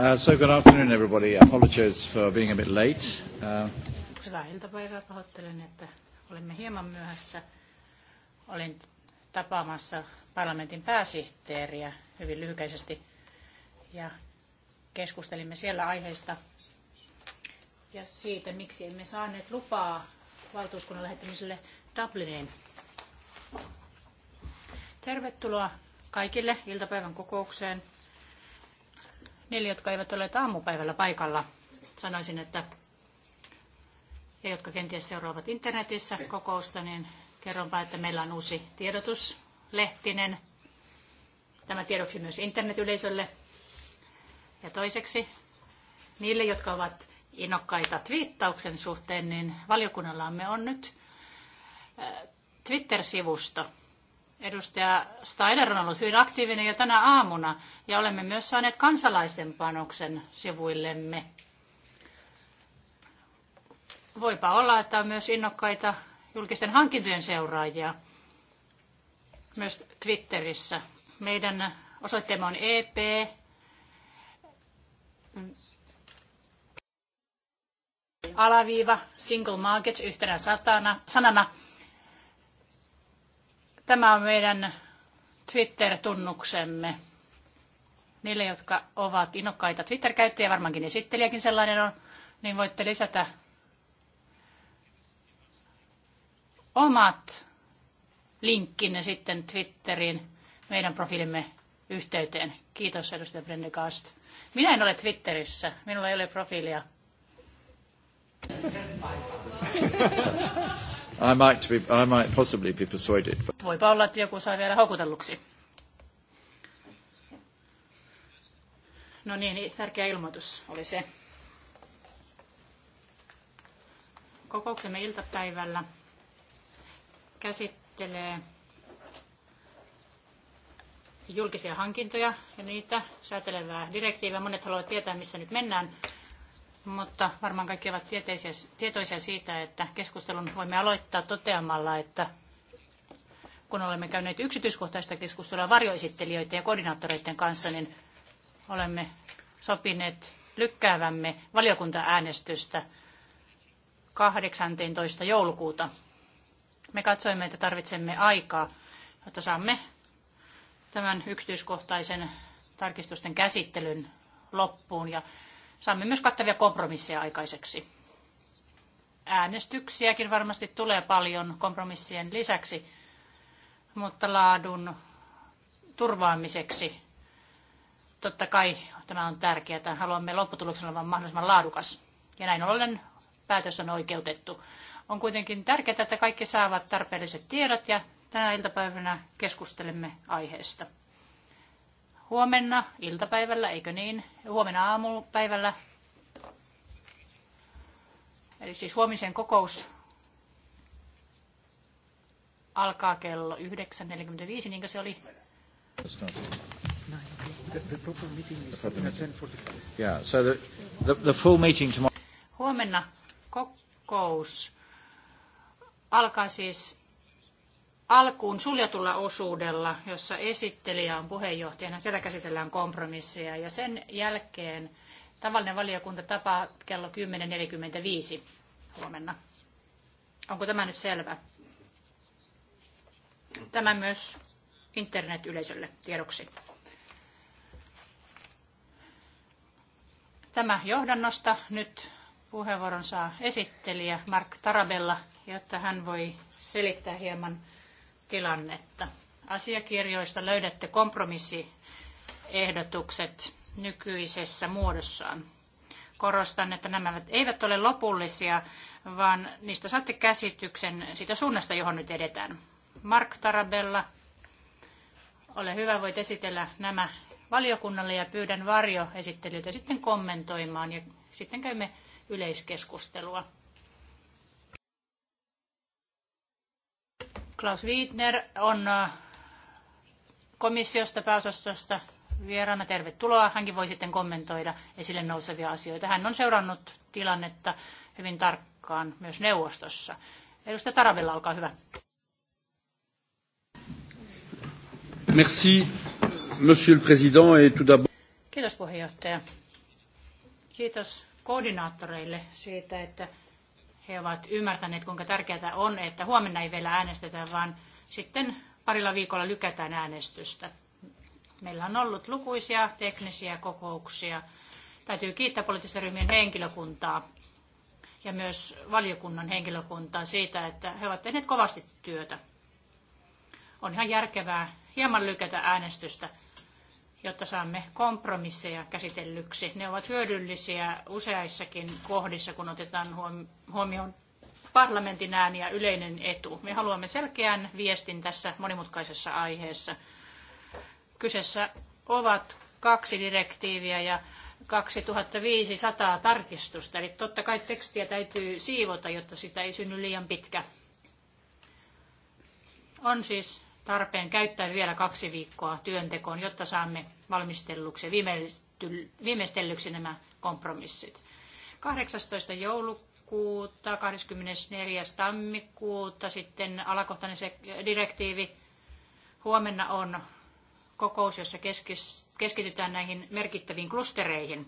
Uh, so good afternoon everybody. Apologies for being a bit late. Uh, Hyvää iltapäivää. Pahoittelen, että olemme hieman myöhässä. Olin tapaamassa parlamentin pääsihteeriä hyvin lyhykäisesti ja keskustelimme siellä aiheesta ja siitä, miksi emme saaneet lupaa valtuuskunnan lähettämiselle Dubliniin. Tervetuloa kaikille iltapäivän kokoukseen. Niille, jotka eivät ole aamupäivällä paikalla, sanoisin, että ja jotka kenties seuraavat internetissä kokousta, niin kerronpa, että meillä on uusi tiedotuslehtinen. Tämä tiedoksi myös internetyleisölle. Ja toiseksi, niille, jotka ovat innokkaita twiittauksen suhteen, niin valiokunnallamme on nyt äh, Twitter-sivusto – Edustaja Steiner on ollut hyvin aktiivinen jo tänä aamuna ja olemme myös saaneet kansalaisten panoksen sivuillemme. Voipa olla, että on myös innokkaita julkisten hankintojen seuraajia myös Twitterissä. Meidän osoitteemme on EP. Alaviiva, single market yhtenä satana, sanana. Tämä on meidän Twitter-tunnuksemme. Niille, jotka ovat innokkaita Twitter-käyttäjiä, varmaankin esittelijäkin sellainen on, niin voitte lisätä omat linkkinne sitten Twitterin meidän profiilimme yhteyteen. Kiitos edustaja Brendegast. Minä en ole Twitterissä, minulla ei ole profiilia. I might, be, I might possibly be persuaded. Voipa olla, että joku sai vielä houkutelluksi. No niin, niin, tärkeä ilmoitus oli se. Kokouksemme iltapäivällä käsittelee julkisia hankintoja ja niitä säätelevää direktiiviä. Monet haluavat tietää, missä nyt mennään mutta varmaan kaikki ovat tietoisia siitä, että keskustelun voimme aloittaa toteamalla, että kun olemme käyneet yksityiskohtaista keskustelua varjoesittelijöiden ja koordinaattoreiden kanssa, niin olemme sopineet lykkäävämme valiokuntaäänestystä 18. joulukuuta. Me katsoimme, että tarvitsemme aikaa, jotta saamme tämän yksityiskohtaisen tarkistusten käsittelyn loppuun ja saamme myös kattavia kompromisseja aikaiseksi. Äänestyksiäkin varmasti tulee paljon kompromissien lisäksi, mutta laadun turvaamiseksi totta kai tämä on tärkeää. Haluamme lopputuloksena olevan mahdollisimman laadukas. Ja näin ollen päätös on oikeutettu. On kuitenkin tärkeää, että kaikki saavat tarpeelliset tiedot ja tänä iltapäivänä keskustelemme aiheesta huomenna iltapäivällä, eikö niin? Huomenna aamupäivällä. Eli siis huomisen kokous alkaa kello 9.45, niinkö se oli? Huomenna kokous alkaa siis alkuun suljetulla osuudella, jossa esittelijä on puheenjohtajana, siellä käsitellään kompromisseja ja sen jälkeen tavallinen valiokunta tapaa kello 10.45 huomenna. Onko tämä nyt selvä? Tämä myös internet-yleisölle tiedoksi. Tämä johdannosta nyt puheenvuoron saa esittelijä Mark Tarabella, jotta hän voi selittää hieman tilannetta. Asiakirjoista löydätte kompromissiehdotukset nykyisessä muodossaan. Korostan, että nämä eivät ole lopullisia, vaan niistä saatte käsityksen siitä suunnasta, johon nyt edetään. Mark Tarabella, ole hyvä, voit esitellä nämä valiokunnalle ja pyydän varjoesittelyitä sitten kommentoimaan ja sitten käymme yleiskeskustelua. Klaus Wiedner on äh, komissiosta pääosastosta vieraana. Tervetuloa. Hänkin voi sitten kommentoida esille nousevia asioita. Hän on seurannut tilannetta hyvin tarkkaan myös neuvostossa. Edustaja Taravilla, olkaa hyvä. Merci, monsieur le président, et tout Kiitos puheenjohtaja. Kiitos koordinaattoreille siitä, että he ovat ymmärtäneet, kuinka tärkeää on, että huomenna ei vielä äänestetä, vaan sitten parilla viikolla lykätään äänestystä. Meillä on ollut lukuisia teknisiä kokouksia. Täytyy kiittää poliittisten ryhmien henkilökuntaa ja myös valiokunnan henkilökuntaa siitä, että he ovat tehneet kovasti työtä. On ihan järkevää hieman lykätä äänestystä jotta saamme kompromisseja käsitellyksi. Ne ovat hyödyllisiä useissakin kohdissa, kun otetaan huomioon parlamentin ääni ja yleinen etu. Me haluamme selkeän viestin tässä monimutkaisessa aiheessa. Kyseessä ovat kaksi direktiiviä ja 2500 tarkistusta. Eli totta kai tekstiä täytyy siivota, jotta sitä ei synny liian pitkä. On siis tarpeen käyttää vielä kaksi viikkoa työntekoon, jotta saamme valmistelluksi ja viimeistellyksi nämä kompromissit. 18. joulukuuta, 24. tammikuuta sitten alakohtainen direktiivi. Huomenna on kokous, jossa keskitytään näihin merkittäviin klustereihin.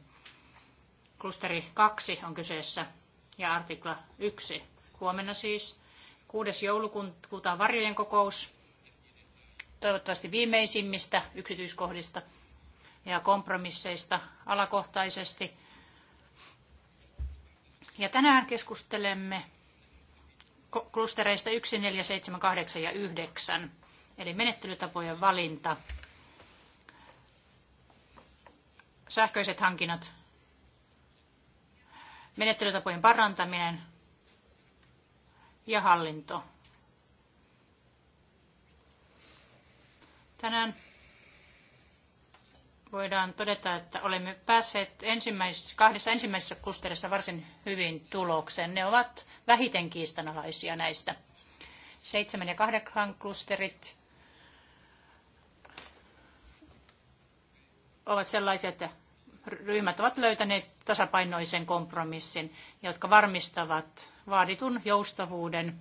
Klusteri 2 on kyseessä ja artikla 1. Huomenna siis 6. joulukuuta on varjojen kokous toivottavasti viimeisimmistä yksityiskohdista ja kompromisseista alakohtaisesti. Ja tänään keskustelemme klustereista 1, 4, 7, 8 ja 9, eli menettelytapojen valinta, sähköiset hankinnat, menettelytapojen parantaminen ja hallinto. Tänään voidaan todeta, että olemme päässeet ensimmäisessä kahdessa ensimmäisessä klusterissa varsin hyvin tulokseen. Ne ovat vähiten kiistanalaisia näistä. Seitsemän ja kahdeksan klusterit ovat sellaisia, että ryhmät ovat löytäneet tasapainoisen kompromissin, jotka varmistavat vaaditun joustavuuden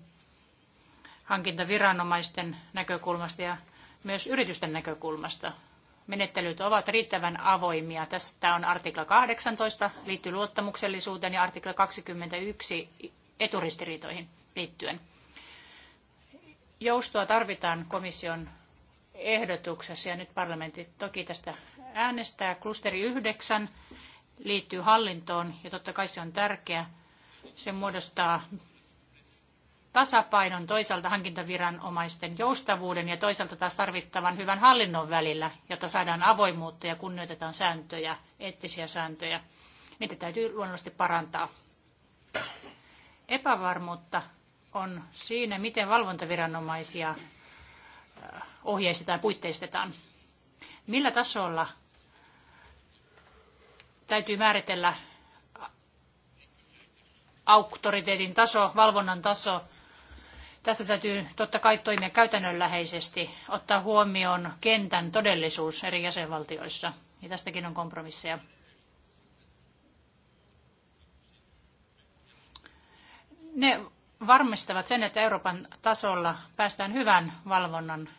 hankintaviranomaisten näkökulmasta ja myös yritysten näkökulmasta. Menettelyt ovat riittävän avoimia. Tästä on artikla 18, liittyy luottamuksellisuuteen, ja artikla 21 eturistiriitoihin liittyen. Joustoa tarvitaan komission ehdotuksessa, ja nyt parlamentti toki tästä äänestää. Klusteri 9 liittyy hallintoon, ja totta kai se on tärkeä. Se muodostaa tasapainon toisaalta hankintaviranomaisten joustavuuden ja toisaalta taas tarvittavan hyvän hallinnon välillä, jotta saadaan avoimuutta ja kunnioitetaan sääntöjä, eettisiä sääntöjä. Niitä täytyy luonnollisesti parantaa. Epävarmuutta on siinä, miten valvontaviranomaisia äh, ohjeistetaan ja puitteistetaan. Millä tasolla täytyy määritellä auktoriteetin taso, valvonnan taso tässä täytyy totta kai toimia käytännönläheisesti, ottaa huomioon kentän todellisuus eri jäsenvaltioissa. Ja tästäkin on kompromisseja. Ne varmistavat sen, että Euroopan tasolla päästään hyvän valvonnan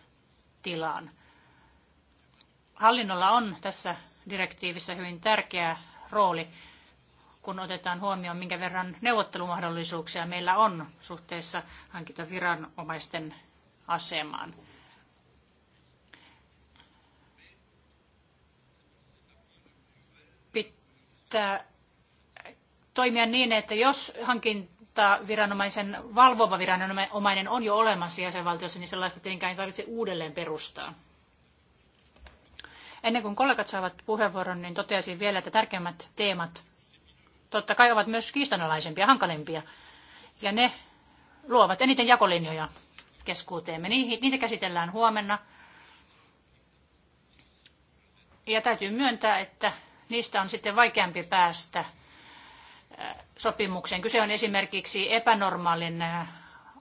tilaan. Hallinnolla on tässä direktiivissä hyvin tärkeä rooli kun otetaan huomioon, minkä verran neuvottelumahdollisuuksia meillä on suhteessa hankintaviranomaisten asemaan. Pitää toimia niin, että jos hankintaviranomaisen valvova viranomainen on jo olemassa jäsenvaltiossa, niin sellaista tietenkään ei tarvitse uudelleen perustaa. Ennen kuin kollegat saavat puheenvuoron, niin toteaisin vielä, että tärkeimmät teemat totta kai ovat myös kiistanalaisempia, hankalempia. Ja ne luovat eniten jakolinjoja keskuuteemme. Niitä käsitellään huomenna. Ja täytyy myöntää, että niistä on sitten vaikeampi päästä äh, sopimukseen. Kyse on esimerkiksi epänormaalin äh,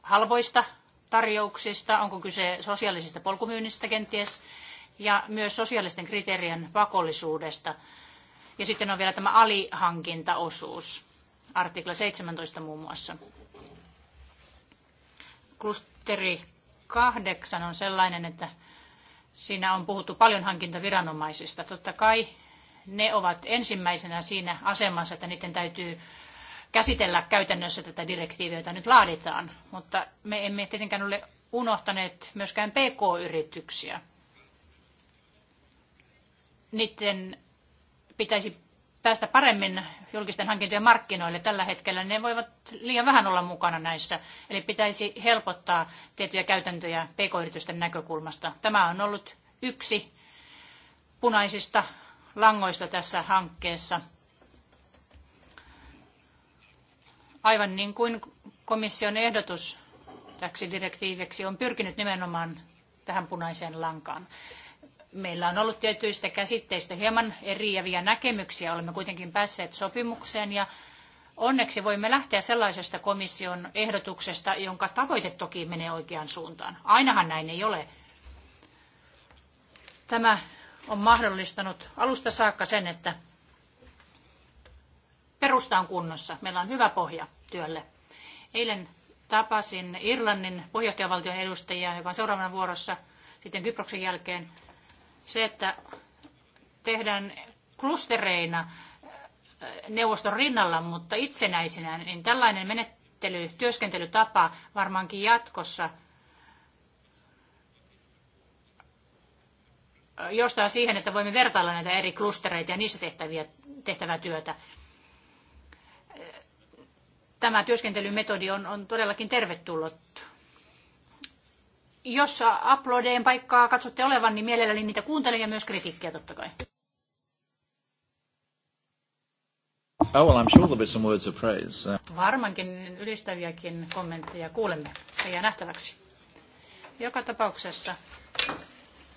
halvoista tarjouksista, onko kyse sosiaalisista polkumyynnistä kenties, ja myös sosiaalisten kriteerien pakollisuudesta – ja sitten on vielä tämä alihankintaosuus, artikla 17 muun muassa. Klusteri 8 on sellainen, että siinä on puhuttu paljon hankintaviranomaisista. Totta kai ne ovat ensimmäisenä siinä asemassa, että niiden täytyy käsitellä käytännössä tätä direktiiviä, jota nyt laaditaan. Mutta me emme tietenkään ole unohtaneet myöskään PK-yrityksiä. Niiden pitäisi päästä paremmin julkisten hankintojen markkinoille tällä hetkellä, ne voivat liian vähän olla mukana näissä. Eli pitäisi helpottaa tiettyjä käytäntöjä pk-yritysten näkökulmasta. Tämä on ollut yksi punaisista langoista tässä hankkeessa. Aivan niin kuin komission ehdotus täksi direktiiviksi on pyrkinyt nimenomaan tähän punaiseen lankaan. Meillä on ollut tietyistä käsitteistä hieman eriäviä näkemyksiä. Olemme kuitenkin päässeet sopimukseen ja onneksi voimme lähteä sellaisesta komission ehdotuksesta, jonka tavoite toki menee oikeaan suuntaan. Ainahan näin ei ole. Tämä on mahdollistanut alusta saakka sen, että perusta on kunnossa. Meillä on hyvä pohja työlle. Eilen tapasin Irlannin puheenjohtajavaltion edustajia, joka on seuraavana vuorossa sitten Kyproksen jälkeen. Se, että tehdään klustereina äh, neuvoston rinnalla, mutta itsenäisenä, niin tällainen menettely, työskentelytapa varmaankin jatkossa äh, jostain siihen, että voimme vertailla näitä eri klustereita ja niissä tehtäviä, tehtävää työtä. Äh, tämä työskentelymetodi on, on todellakin tervetullut. Jos uploadeen paikkaa katsotte olevan, niin mielelläni niitä kuuntelen ja myös kritiikkiä totta kai. Oh, well, I'm sure there'll be some words of praise. Uh. Varmankin ylistäviäkin kommentteja kuulemme. Se jää nähtäväksi. Joka tapauksessa,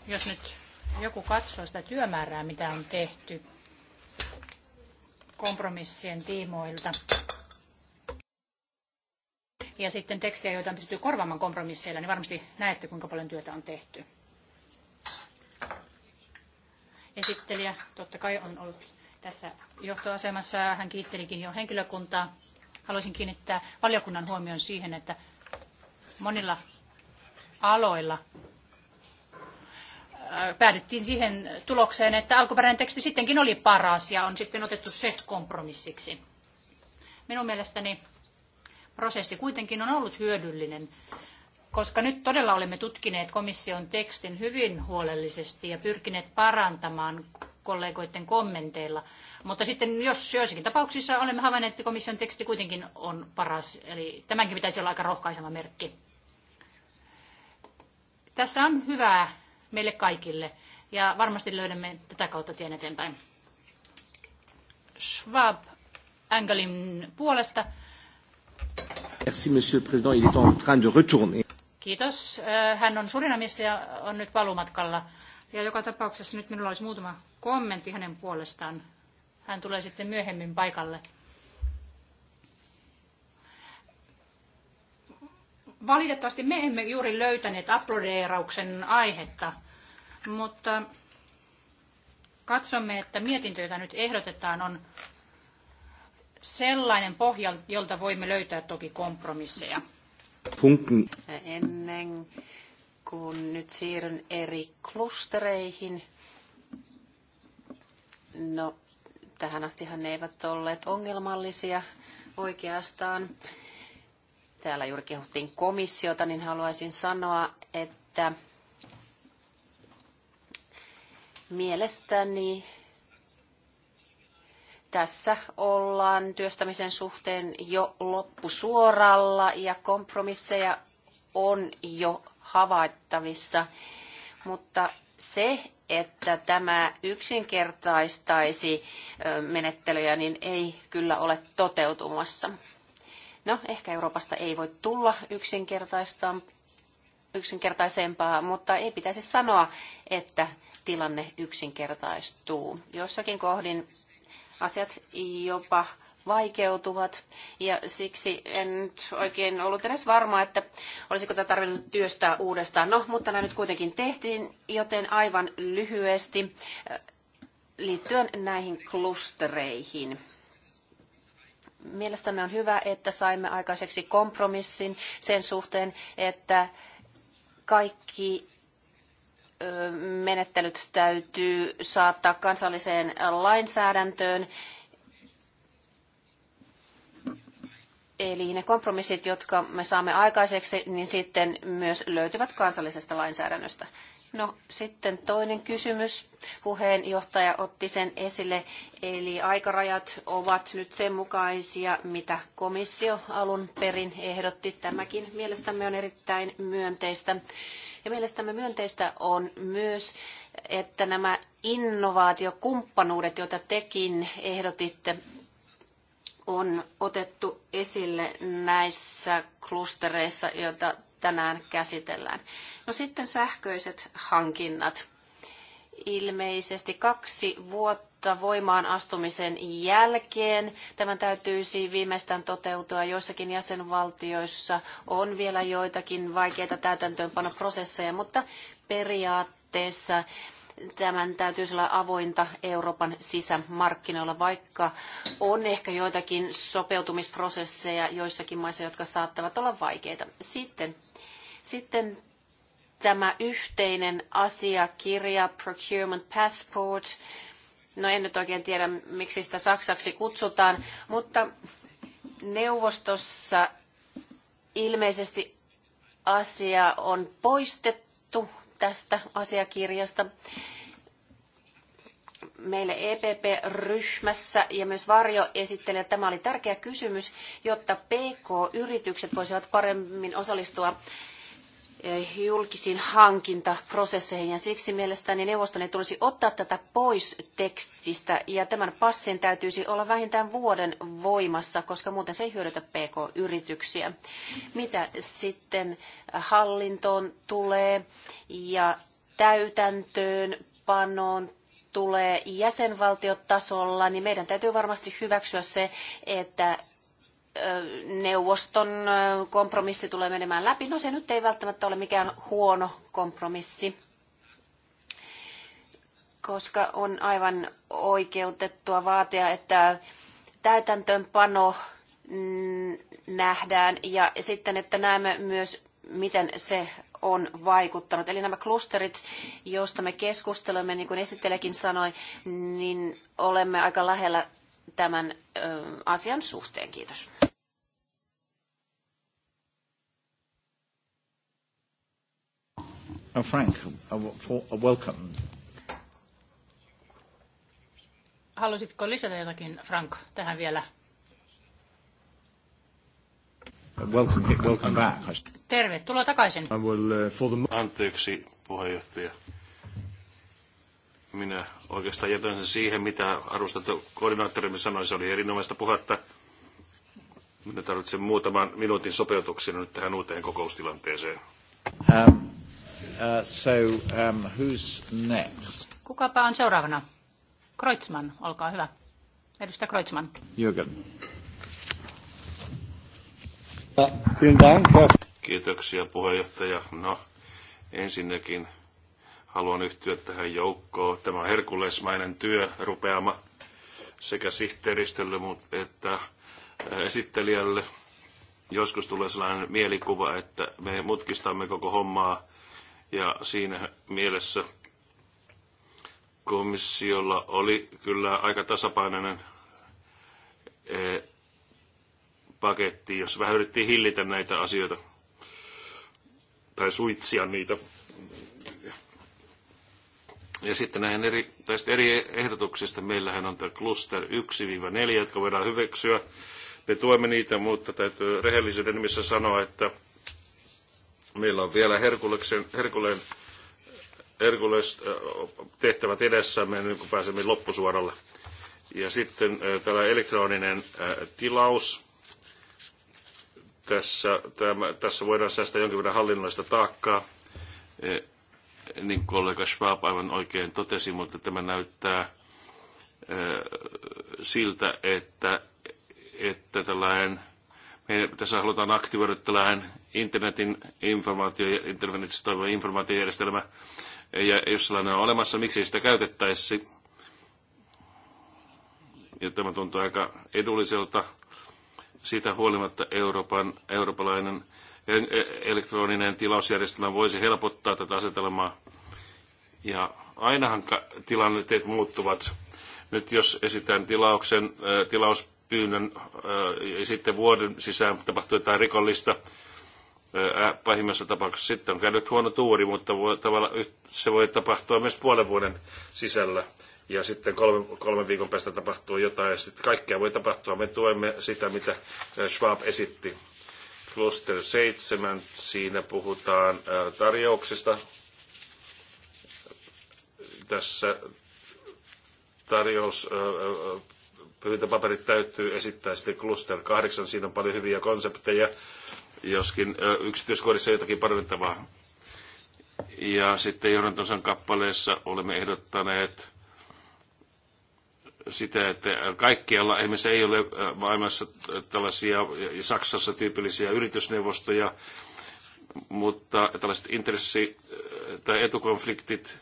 jos nyt joku katsoo sitä työmäärää, mitä on tehty kompromissien tiimoilta, ja sitten tekstejä, joita on pystytty korvaamaan kompromisseilla, niin varmasti näette, kuinka paljon työtä on tehty. Esittelijä totta kai on ollut tässä johtoasemassa. Hän kiittelikin jo henkilökuntaa. Haluaisin kiinnittää valiokunnan huomion siihen, että monilla aloilla äh, päädyttiin siihen tulokseen, että alkuperäinen teksti sittenkin oli paras ja on sitten otettu se kompromissiksi. Minun mielestäni prosessi kuitenkin on ollut hyödyllinen, koska nyt todella olemme tutkineet komission tekstin hyvin huolellisesti ja pyrkineet parantamaan kollegoiden kommenteilla. Mutta sitten jos joissakin tapauksissa olemme havainneet, että komission teksti kuitenkin on paras, eli tämänkin pitäisi olla aika rohkaiseva merkki. Tässä on hyvää meille kaikille ja varmasti löydämme tätä kautta tien eteenpäin. Schwab Engelin puolesta Merci, monsieur le président. Il est en train de retourner. Kiitos. Äh, hän on Surinamissa ja on nyt palumatkalla. Ja joka tapauksessa nyt minulla olisi muutama kommentti hänen puolestaan. Hän tulee sitten myöhemmin paikalle. Valitettavasti me emme juuri löytäneet aplodeerauksen aihetta, mutta katsomme, että mietintö, jota nyt ehdotetaan, on sellainen pohja, jolta voimme löytää toki kompromisseja. Ennen kuin nyt siirryn eri klustereihin, no tähän astihan ne eivät olleet ongelmallisia oikeastaan. Täällä juuri kehuttiin komissiota, niin haluaisin sanoa, että mielestäni tässä ollaan työstämisen suhteen jo loppusuoralla ja kompromisseja on jo havaittavissa. Mutta se, että tämä yksinkertaistaisi menettelyjä, niin ei kyllä ole toteutumassa. No, ehkä Euroopasta ei voi tulla yksinkertaista, yksinkertaisempaa, mutta ei pitäisi sanoa, että tilanne yksinkertaistuu. Jossakin kohdin asiat jopa vaikeutuvat ja siksi en nyt oikein ollut edes varma, että olisiko tämä tarvinnut työstää uudestaan. No, mutta nämä nyt kuitenkin tehtiin, joten aivan lyhyesti äh, liittyen näihin klustereihin. Mielestämme on hyvä, että saimme aikaiseksi kompromissin sen suhteen, että kaikki menettelyt täytyy saattaa kansalliseen lainsäädäntöön. Eli ne kompromissit, jotka me saamme aikaiseksi, niin sitten myös löytyvät kansallisesta lainsäädännöstä. No sitten toinen kysymys. Puheenjohtaja otti sen esille, eli aikarajat ovat nyt sen mukaisia, mitä komissio alun perin ehdotti. Tämäkin mielestämme on erittäin myönteistä. Ja mielestämme myönteistä on myös, että nämä innovaatiokumppanuudet, joita tekin ehdotitte, on otettu esille näissä klustereissa, joita tänään käsitellään. No sitten sähköiset hankinnat. Ilmeisesti kaksi vuotta mutta voimaan astumisen jälkeen tämän täytyisi viimeistään toteutua. Joissakin jäsenvaltioissa on vielä joitakin vaikeita täytäntöönpanoprosesseja, mutta periaatteessa tämän täytyisi olla avointa Euroopan sisämarkkinoilla, vaikka on ehkä joitakin sopeutumisprosesseja joissakin maissa, jotka saattavat olla vaikeita. Sitten, sitten tämä yhteinen asiakirja, Procurement Passport, No en nyt oikein tiedä, miksi sitä Saksaksi kutsutaan, mutta neuvostossa ilmeisesti asia on poistettu tästä asiakirjasta. Meille EPP-ryhmässä ja myös Varjo esittelee, että tämä oli tärkeä kysymys, jotta PK-yritykset voisivat paremmin osallistua Eh, julkisiin hankintaprosesseihin ja siksi mielestäni neuvoston ei tulisi ottaa tätä pois tekstistä ja tämän passin täytyisi olla vähintään vuoden voimassa, koska muuten se ei hyödytä PK-yrityksiä. Mitä sitten hallintoon tulee ja täytäntöön panoon tulee jäsenvaltiotasolla, niin meidän täytyy varmasti hyväksyä se, että neuvoston kompromissi tulee menemään läpi. No se nyt ei välttämättä ole mikään huono kompromissi, koska on aivan oikeutettua vaatia, että täytäntöönpano mm, nähdään ja sitten, että näemme myös, miten se on vaikuttanut. Eli nämä klusterit, joista me keskustelemme, niin kuin esittelekin sanoi, niin olemme aika lähellä tämän asian suhteen. Kiitos. Frank welcome. are Haluaisitko lisätä jotakin, Frank, tähän vielä? Welcome, welcome back. Tervetuloa takaisin. I will, uh, for the... Anteeksi, puheenjohtaja. Minä oikeastaan jätän sen siihen, mitä arvostettu koordinaattorimme sanoi. Se oli erinomaista puhetta. Minä tarvitsen muutaman minuutin sopeutuksena nyt tähän uuteen kokoustilanteeseen. Um, Uh, so, um, who's next? Kukapa on seuraavana? Kreutzmann, olkaa hyvä. Edustaja Kreutzmann. Jürgen. Kiitoksia puheenjohtaja. No, ensinnäkin haluan yhtyä tähän joukkoon. Tämä on herkulesmainen työ rupeama sekä sihteeristölle että äh, esittelijälle. Joskus tulee sellainen mielikuva, että me mutkistamme koko hommaa ja siinä mielessä komissiolla oli kyllä aika tasapainoinen eh, paketti, jos vähän yritettiin hillitä näitä asioita tai suitsia niitä. Ja sitten näihin eri, tästä eri ehdotuksista meillähän on tämä cluster 1-4, jotka voidaan hyväksyä. Me tuemme niitä, mutta täytyy rehellisyyden nimissä sanoa, että Meillä on vielä Herkuleen, Herkules tehtävät edessämme, niin kun pääsemme loppusuoralle. Ja sitten tällä elektroninen tilaus. Tässä, tämä, tässä voidaan säästää jonkin verran hallinnollista taakkaa, e, niin kollega Schwab aivan oikein totesi, mutta tämä näyttää siltä, että, että tällainen, me tässä halutaan aktivoida tällainen internetin informaatio, internetissä toimiva informaatiojärjestelmä, ja jos sellainen on olemassa, miksi sitä käytettäisi? Ja tämä tuntuu aika edulliselta. Siitä huolimatta Euroopan, eurooppalainen e- elektroninen tilausjärjestelmä voisi helpottaa tätä asetelmaa. Ja ainahan tilanteet muuttuvat. Nyt jos esitän tilauksen, tilauspyynnön ja sitten vuoden sisään tapahtuu jotain rikollista, pahimmassa tapauksessa sitten on käynyt huono tuuri, mutta voi, tavalla, se voi tapahtua myös puolen vuoden sisällä. Ja sitten kolme, kolmen viikon päästä tapahtuu jotain, ja sitten kaikkea voi tapahtua. Me tuemme sitä, mitä Schwab esitti. Cluster 7, siinä puhutaan tarjouksista. Tässä tarjous pyyntöpaperit täytyy esittää sitten Cluster 8, siinä on paljon hyviä konsepteja joskin yksityiskohdissa jotakin parannettavaa. Ja sitten johdantonsan kappaleessa olemme ehdottaneet sitä, että kaikkialla ihmisessä ei ole maailmassa tällaisia Saksassa tyypillisiä yritysneuvostoja, mutta tällaiset intressi- tai etukonfliktit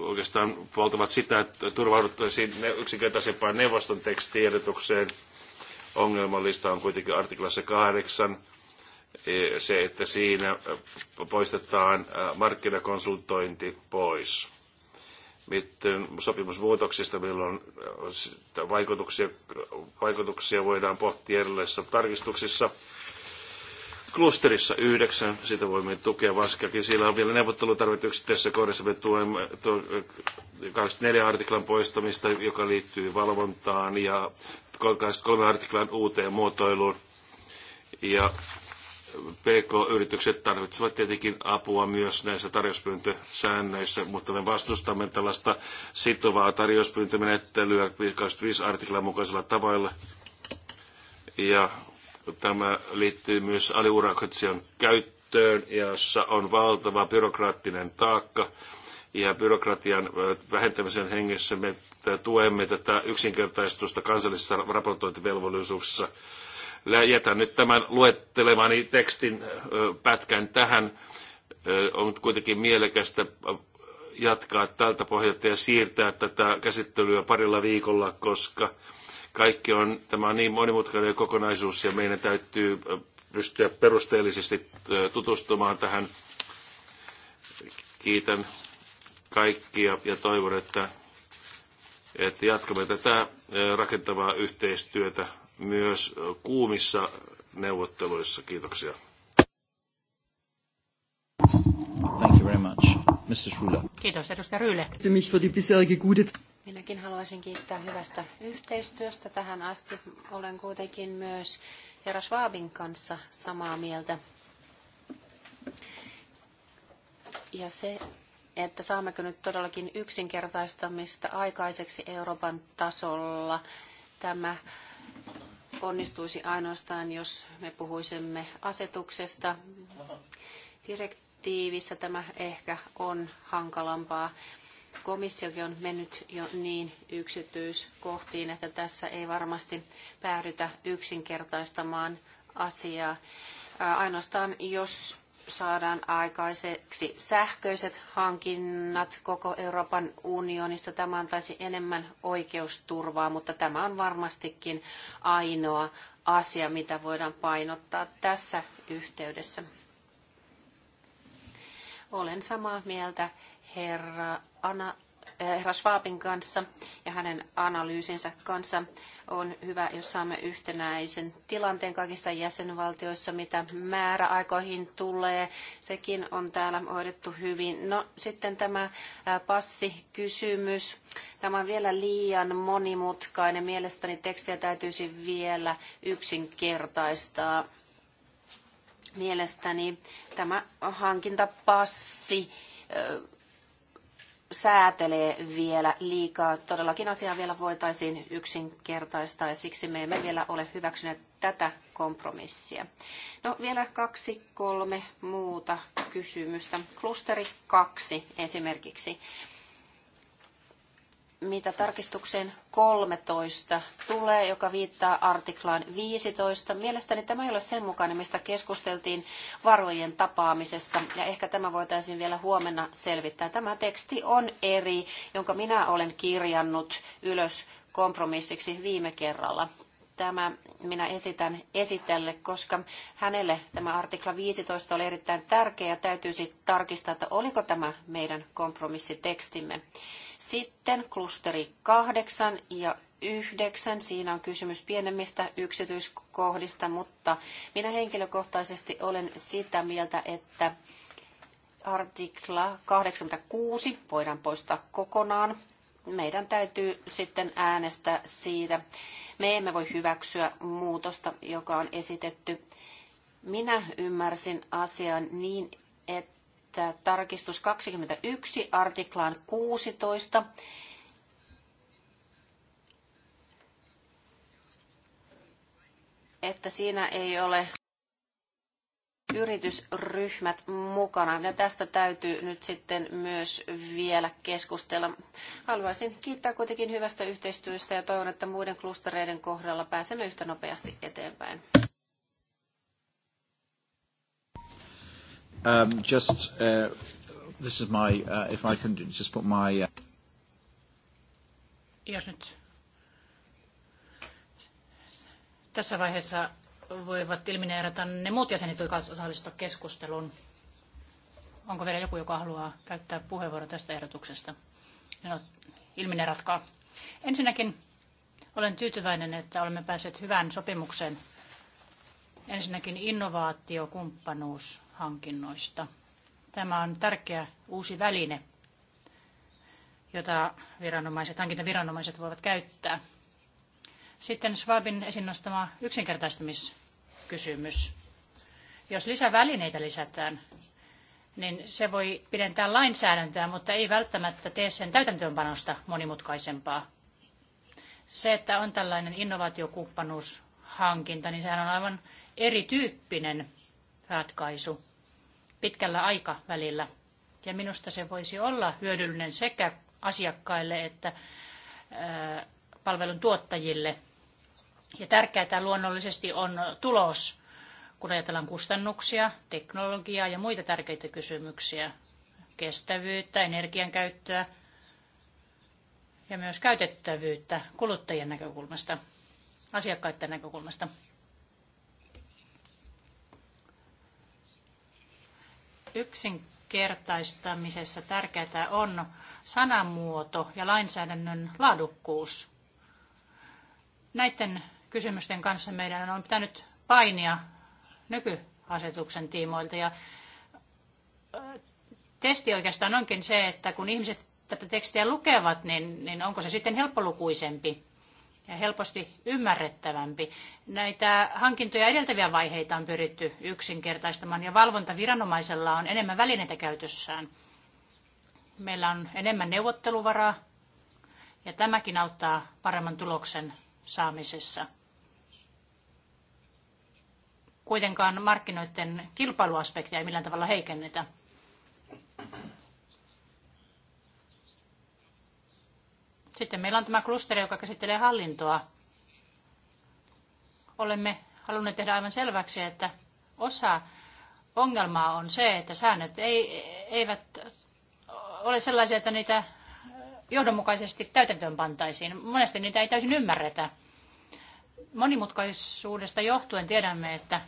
oikeastaan puoltavat sitä, että turvauduttaisiin yksinkertaisempaan neuvoston tekstiedotukseen. Ongelmallista on kuitenkin artiklassa 8 e, se, että siinä poistetaan markkinakonsultointi pois. Miten sopimusvuotoksista, milloin vaikutuksia, vaikutuksia voidaan pohtia erilaisissa tarkistuksissa. Klusterissa yhdeksän, sitä voimme tukea vaskakin. Siellä on vielä neuvottelutarvet yksittäisessä kohdassa. Me tuemme, tu, 24 artiklan poistamista, joka liittyy valvontaan ja 23 artiklan uuteen muotoiluun. Ja PK-yritykset tarvitsevat tietenkin apua myös näissä tarjouspyyntösäännöissä, mutta me vastustamme tällaista sitovaa tarjouspyyntömenettelyä 25 artiklan mukaisella tavalla. Ja tämä liittyy myös aliurakoitsijan käyttöön, jossa on valtava byrokraattinen taakka ja byrokratian vähentämisen hengessä me tuemme tätä yksinkertaistusta kansallisissa raportointivelvollisuuksissa. Jätän nyt tämän luettelemani tekstin pätkän tähän. On kuitenkin mielekästä jatkaa tältä pohjalta ja siirtää tätä käsittelyä parilla viikolla, koska kaikki on, tämä on niin monimutkainen kokonaisuus ja meidän täytyy pystyä perusteellisesti tutustumaan tähän. Kiitän kaikkia ja toivon, että, että jatkamme tätä eh, rakentavaa yhteistyötä myös kuumissa neuvotteluissa. Kiitoksia. Thank you very much. Kiitos, edustaja Ryle. Minäkin haluaisin kiittää hyvästä yhteistyöstä tähän asti. Olen kuitenkin myös herra Schwabin kanssa samaa mieltä. Ja se, että saammeko nyt todellakin yksinkertaistamista aikaiseksi Euroopan tasolla. Tämä onnistuisi ainoastaan, jos me puhuisimme asetuksesta. Direktiivissä tämä ehkä on hankalampaa. Komissiokin on mennyt jo niin yksityiskohtiin, että tässä ei varmasti päädytä yksinkertaistamaan asiaa. Ainoastaan jos saadaan aikaiseksi sähköiset hankinnat koko Euroopan unionissa. Tämä antaisi enemmän oikeusturvaa, mutta tämä on varmastikin ainoa asia, mitä voidaan painottaa tässä yhteydessä. Olen samaa mieltä herra Anna Eh, herra Schwabin kanssa ja hänen analyysinsä kanssa. On hyvä, jos saamme yhtenäisen tilanteen kaikissa jäsenvaltioissa, mitä määräaikoihin tulee. Sekin on täällä hoidettu hyvin. No sitten tämä passikysymys. Tämä on vielä liian monimutkainen. Mielestäni tekstiä täytyisi vielä yksinkertaistaa. Mielestäni tämä hankintapassi säätelee vielä liikaa. Todellakin asiaa vielä voitaisiin yksinkertaistaa ja siksi me emme vielä ole hyväksyneet tätä kompromissia. No vielä kaksi, kolme muuta kysymystä. Klusteri kaksi esimerkiksi mitä tarkistukseen 13 tulee, joka viittaa artiklaan 15. Mielestäni tämä ei ole sen mukainen, mistä keskusteltiin varojen tapaamisessa, ja ehkä tämä voitaisiin vielä huomenna selvittää. Tämä teksti on eri, jonka minä olen kirjannut ylös kompromissiksi viime kerralla tämä minä esitän esitelle, koska hänelle tämä artikla 15 oli erittäin tärkeä ja täytyisi tarkistaa, että oliko tämä meidän kompromissitekstimme. Sitten klusteri 8 ja 9. Siinä on kysymys pienemmistä yksityiskohdista, mutta minä henkilökohtaisesti olen sitä mieltä, että artikla 86 voidaan poistaa kokonaan meidän täytyy sitten äänestää siitä. Me emme voi hyväksyä muutosta, joka on esitetty. Minä ymmärsin asian niin, että tarkistus 21 artiklaan 16 että siinä ei ole yritysryhmät mukana. Ja tästä täytyy nyt sitten myös vielä keskustella. Haluaisin kiittää kuitenkin hyvästä yhteistyöstä ja toivon, että muiden klustereiden kohdalla pääsemme yhtä nopeasti eteenpäin. Um, just, uh, this is my, uh, if I can just put my... Uh... Jos nyt tässä vaiheessa voivat ilmineerata niin ne muut jäsenet, jotka osallistuvat keskusteluun. Onko vielä joku, joka haluaa käyttää puheenvuoro tästä ehdotuksesta? No, ilmineeratkaa. Ensinnäkin olen tyytyväinen, että olemme päässeet hyvään sopimukseen ensinnäkin innovaatiokumppanuushankinnoista. Tämä on tärkeä uusi väline, jota viranomaiset, hankintaviranomaiset voivat käyttää – sitten Schwabin esiin nostama yksinkertaistamiskysymys. Jos lisävälineitä lisätään, niin se voi pidentää lainsäädäntöä, mutta ei välttämättä tee sen täytäntöönpanosta monimutkaisempaa. Se, että on tällainen innovaatiokumppanuushankinta, niin sehän on aivan erityyppinen ratkaisu pitkällä aikavälillä. Ja minusta se voisi olla hyödyllinen sekä asiakkaille että palvelun tuottajille ja tärkeää luonnollisesti on tulos, kun ajatellaan kustannuksia, teknologiaa ja muita tärkeitä kysymyksiä, kestävyyttä, energian käyttöä ja myös käytettävyyttä kuluttajien näkökulmasta, asiakkaiden näkökulmasta. Yksinkertaistamisessa tärkeää on sanamuoto ja lainsäädännön laadukkuus. Näiden kysymysten kanssa meidän on pitänyt painia nykyasetuksen tiimoilta. Ja testi oikeastaan onkin se, että kun ihmiset tätä tekstiä lukevat, niin, niin onko se sitten helppolukuisempi ja helposti ymmärrettävämpi. Näitä hankintoja edeltäviä vaiheita on pyritty yksinkertaistamaan ja valvontaviranomaisella on enemmän välineitä käytössään. Meillä on enemmän neuvotteluvaraa ja tämäkin auttaa paremman tuloksen saamisessa kuitenkaan markkinoiden kilpailuaspektia ei millään tavalla heikennetä. Sitten meillä on tämä klusteri, joka käsittelee hallintoa. Olemme halunneet tehdä aivan selväksi, että osa ongelmaa on se, että säännöt ei, eivät ole sellaisia, että niitä johdonmukaisesti täytäntöön pantaisiin. Monesti niitä ei täysin ymmärretä monimutkaisuudesta johtuen tiedämme, että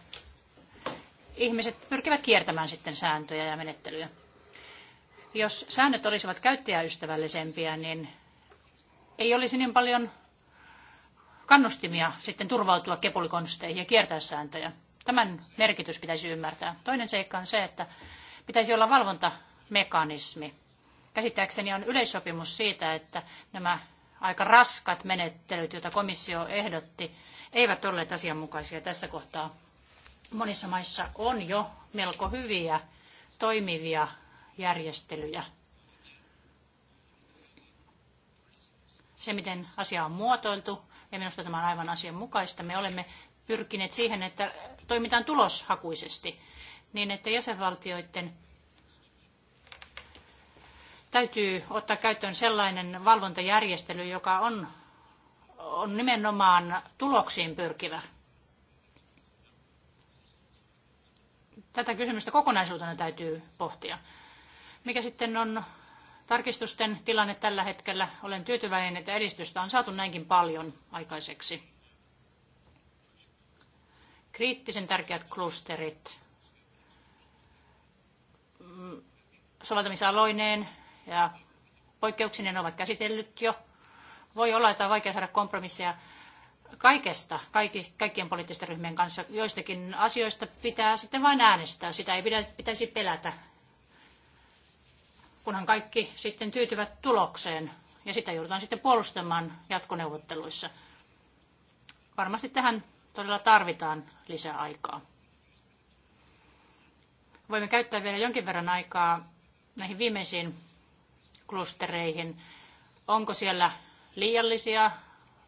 ihmiset pyrkivät kiertämään sitten sääntöjä ja menettelyjä. Jos säännöt olisivat käyttäjäystävällisempiä, niin ei olisi niin paljon kannustimia sitten turvautua kepulikonsteihin ja kiertää sääntöjä. Tämän merkitys pitäisi ymmärtää. Toinen seikka on se, että pitäisi olla valvontamekanismi. Käsittääkseni on yleissopimus siitä, että nämä aika raskat menettelyt, joita komissio ehdotti, eivät olleet asianmukaisia tässä kohtaa. Monissa maissa on jo melko hyviä toimivia järjestelyjä. Se, miten asia on muotoiltu, ja minusta tämä on aivan asianmukaista, me olemme pyrkineet siihen, että toimitaan tuloshakuisesti, niin että jäsenvaltioiden Täytyy ottaa käyttöön sellainen valvontajärjestely, joka on, on nimenomaan tuloksiin pyrkivä. Tätä kysymystä kokonaisuutena täytyy pohtia. Mikä sitten on tarkistusten tilanne tällä hetkellä? Olen tyytyväinen, että edistystä on saatu näinkin paljon aikaiseksi kriittisen tärkeät klusterit mm, soveltamisaloineen ja poikkeuksinen ovat käsitellyt jo. Voi olla, että on vaikea saada kompromisseja kaikesta, kaikki, kaikkien poliittisten ryhmien kanssa. Joistakin asioista pitää sitten vain äänestää, sitä ei pidä, pitäisi pelätä, kunhan kaikki sitten tyytyvät tulokseen ja sitä joudutaan sitten puolustamaan jatkoneuvotteluissa. Varmasti tähän todella tarvitaan lisää aikaa. Voimme käyttää vielä jonkin verran aikaa näihin viimeisiin klustereihin. Onko siellä liiallisia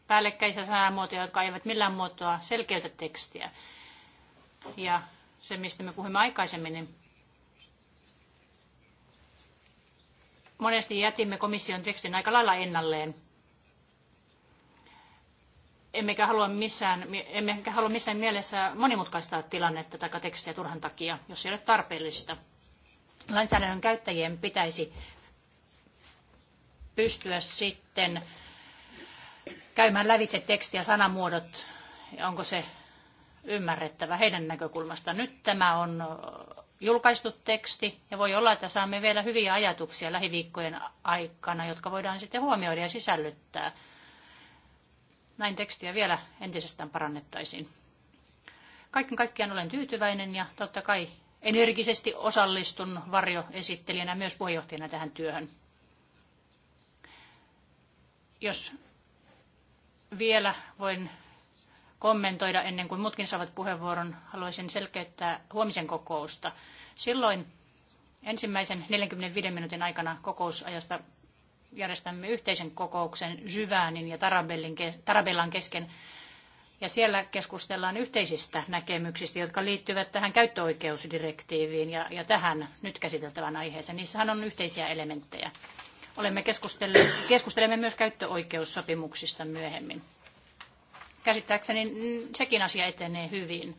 päällekkäisiä sanamuotoja, jotka eivät millään muotoa selkeytä tekstiä? Ja se, mistä me puhuimme aikaisemmin, niin monesti jätimme komission tekstin aika lailla ennalleen. Emmekä halua missään, emmekä halua missään mielessä monimutkaistaa tilannetta tai tekstiä turhan takia, jos se ei ole tarpeellista. Lainsäädännön käyttäjien pitäisi pystyä sitten käymään lävitse teksti ja sanamuodot, onko se ymmärrettävä heidän näkökulmastaan. Nyt tämä on julkaistu teksti ja voi olla, että saamme vielä hyviä ajatuksia lähiviikkojen aikana, jotka voidaan sitten huomioida ja sisällyttää. Näin tekstiä vielä entisestään parannettaisiin. Kaiken kaikkiaan olen tyytyväinen ja totta kai energisesti osallistun varjoesittelijänä myös puheenjohtajana tähän työhön. Jos vielä voin kommentoida ennen kuin muutkin saavat puheenvuoron, haluaisin selkeyttää huomisen kokousta. Silloin ensimmäisen 45 minuutin aikana kokousajasta järjestämme yhteisen kokouksen Syväänin ja Tarabellin, Tarabellan kesken. Ja siellä keskustellaan yhteisistä näkemyksistä, jotka liittyvät tähän käyttöoikeusdirektiiviin ja, ja tähän nyt käsiteltävään aiheeseen. Niissähän on yhteisiä elementtejä. Olemme keskustelemme myös käyttöoikeussopimuksista myöhemmin. Käsittääkseni sekin asia etenee hyvin.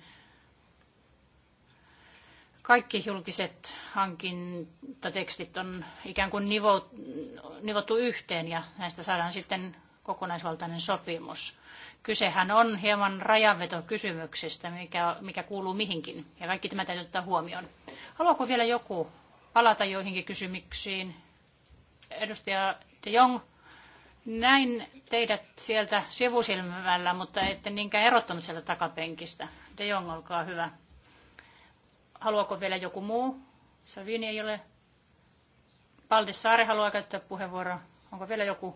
Kaikki julkiset hankintatekstit on ikään kuin nivottu yhteen ja näistä saadaan sitten kokonaisvaltainen sopimus. Kysehän on hieman rajanvetokysymyksistä, mikä, mikä kuuluu mihinkin, ja kaikki tämä täytyy ottaa huomioon. Haluaako vielä joku palata joihinkin kysymyksiin, edustaja De Jong, näin teidät sieltä sivusilmällä, mutta ette niinkään erottanut sieltä takapenkistä. De Jong, olkaa hyvä. Haluaako vielä joku muu? Savini ei ole. Paldi Saari haluaa käyttää puheenvuoroa. Onko vielä joku?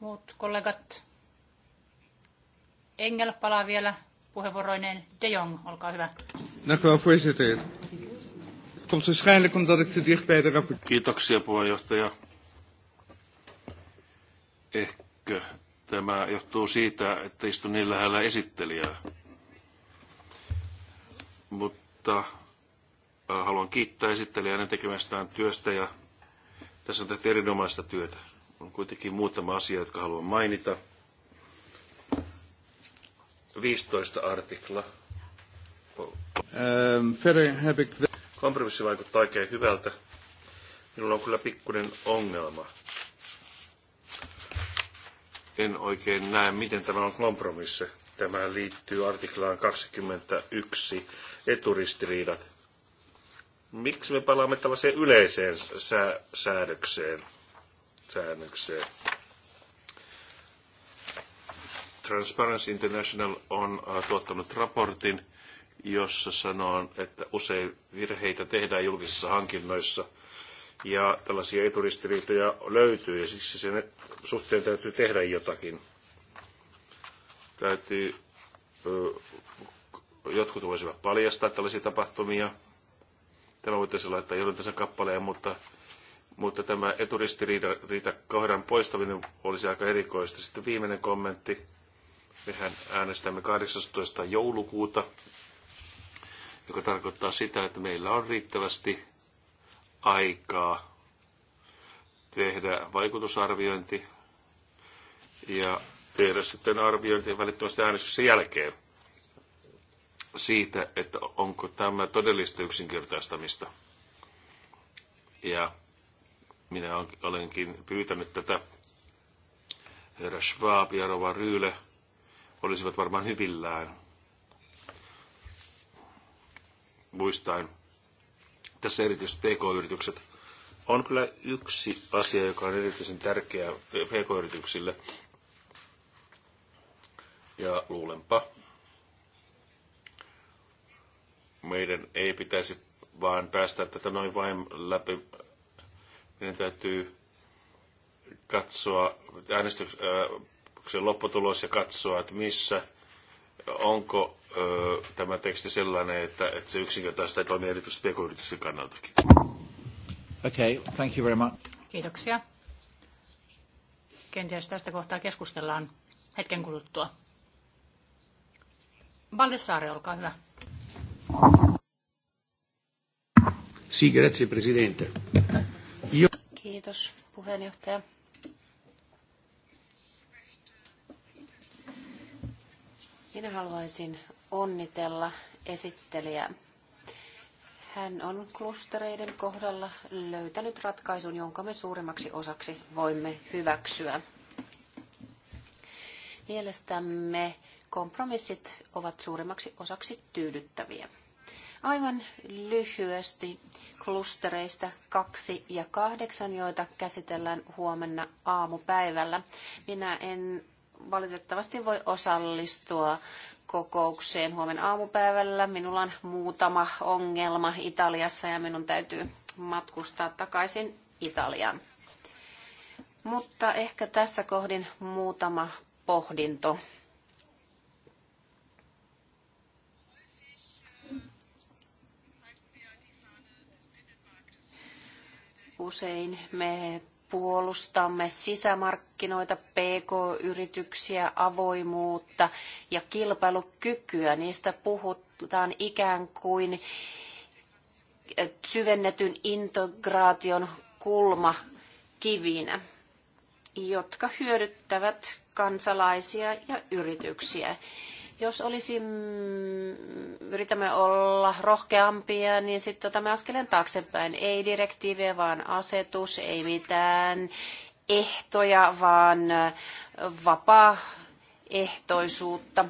Muut kollegat? Engel palaa vielä puheenvuoroineen. De Jong, olkaa hyvä. Dank no, u Komt waarschijnlijk omdat ik te dicht bij de rapporteur... Kiitoksia puheenjohtaja. Ehkä tämä johtuu siitä, että istun niin lähellä esittelijää. Mutta haluan kiittää esittelijää hänen tekemästään työstä ja tässä on tehty erinomaista työtä. On kuitenkin muutama asia, jotka haluan mainita. 15 artikla. Ähm, verder heb ik Kompromissi vaikuttaa oikein hyvältä. Minulla on kyllä pikkuinen ongelma. En oikein näe, miten tämä on kompromissi. Tämä liittyy artiklaan 21 eturistiriidat. Miksi me palaamme tällaiseen yleiseen sää- säädökseen? säännökseen? Transparency International on äh, tuottanut raportin, jossa sanon, että usein virheitä tehdään julkisissa hankinnoissa ja tällaisia eturistiriitoja löytyy ja siksi sen suhteen täytyy tehdä jotakin. Täytyy, jotkut voisivat paljastaa tällaisia tapahtumia. Tämä voitaisiin laittaa tässä kappaleen, mutta mutta tämä eturistiriita kohdan poistaminen olisi aika erikoista. Sitten viimeinen kommentti. Mehän äänestämme 18. joulukuuta joka tarkoittaa sitä, että meillä on riittävästi aikaa tehdä vaikutusarviointi ja tehdä sitten arviointi välittömästi äänestyksen jälkeen siitä, että onko tämä todellista yksinkertaistamista. Ja minä olenkin pyytänyt tätä herra Schwab ja Rova Ryyle olisivat varmaan hyvillään muistaen. Tässä erityisesti PK-yritykset. On kyllä yksi asia, joka on erityisen tärkeä PK-yrityksille. Ja luulenpa, meidän ei pitäisi vaan päästä tätä noin vain läpi. Meidän täytyy katsoa äänestyksen lopputulos ja katsoa, että missä, onko tämä teksti sellainen, että, että se yksinkertaista ei toimi erityisesti pk-yritysten kannaltakin. Okay, thank you very much. Kiitoksia. Kenties tästä kohtaa keskustellaan hetken kuluttua. Valdessaari, olkaa hyvä. Sì, grazie Presidente. Io... Kiitos puheenjohtaja. Minä haluaisin onnitella esittelijää. Hän on klustereiden kohdalla löytänyt ratkaisun, jonka me suurimmaksi osaksi voimme hyväksyä. Mielestämme kompromissit ovat suurimmaksi osaksi tyydyttäviä. Aivan lyhyesti klustereista kaksi ja kahdeksan, joita käsitellään huomenna aamupäivällä. Minä en valitettavasti voi osallistua kokoukseen huomen aamupäivällä. Minulla on muutama ongelma Italiassa ja minun täytyy matkustaa takaisin Italiaan. Mutta ehkä tässä kohdin muutama pohdinto. Usein me puolustamme sisämarkkinoita, pk-yrityksiä, avoimuutta ja kilpailukykyä. Niistä puhutaan ikään kuin syvennetyn integraation kulmakivinä, jotka hyödyttävät kansalaisia ja yrityksiä. Jos olisi, mm, yritämme olla rohkeampia, niin sitten otamme askeleen taaksepäin. Ei direktiiviä, vaan asetus, ei mitään ehtoja, vaan äh, vapaaehtoisuutta.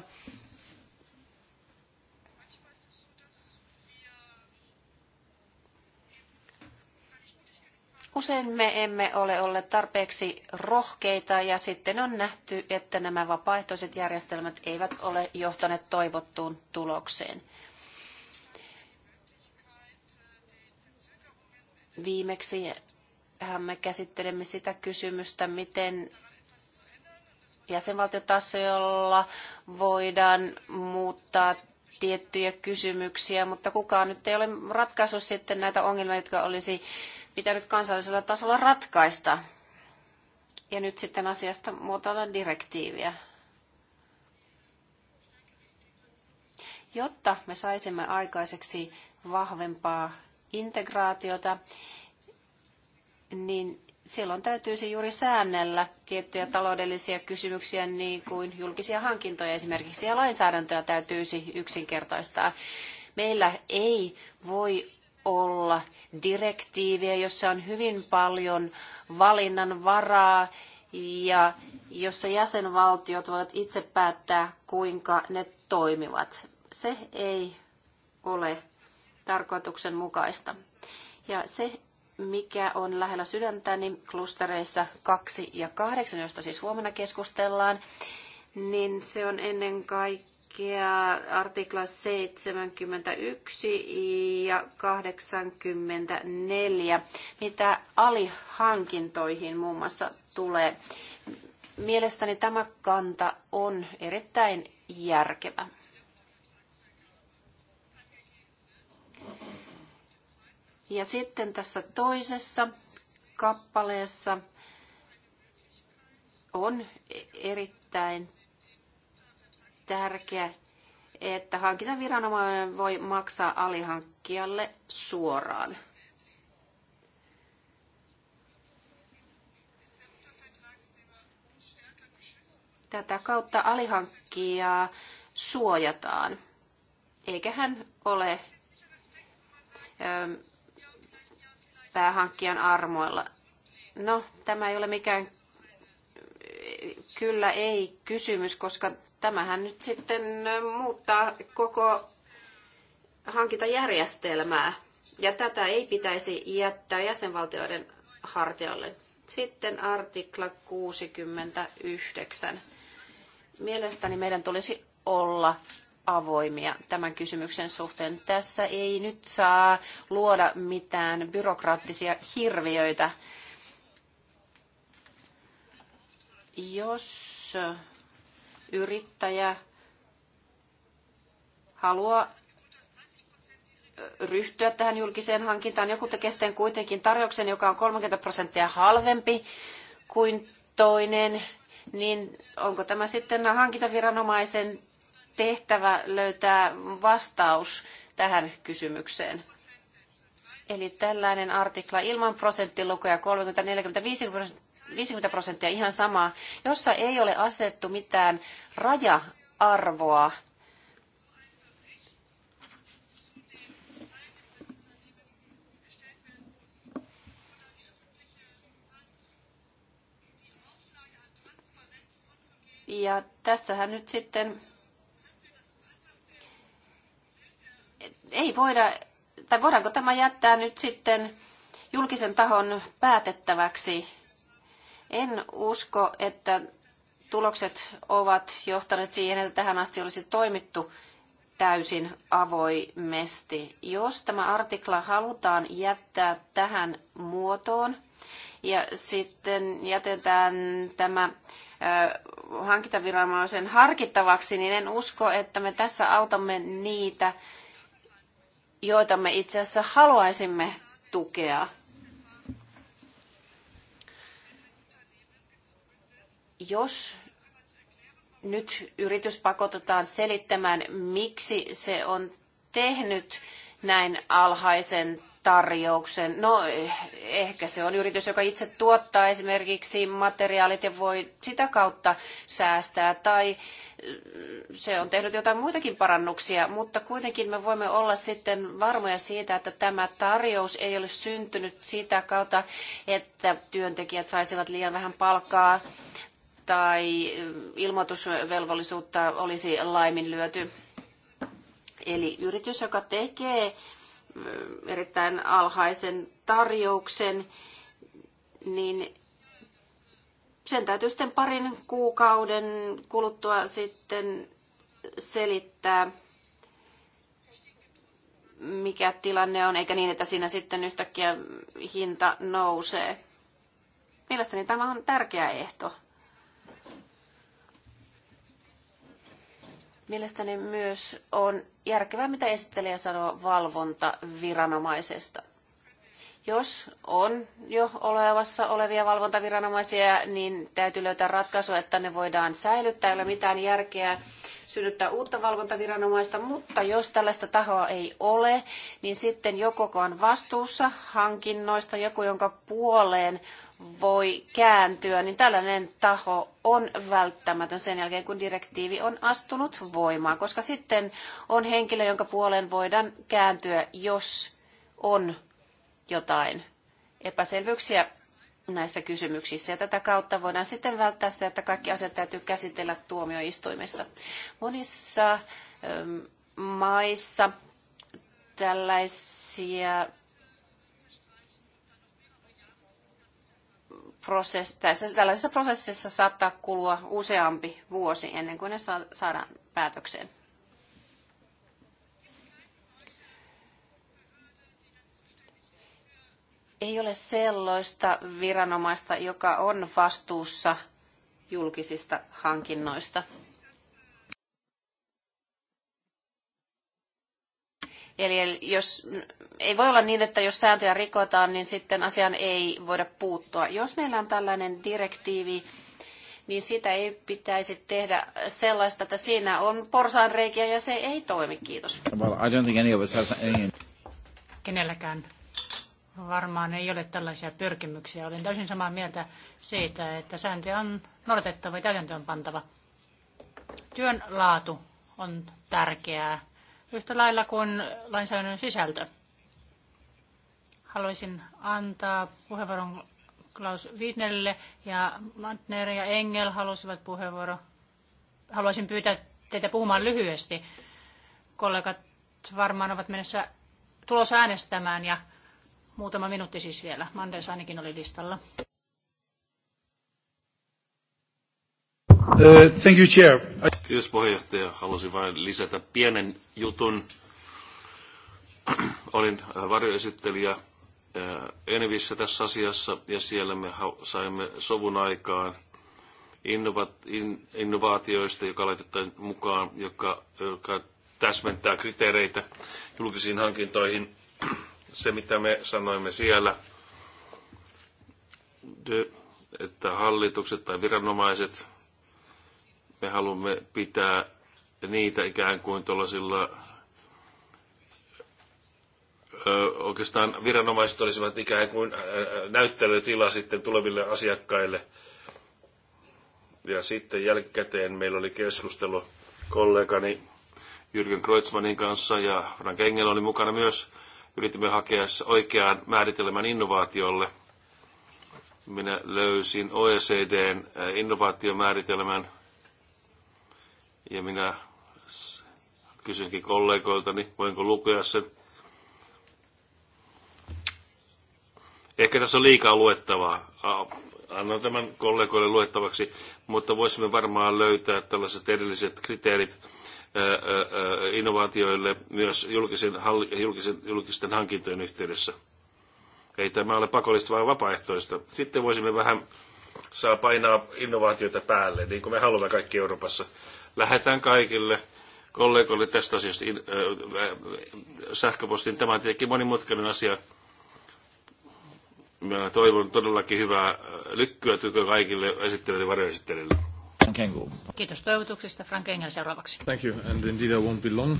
Usein me emme ole olleet tarpeeksi rohkeita ja sitten on nähty, että nämä vapaaehtoiset järjestelmät eivät ole johtaneet toivottuun tulokseen. Viimeksi me käsittelemme sitä kysymystä, miten jäsenvaltiotasolla voidaan muuttaa tiettyjä kysymyksiä, mutta kukaan nyt ei ole ratkaisu sitten näitä ongelmia, jotka olisi pitänyt kansallisella tasolla ratkaista. Ja nyt sitten asiasta muotoilla direktiiviä. Jotta me saisimme aikaiseksi vahvempaa integraatiota, niin silloin täytyisi juuri säännellä tiettyjä taloudellisia kysymyksiä, niin kuin julkisia hankintoja esimerkiksi, ja lainsäädäntöä täytyisi yksinkertaistaa. Meillä ei voi olla direktiiviä, jossa on hyvin paljon valinnan varaa ja jossa jäsenvaltiot voivat itse päättää, kuinka ne toimivat. Se ei ole tarkoituksenmukaista. Ja se, mikä on lähellä sydäntäni niin klustereissa 2 ja 8, josta siis huomenna keskustellaan, niin se on ennen kaikkea tukea artikla 71 ja 84, mitä alihankintoihin muun muassa tulee. Mielestäni tämä kanta on erittäin järkevä. Ja sitten tässä toisessa kappaleessa on erittäin Tärkeä, että hankintaviranomainen voi maksaa alihankkijalle suoraan. Tätä kautta alihankkijaa suojataan, eikä hän ole ähm, päähankkijan armoilla. No, tämä ei ole mikään kyllä ei kysymys, koska tämähän nyt sitten muuttaa koko hankintajärjestelmää. Ja tätä ei pitäisi jättää jäsenvaltioiden hartiolle. Sitten artikla 69. Mielestäni meidän tulisi olla avoimia tämän kysymyksen suhteen. Tässä ei nyt saa luoda mitään byrokraattisia hirviöitä Jos yrittäjä haluaa ryhtyä tähän julkiseen hankintaan, joku tekee sitten kuitenkin tarjouksen, joka on 30 prosenttia halvempi kuin toinen, niin onko tämä sitten hankintaviranomaisen tehtävä löytää vastaus tähän kysymykseen? Eli tällainen artikla ilman prosenttilukuja 30, 40, 50 50 prosenttia ihan samaa, jossa ei ole asetettu mitään raja-arvoa. Ja tässähän nyt sitten ei voida, tai voidaanko tämä jättää nyt sitten julkisen tahon päätettäväksi? En usko, että tulokset ovat johtaneet siihen, että tähän asti olisi toimittu täysin avoimesti. Jos tämä artikla halutaan jättää tähän muotoon ja sitten jätetään tämä hankintaviranomaisen harkittavaksi, niin en usko, että me tässä autamme niitä, joita me itse asiassa haluaisimme tukea. Jos nyt yritys pakotetaan selittämään, miksi se on tehnyt näin alhaisen tarjouksen. No, ehkä se on yritys, joka itse tuottaa esimerkiksi materiaalit ja voi sitä kautta säästää. Tai mm, se on tehnyt jotain muitakin parannuksia, mutta kuitenkin me voimme olla sitten varmoja siitä, että tämä tarjous ei ole syntynyt sitä kautta, että työntekijät saisivat liian vähän palkkaa tai ilmoitusvelvollisuutta olisi laiminlyöty. Eli yritys, joka tekee mm, erittäin alhaisen tarjouksen, niin sen täytyy sitten parin kuukauden kuluttua sitten selittää, mikä tilanne on, eikä niin, että siinä sitten yhtäkkiä hinta nousee. Mielestäni tämä on tärkeä ehto. Mielestäni myös on järkevää, mitä esittelijä sanoo viranomaisesta. Jos on jo olevassa olevia valvontaviranomaisia, niin täytyy löytää ratkaisu, että ne voidaan säilyttää. Ei ole mitään järkeä synnyttää uutta valvontaviranomaista, mutta jos tällaista tahoa ei ole, niin sitten joko on vastuussa hankinnoista, joku jonka puoleen voi kääntyä, niin tällainen taho on välttämätön sen jälkeen, kun direktiivi on astunut voimaan, koska sitten on henkilö, jonka puoleen voidaan kääntyä, jos on jotain epäselvyyksiä näissä kysymyksissä. Ja tätä kautta voidaan sitten välttää sitä, että kaikki asiat täytyy käsitellä tuomioistuimessa. Monissa maissa tällaisia prosess, tässä, tällaisessa prosessissa saattaa kulua useampi vuosi ennen kuin ne saadaan päätökseen. Ei ole sellaista viranomaista, joka on vastuussa julkisista hankinnoista. Eli jos, ei voi olla niin, että jos sääntöjä rikotaan, niin sitten asiaan ei voida puuttua. Jos meillä on tällainen direktiivi, niin sitä ei pitäisi tehdä sellaista, että siinä on porsaanreikiä ja se ei toimi. Kiitos. Well, I don't think any of us has any... Kenelläkään varmaan ei ole tällaisia pyrkimyksiä. Olen täysin samaa mieltä siitä, että sääntöjä on noudatettava ja täytäntöön pantava. Työn laatu on tärkeää yhtä lailla kuin lainsäädännön sisältö. Haluaisin antaa puheenvuoron Klaus Widnerille ja Mantner ja Engel halusivat puheenvuoro. Haluaisin pyytää teitä puhumaan lyhyesti. Kollegat varmaan ovat mennessä tulos äänestämään ja muutama minuutti siis vielä. Mandels ainakin oli listalla. Uh, thank you, Chair. Kiitos puheenjohtaja. Halusin vain lisätä pienen jutun. Olin äh, varjoesittelijä äh, Enevissä tässä asiassa ja siellä me saimme sovun aikaan innovaatioista, joka laitetaan mukaan, joka, joka täsmentää kriteereitä julkisiin hankintoihin. Se, mitä me sanoimme siellä, että hallitukset tai viranomaiset me haluamme pitää niitä ikään kuin tuollaisilla oikeastaan viranomaiset olisivat ikään kuin näyttelytila sitten tuleville asiakkaille. Ja sitten jälkikäteen meillä oli keskustelu kollegani Jürgen Kreutzmannin kanssa ja Frank Engel oli mukana myös. Yritimme hakea oikean määritelmän innovaatiolle. Minä löysin OECDn innovaatiomääritelmän ja minä kysynkin kollegoiltani, voinko lukea sen. Ehkä tässä on liikaa luettavaa. Annan tämän kollegoille luettavaksi, mutta voisimme varmaan löytää tällaiset edelliset kriteerit innovaatioille myös julkisen, julkisen, julkisten hankintojen yhteydessä. Ei tämä ole pakollista, vaan vapaaehtoista. Sitten voisimme vähän saa painaa innovaatioita päälle, niin kuin me haluamme kaikki Euroopassa lähetän kaikille kollegoille tästä asiasta sähköpostin. Tämä on tietenkin monimutkainen asia. Minä toivon todellakin hyvää lykkyä tykö kaikille esittelijöille ja varjoesittelijöille. Kiitos toivotuksista. Frank Engel seuraavaksi. Thank you, and indeed I won't be long.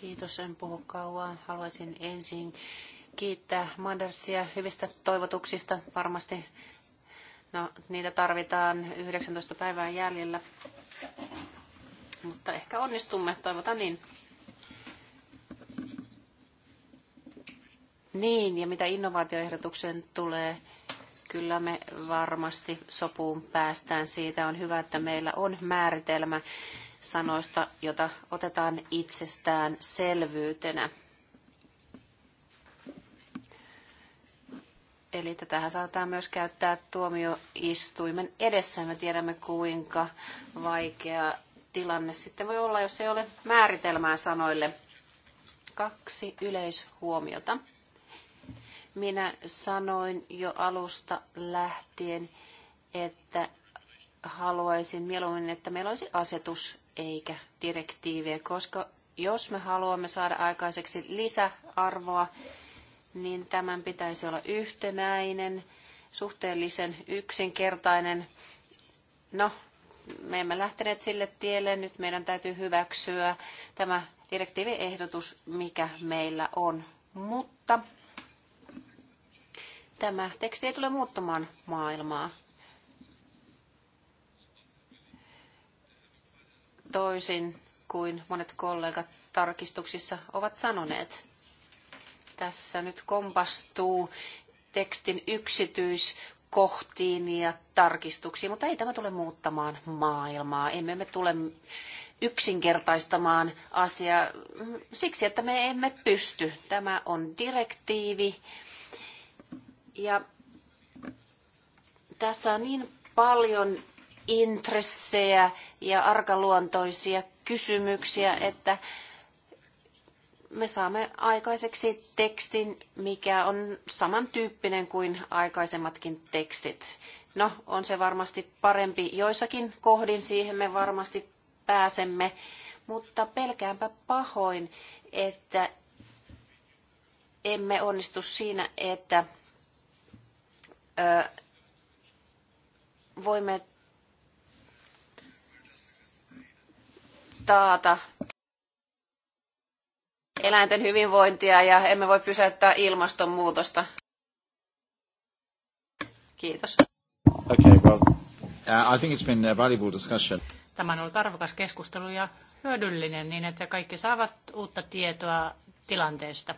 Kiitos, en puhu kauan. Haluaisin ensin kiittää Mandersia hyvistä toivotuksista. Varmasti no, niitä tarvitaan 19 päivää jäljellä mutta ehkä onnistumme, toivotan niin. Niin, ja mitä innovaatioehdotuksen tulee, kyllä me varmasti sopuun päästään. Siitä on hyvä, että meillä on määritelmä sanoista, jota otetaan itsestään selvyytenä. Eli tätähän saattaa myös käyttää tuomioistuimen edessä. Me tiedämme, kuinka vaikea tilanne sitten voi olla, jos ei ole määritelmää sanoille. Kaksi yleishuomiota. Minä sanoin jo alusta lähtien, että haluaisin mieluummin, että meillä olisi asetus eikä direktiiviä, koska jos me haluamme saada aikaiseksi lisäarvoa, niin tämän pitäisi olla yhtenäinen, suhteellisen yksinkertainen. No, me emme lähteneet sille tielle. Nyt meidän täytyy hyväksyä tämä direktiiviehdotus, mikä meillä on. Mutta tämä teksti ei tule muuttamaan maailmaa. Toisin kuin monet kollegat tarkistuksissa ovat sanoneet. Tässä nyt kompastuu tekstin yksityis kohtiin ja tarkistuksiin, mutta ei tämä tule muuttamaan maailmaa. Emme me tule yksinkertaistamaan asiaa siksi, että me emme pysty. Tämä on direktiivi. Ja tässä on niin paljon intressejä ja arkaluontoisia kysymyksiä, että me saamme aikaiseksi tekstin, mikä on samantyyppinen kuin aikaisemmatkin tekstit. No, on se varmasti parempi joissakin kohdin, siihen me varmasti pääsemme, mutta pelkäänpä pahoin, että emme onnistu siinä, että ö, voimme taata eläinten hyvinvointia ja emme voi pysäyttää ilmastonmuutosta. Kiitos. Okay, well, uh, I think it's been a valuable discussion. Tämä on ollut arvokas keskustelu ja hyödyllinen niin, että kaikki saavat uutta tietoa tilanteesta.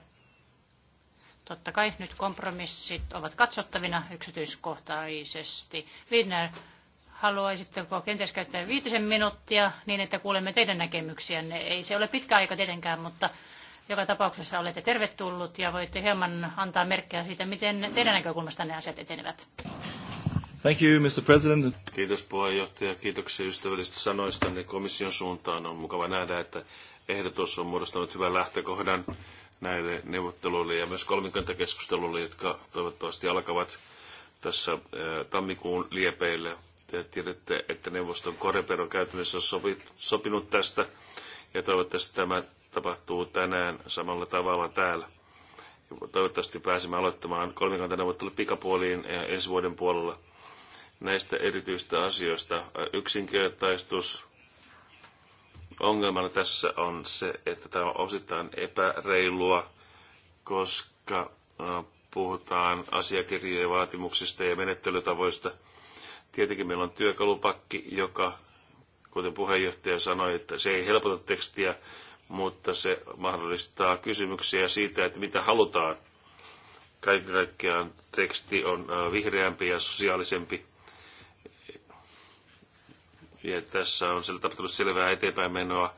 Totta kai nyt kompromissit ovat katsottavina yksityiskohtaisesti. Wiener, haluaisitteko kenties käyttää viitisen minuuttia niin, että kuulemme teidän näkemyksiänne? Ei se ole pitkä aika tietenkään, mutta joka tapauksessa olette tervetullut ja voitte hieman antaa merkkejä siitä, miten teidän näkökulmastanne asiat etenevät. Thank you, Mr. President. Kiitos puheenjohtaja. Kiitoksia ystävällisistä sanoista. ne Komission suuntaan on mukava nähdä, että ehdotus on muodostanut hyvän lähtökohdan näille neuvotteluille ja myös kolmikantakeskusteluille, jotka toivottavasti alkavat tässä eh, tammikuun liepeille Te tiedätte, että neuvoston Koreper on käytännössä sopinut tästä ja toivottavasti tämä tapahtuu tänään samalla tavalla täällä. Toivottavasti pääsemme aloittamaan kolmikantaneuvottelu pikapuoliin eh, ensi vuoden puolella näistä erityistä asioista. Eh, yksinkertaistus, ongelmana tässä on se, että tämä on osittain epäreilua, koska eh, puhutaan asiakirjojen vaatimuksista ja menettelytavoista. Tietenkin meillä on työkalupakki, joka, kuten puheenjohtaja sanoi, että se ei helpota tekstiä, mutta se mahdollistaa kysymyksiä siitä, että mitä halutaan. Kaiken kaikkiaan teksti on äh, vihreämpi ja sosiaalisempi. Ja tässä on sillä tapahtunut selvää eteenpäin menoa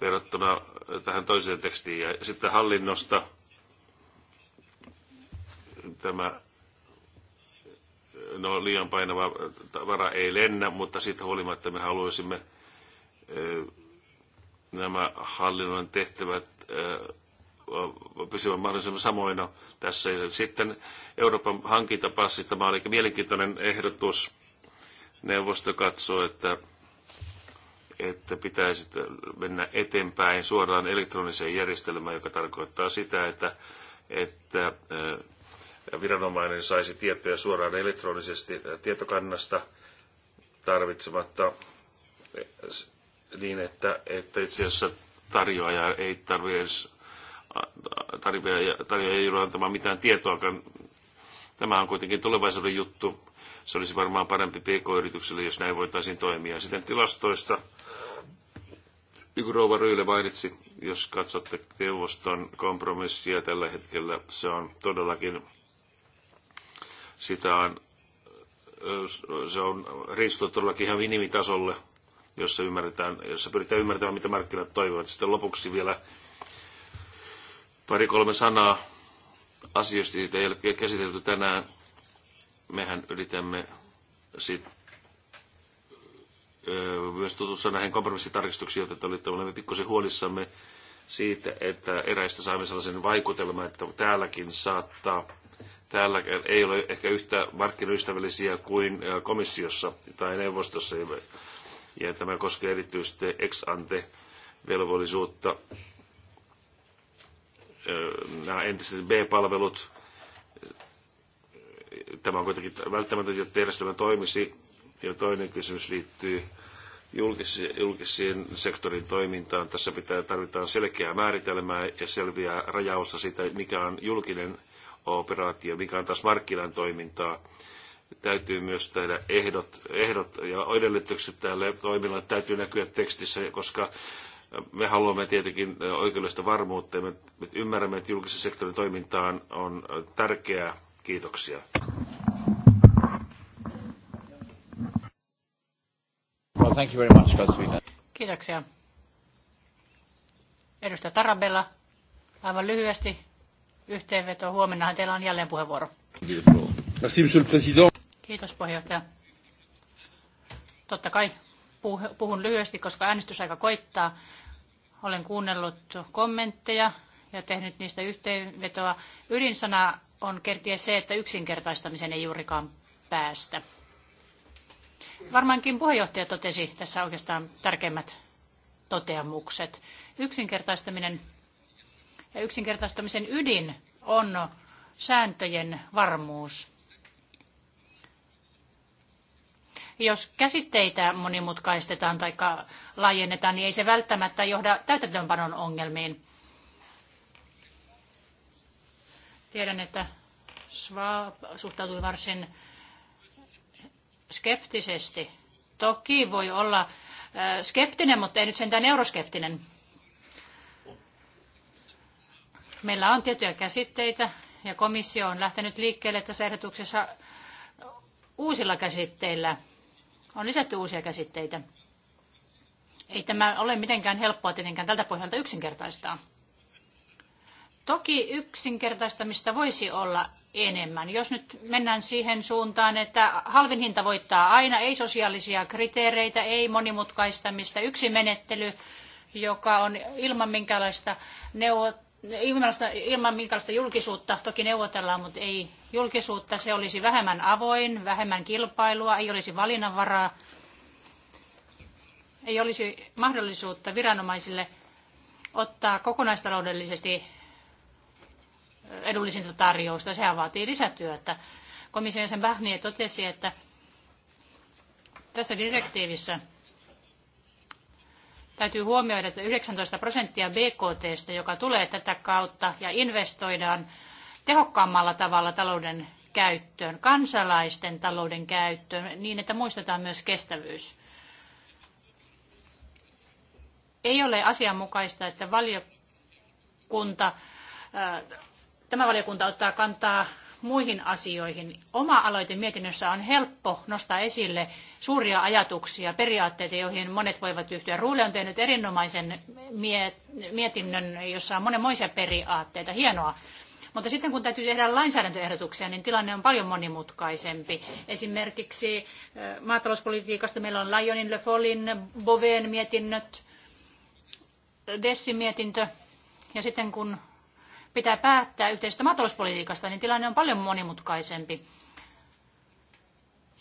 verrattuna äh, tähän toiseen tekstiin. Ja sitten hallinnosta tämä no, liian painava vara ei lennä, mutta sitten huolimatta me haluaisimme äh, nämä hallinnon tehtävät äh, pysyvän mahdollisimman samoina tässä. Sitten Euroopan hankintapassista tämä oli mielenkiintoinen ehdotus. Neuvosto katsoo, että, että pitäisi mennä eteenpäin suoraan elektroniseen järjestelmään, joka tarkoittaa sitä, että, että äh, viranomainen saisi tietoja suoraan elektronisesti äh, tietokannasta tarvitsematta niin, että, että itse asiassa tarjoaja ei tarvitse edes tarjoaja, tarjoaja ei antamaan mitään tietoa, Tämä on kuitenkin tulevaisuuden juttu. Se olisi varmaan parempi PK-yritykselle, jos näin voitaisiin toimia. Sitten tilastoista, niin kuin Rouva Ryyle mainitsi, jos katsotte neuvoston kompromissia tällä hetkellä, se on todellakin, sitä on, se on riistu todellakin ihan minimitasolle – jossa, ymmärretään, jossa pyritään ymmärtämään, mitä markkinat toivovat. Sitten lopuksi vielä pari-kolme sanaa asioista, joita ei ole käsitelty tänään. Mehän yritämme sit, myös tutustua näihin kompromissitarkistuksiin, joita olitte, olemme pikkusen huolissamme siitä, että eräistä saamme sellaisen vaikutelman, että täälläkin saattaa, täällä ei ole ehkä yhtä markkinoystävällisiä kuin komissiossa tai neuvostossa ja tämä koskee erityisesti ex ante velvollisuutta. Nämä entiset B-palvelut, tämä on kuitenkin välttämätöntä, jotta järjestelmä toimisi. Ja toinen kysymys liittyy julkisiin sektorin toimintaan. Tässä pitää tarvitaan selkeää määritelmää ja selviä rajausta siitä, mikä on julkinen operaatio, mikä on taas markkinan toimintaa täytyy myös tehdä ehdot, ehdot ja edellytykset tälle toimilla täytyy näkyä tekstissä, koska me haluamme tietenkin oikeudellista varmuutta ja me ymmärrämme, että julkisen sektorin toimintaan on tärkeää. Kiitoksia. Well, thank you very much, Kiitoksia. Edustaja Tarabella, aivan lyhyesti yhteenveto. Huomennahan teillä on jälleen puheenvuoro. Merci, monsieur le président. Kiitos puheenjohtaja. Totta kai puhun lyhyesti, koska äänestysaika koittaa. Olen kuunnellut kommentteja ja tehnyt niistä yhteenvetoa. Ydinsana on kerties se, että yksinkertaistamisen ei juurikaan päästä. Varmaankin puheenjohtaja totesi tässä oikeastaan tärkeimmät toteamukset. Yksinkertaistaminen ja yksinkertaistamisen ydin on sääntöjen varmuus. Jos käsitteitä monimutkaistetaan tai laajennetaan, niin ei se välttämättä johda täytäntöönpanon ongelmiin. Tiedän, että Schwab suhtautui varsin skeptisesti. Toki voi olla äh, skeptinen, mutta ei nyt sentään euroskeptinen. Meillä on tiettyjä käsitteitä ja komissio on lähtenyt liikkeelle tässä ehdotuksessa uusilla käsitteillä – on lisätty uusia käsitteitä. Ei tämä ole mitenkään helppoa tietenkään tältä pohjalta yksinkertaistaa. Toki yksinkertaistamista voisi olla enemmän. Jos nyt mennään siihen suuntaan, että halvin hinta voittaa aina, ei sosiaalisia kriteereitä, ei monimutkaistamista, yksi menettely, joka on ilman minkäänlaista neuvot ilman minkälaista julkisuutta, toki neuvotellaan, mutta ei julkisuutta, se olisi vähemmän avoin, vähemmän kilpailua, ei olisi valinnanvaraa, ei olisi mahdollisuutta viranomaisille ottaa kokonaistaloudellisesti edullisinta tarjousta, sehän vaatii lisätyötä. Komission sen Bahnie totesi, että tässä direktiivissä Täytyy huomioida, että 19 prosenttia BKTstä, joka tulee tätä kautta ja investoidaan tehokkaammalla tavalla talouden käyttöön, kansalaisten talouden käyttöön, niin että muistetaan myös kestävyys. Ei ole asianmukaista, että valiokunta, tämä valiokunta ottaa kantaa muihin asioihin. Oma aloite mietinnössä on helppo nostaa esille suuria ajatuksia, periaatteita, joihin monet voivat yhtyä. Ruule on tehnyt erinomaisen mietinnön, jossa on monenmoisia periaatteita. Hienoa. Mutta sitten kun täytyy tehdä lainsäädäntöehdotuksia, niin tilanne on paljon monimutkaisempi. Esimerkiksi maatalouspolitiikasta meillä on Lyonin, Le Follin, Boveen mietinnöt, Dessin mietintö. Ja sitten kun pitää päättää yhteisestä maatalouspolitiikasta, niin tilanne on paljon monimutkaisempi.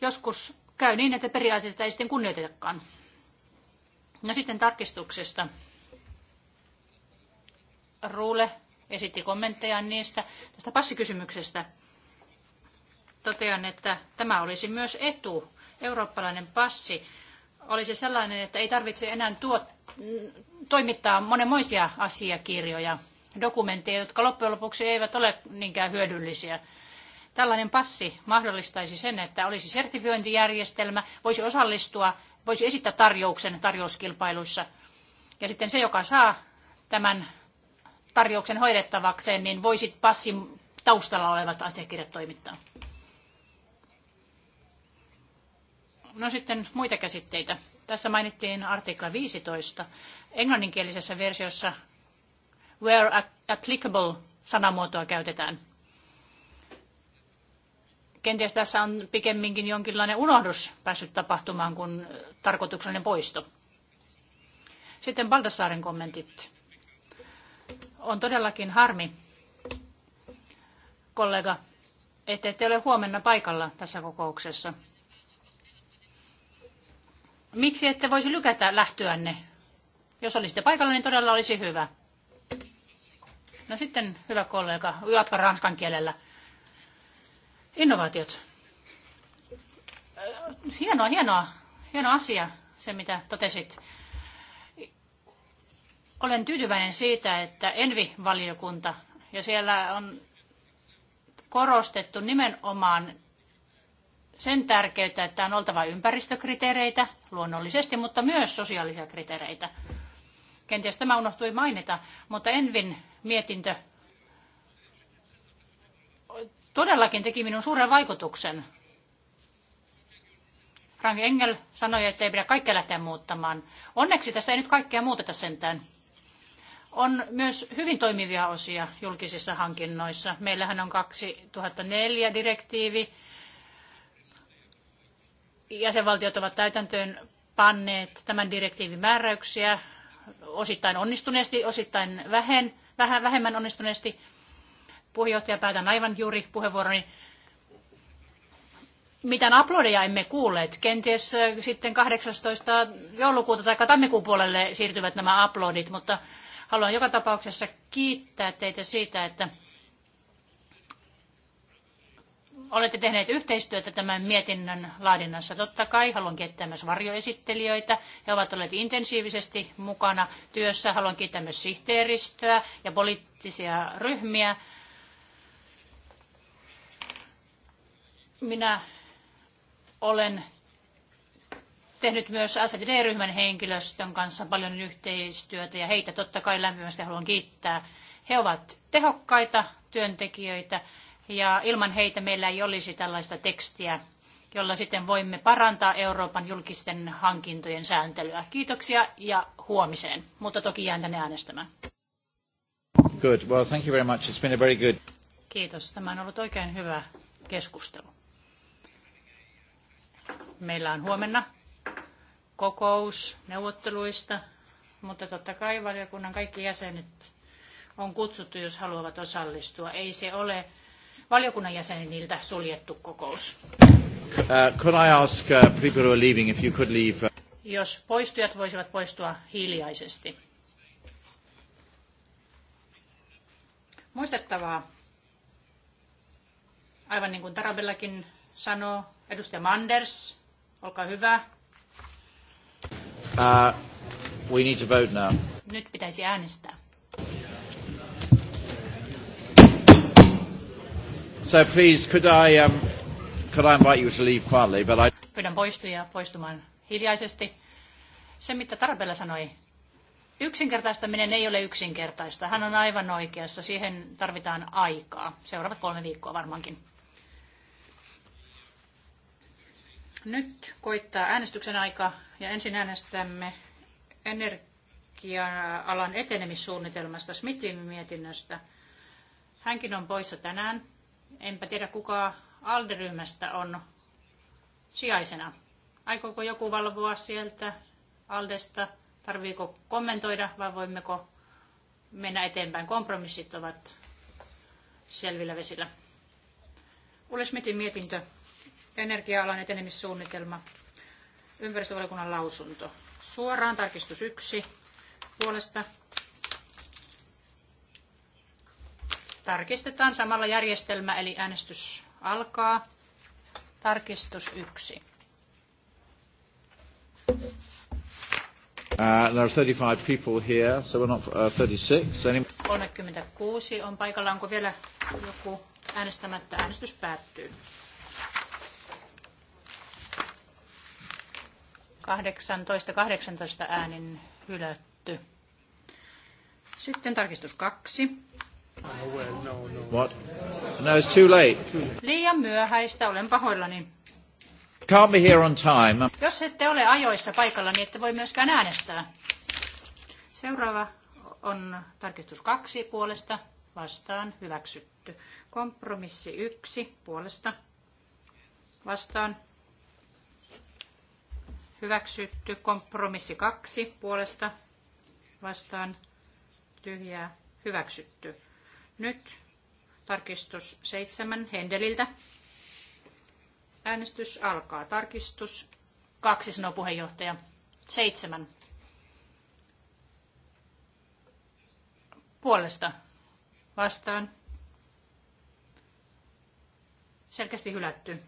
Joskus käy niin, että periaatteita ei sitten kunnioitetakaan. No sitten tarkistuksesta. Ruule esitti kommentteja niistä tästä passikysymyksestä. Totean, että tämä olisi myös etu. Eurooppalainen passi olisi sellainen, että ei tarvitse enää tuo, toimittaa monenmoisia asiakirjoja dokumentteja, jotka loppujen lopuksi eivät ole niinkään hyödyllisiä. Tällainen passi mahdollistaisi sen, että olisi sertifiointijärjestelmä, voisi osallistua, voisi esittää tarjouksen tarjouskilpailuissa. Ja sitten se, joka saa tämän tarjouksen hoidettavakseen, niin voisi passin taustalla olevat asiakirjat toimittaa. No sitten muita käsitteitä. Tässä mainittiin artikla 15. Englanninkielisessä versiossa where applicable sanamuotoa käytetään. Kenties tässä on pikemminkin jonkinlainen unohdus päässyt tapahtumaan kuin tarkoituksellinen poisto. Sitten Baldassaaren kommentit. On todellakin harmi, kollega, että ette ole huomenna paikalla tässä kokouksessa. Miksi ette voisi lykätä lähtöänne? Jos olisitte paikalla, niin todella olisi hyvä. No sitten, hyvä kollega, jatka ranskan kielellä. Innovaatiot. Äh, hienoa, hienoa. Hieno asia, se mitä totesit. Olen tyytyväinen siitä, että Envi-valiokunta, ja siellä on korostettu nimenomaan sen tärkeyttä, että on oltava ympäristökriteereitä luonnollisesti, mutta myös sosiaalisia kriteereitä. Kenties tämä unohtui mainita, mutta Envin mietintö todellakin teki minun suuren vaikutuksen. Frank Engel sanoi, että ei pidä kaikkea lähteä muuttamaan. Onneksi tässä ei nyt kaikkea muuteta sentään. On myös hyvin toimivia osia julkisissa hankinnoissa. Meillähän on 2004 direktiivi. Jäsenvaltiot ovat täytäntöön panneet tämän direktiivin määräyksiä osittain onnistuneesti, osittain vähän, vähän vähemmän onnistuneesti. Puheenjohtaja, päätän aivan juuri puheenvuoroni. Mitään aplodeja emme kuulleet. Kenties äh, sitten 18. joulukuuta tai tammikuun puolelle siirtyvät nämä aplodit, mutta haluan joka tapauksessa kiittää teitä siitä, että olette tehneet yhteistyötä tämän mietinnön laadinnassa. Totta kai haluan kiittää myös varjoesittelijöitä. He ovat olleet intensiivisesti mukana työssä. Haluan kiittää myös sihteeristöä ja poliittisia ryhmiä. Minä olen tehnyt myös SED-ryhmän henkilöstön kanssa paljon yhteistyötä ja heitä totta kai lämpimästi haluan kiittää. He ovat tehokkaita työntekijöitä ja ilman heitä meillä ei olisi tällaista tekstiä, jolla sitten voimme parantaa Euroopan julkisten hankintojen sääntelyä. Kiitoksia ja huomiseen, mutta toki jään tänne äänestämään. Good. Well, thank you very much. It's been a very good... Kiitos. Tämä on ollut oikein hyvä keskustelu. Meillä on huomenna kokous neuvotteluista, mutta totta kai valiokunnan kaikki jäsenet on kutsuttu, jos haluavat osallistua. Ei se ole valiokunnan jäseniltä suljettu kokous. Uh, could I ask uh, people who are leaving if you could leave? Uh... Jos poistujat voisivat poistua hiljaisesti. Muistettavaa, aivan niin kuin Tarabellakin sanoo, edustaja Manders, olkaa hyvä. Uh, we need to vote now. Nyt pitäisi äänestää. So please, could I, um, could I invite you to leave quietly, but I... Pyydän poistuja poistumaan hiljaisesti. Se, mitä Tarabella sanoi, yksinkertaistaminen ei ole yksinkertaista. Hän on aivan oikeassa. Siihen tarvitaan aikaa. Seuraavat kolme viikkoa varmaankin. Nyt koittaa äänestyksen aika ja ensin äänestämme energia-alan etenemissuunnitelmasta Smithin mietinnöstä. Hänkin on poissa tänään. Enpä tiedä, kuka alderyhmästä on sijaisena. Aikooko joku valvoa sieltä ALDEsta? Tarviiko kommentoida vai voimmeko mennä eteenpäin? Kompromissit ovat selvillä vesillä. Ulle Smithin mietintö, energia-alan etenemissuunnitelma, ympäristövaliokunnan lausunto. Suoraan tarkistus yksi puolesta Tarkistetaan samalla järjestelmä, eli äänestys alkaa. Tarkistus 1. Uh, there are 35 people here, so we're not uh, 36. Any... 36 on paikalla. Onko vielä joku äänestämättä? Äänestys päättyy. 18, 18 äänin hylätty. Sitten tarkistus 2. What? No, it's too late. Liian myöhäistä, olen pahoillani. Can't be here on time. Jos ette ole ajoissa paikalla, niin ette voi myöskään äänestää. Seuraava on tarkistus kaksi puolesta, vastaan, hyväksytty. Kompromissi yksi puolesta, vastaan, hyväksytty. Kompromissi kaksi puolesta, vastaan, tyhjää, hyväksytty. Nyt tarkistus seitsemän Hendeliltä. Äänestys alkaa. Tarkistus kaksi, sanoo puheenjohtaja. Seitsemän. Puolesta vastaan. Selkeästi hylätty.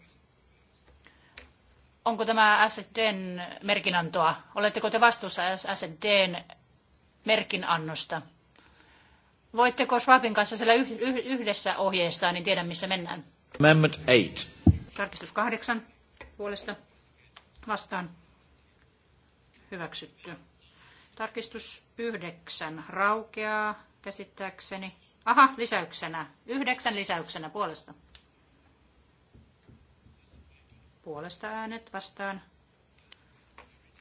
Onko tämä SDn merkinantoa? Oletteko te vastuussa SDn merkinannosta? Voitteko Schwabin kanssa siellä yhdessä ohjeistaa, niin tiedän missä mennään. Amendment 8. Tarkistus 8 puolesta vastaan hyväksytty. Tarkistus 9 raukeaa käsittääkseni. Aha, lisäyksenä. Yhdeksän lisäyksenä puolesta. Puolesta äänet vastaan.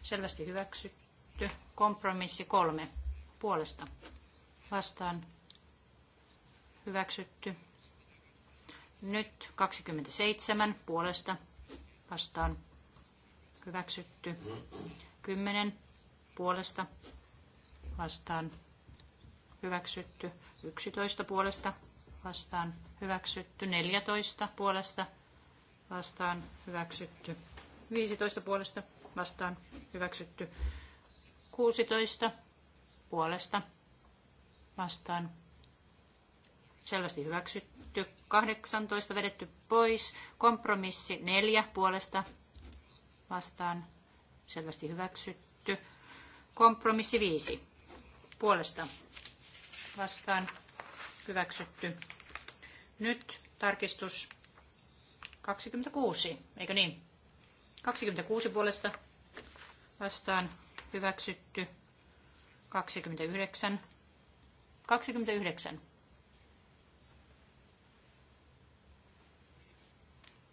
Selvästi hyväksytty. Kompromissi kolme puolesta vastaan hyväksytty. Nyt 27 puolesta vastaan hyväksytty. 10 puolesta vastaan hyväksytty. 11 puolesta vastaan hyväksytty. 14 puolesta vastaan hyväksytty. 15 puolesta vastaan hyväksytty. 16 puolesta vastaan selvästi hyväksytty. 18 vedetty pois. Kompromissi 4 puolesta vastaan selvästi hyväksytty. Kompromissi 5 puolesta vastaan hyväksytty. Nyt tarkistus 26, eikö niin? 26 puolesta vastaan hyväksytty. 29. 29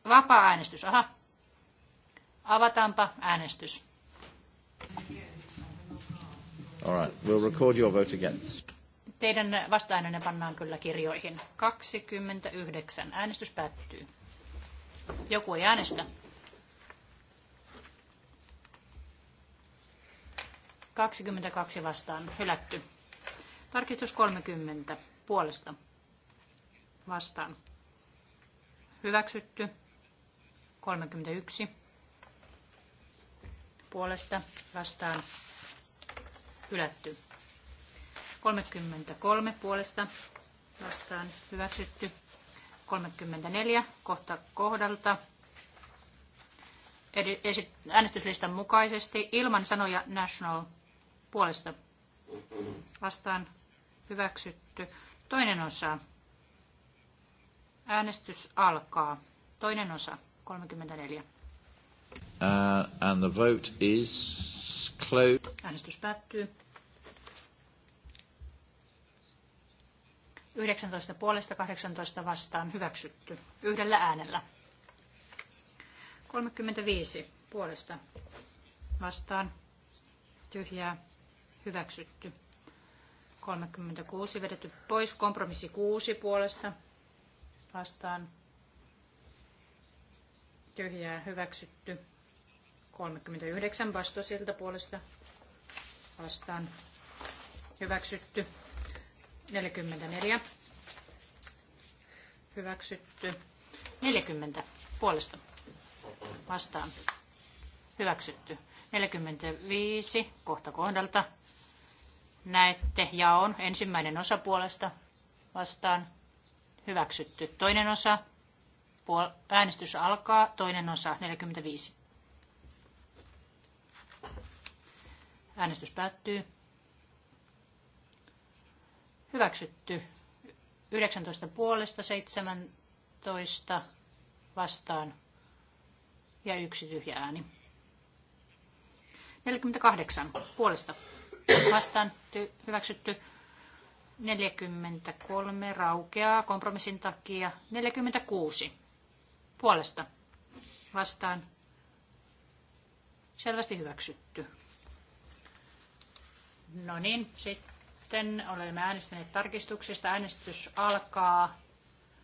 Vapaa-äänestys, aha. Avataanpa äänestys. All right, we'll record your vote against. Teidän vastaäänenne pannaan kyllä kirjoihin. 29. Äänestys päättyy. Joku ei äänestä. 22 vastaan. Hylätty. Tarkistus 30. Puolesta. Vastaan. Hyväksytty. 31 puolesta vastaan hylätty. 33 puolesta vastaan hyväksytty. 34 kohta kohdalta äänestyslistan mukaisesti ilman sanoja national puolesta vastaan hyväksytty. Toinen osa. Äänestys alkaa. Toinen osa. 34. Uh, and the vote is closed. Äänestys päättyy. 19 puolesta 18 vastaan hyväksytty yhdellä äänellä. 35 puolesta vastaan tyhjää hyväksytty. 36 vedetty pois kompromissi 6 puolesta vastaan tyhjää hyväksytty. 39 vastosilta puolesta vastaan hyväksytty. 44 hyväksytty. 40 puolesta vastaan hyväksytty. 45 kohta kohdalta näette jaon ensimmäinen osa puolesta vastaan hyväksytty. Toinen osa Puol- äänestys alkaa, toinen osa 45. Äänestys päättyy. Hyväksytty. 19 puolesta 17 vastaan ja yksi tyhjä ääni. 48 puolesta vastaan ty- hyväksytty. 43 raukeaa kompromissin takia. 46 puolesta vastaan selvästi hyväksytty. No niin, sitten olemme äänestäneet tarkistuksista. Äänestys alkaa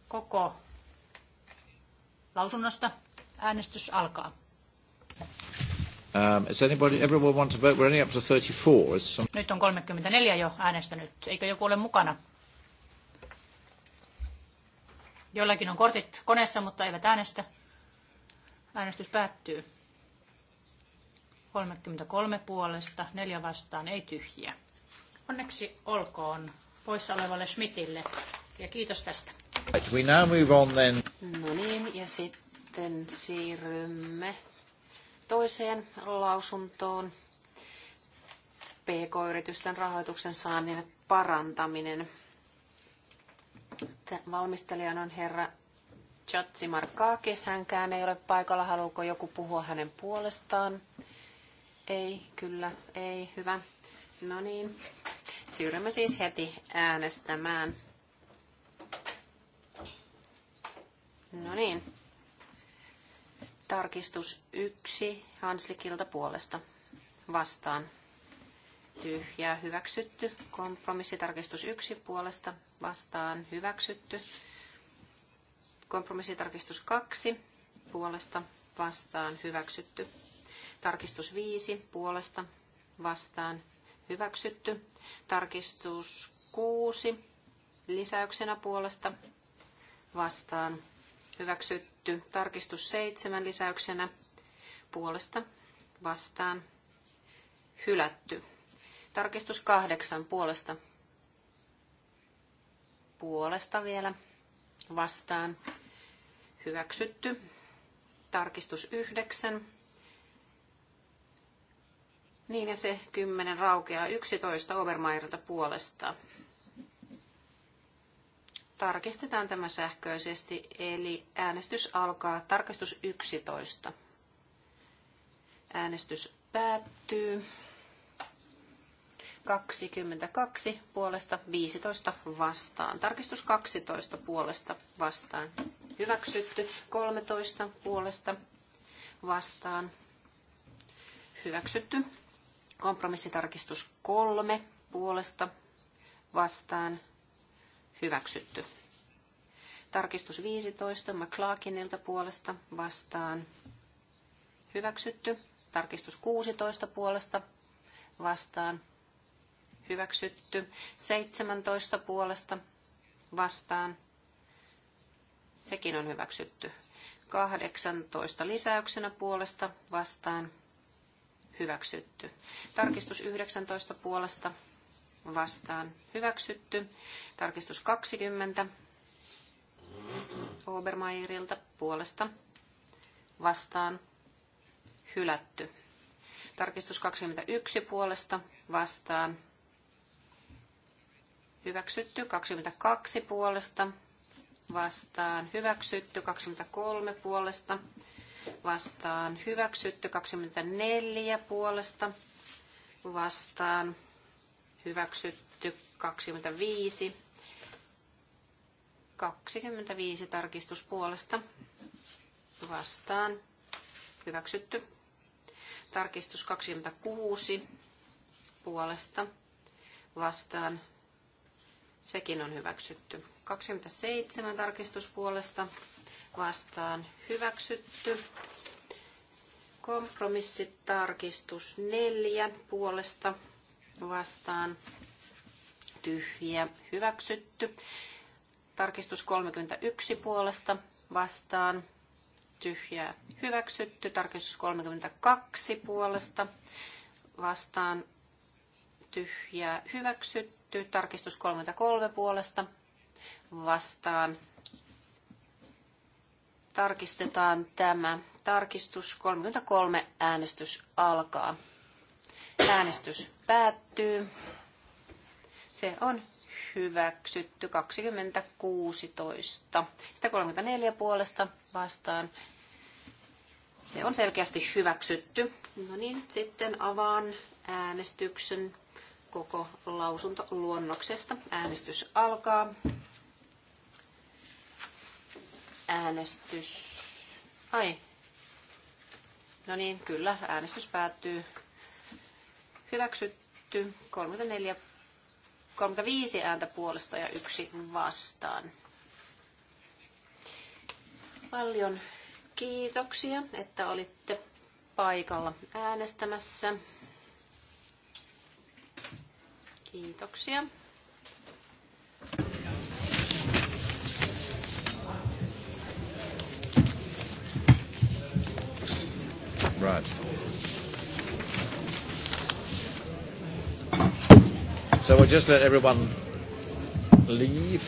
koko lausunnosta. Äänestys alkaa. Um, is anybody, everyone want to vote? We're only up to 34. Some... Nyt on 34 jo äänestänyt. Eikö joku ole mukana? Jollakin on kortit koneessa, mutta eivät äänestä. Äänestys päättyy. 33 puolesta, neljä vastaan, ei tyhjiä. Onneksi olkoon poissa olevalle Schmidtille ja kiitos tästä. We now move on then. No niin, ja sitten siirrymme toiseen lausuntoon. PK-yritysten rahoituksen saannin parantaminen. Valmistelijan on herra Chatsi Markakis. Hänkään ei ole paikalla. Haluuko joku puhua hänen puolestaan? Ei, kyllä, ei. Hyvä. No niin, siirrymme siis heti äänestämään. No niin. Tarkistus yksi Hanslikilta puolesta. Vastaan. Tyhjää hyväksytty. Kompromissitarkistus yksi puolesta vastaan hyväksytty. Kompromissitarkistus 2 puolesta vastaan hyväksytty. Tarkistus 5 puolesta vastaan hyväksytty. Tarkistus 6 lisäyksenä puolesta vastaan hyväksytty. Tarkistus 7 lisäyksenä puolesta vastaan hylätty. Tarkistus 8 puolesta puolesta vielä vastaan hyväksytty. Tarkistus 9. Niin ja se 10 raukeaa 11 Obermeierilta puolesta. Tarkistetaan tämä sähköisesti, eli äänestys alkaa tarkistus 11. Äänestys päättyy. 22 puolesta 15 vastaan. Tarkistus 12 puolesta vastaan. Hyväksytty 13 puolesta vastaan. Hyväksytty. Kompromissitarkistus 3 puolesta vastaan. Hyväksytty. Tarkistus 15 McClarkinilta puolesta vastaan. Hyväksytty. Tarkistus 16 puolesta vastaan hyväksytty. 17 puolesta vastaan, sekin on hyväksytty. 18 lisäyksenä puolesta vastaan, hyväksytty. Tarkistus 19 puolesta vastaan, hyväksytty. Tarkistus 20 Obermeierilta puolesta vastaan, hylätty. Tarkistus 21 puolesta vastaan, hyväksytty 22 puolesta vastaan hyväksytty 23 puolesta vastaan hyväksytty 24 puolesta vastaan hyväksytty 25 25 puolesta vastaan hyväksytty tarkistus 26 puolesta vastaan Sekin on hyväksytty. 27 tarkistuspuolesta vastaan hyväksytty. Kompromissitarkistus 4 puolesta vastaan tyhjiä hyväksytty. Tarkistus 31 puolesta vastaan tyhjää hyväksytty. Tarkistus 32 puolesta vastaan tyhjää hyväksytty hylätty. Tarkistus 33 puolesta vastaan. Tarkistetaan tämä. Tarkistus 33. Äänestys alkaa. Äänestys päättyy. Se on hyväksytty 2016. 34 puolesta vastaan. Se on selkeästi hyväksytty. No niin, sitten avaan äänestyksen koko lausuntoluonnoksesta. Äänestys alkaa. Äänestys. Ai. No niin, kyllä, äänestys päättyy. Hyväksytty 34, 35 ääntä puolesta ja yksi vastaan. Paljon kiitoksia, että olitte paikalla äänestämässä. Kiitoksia. Right. So we'll just let everyone leave.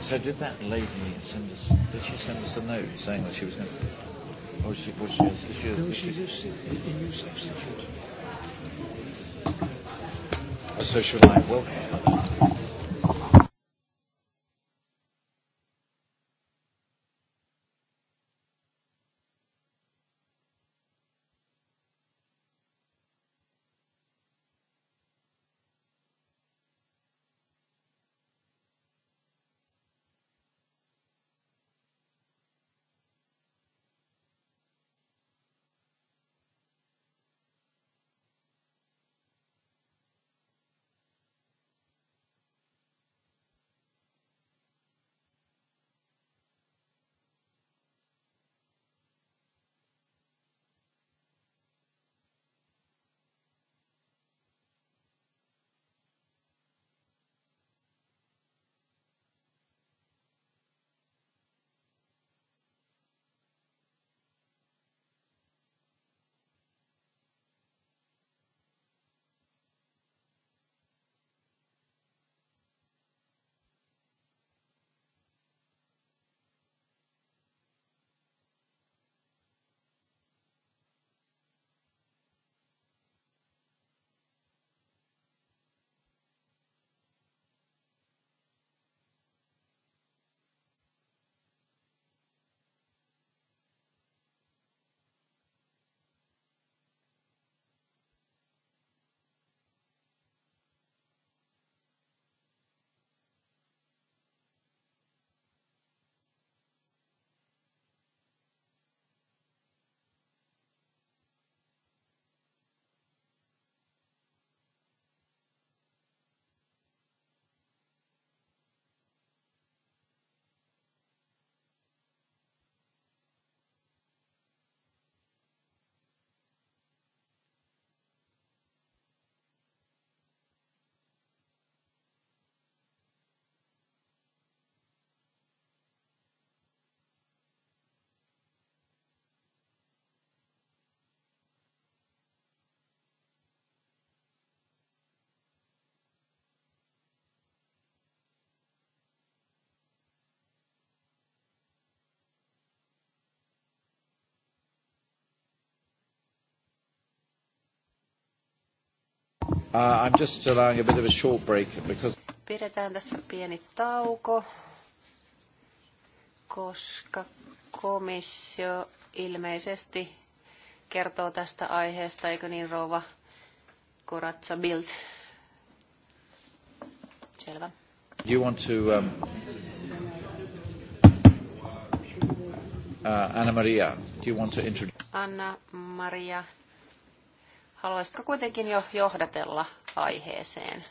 So did that lady send us? Did she send us a note saying that she was going? to... Or she was she? Was she, was she no, she, she just a new substitute a social life. Welcome. Uh, I'm just allowing a bit of a short break because... Pidetään tässä pieni tauko, koska komissio ilmeisesti kertoo tästä aiheesta, eikö niin rouva Koratsa Bild? Selvä. You want to... Um, uh, Anna Maria, do you want to introduce... Anna Maria, Haluaisitko kuitenkin jo johdatella aiheeseen?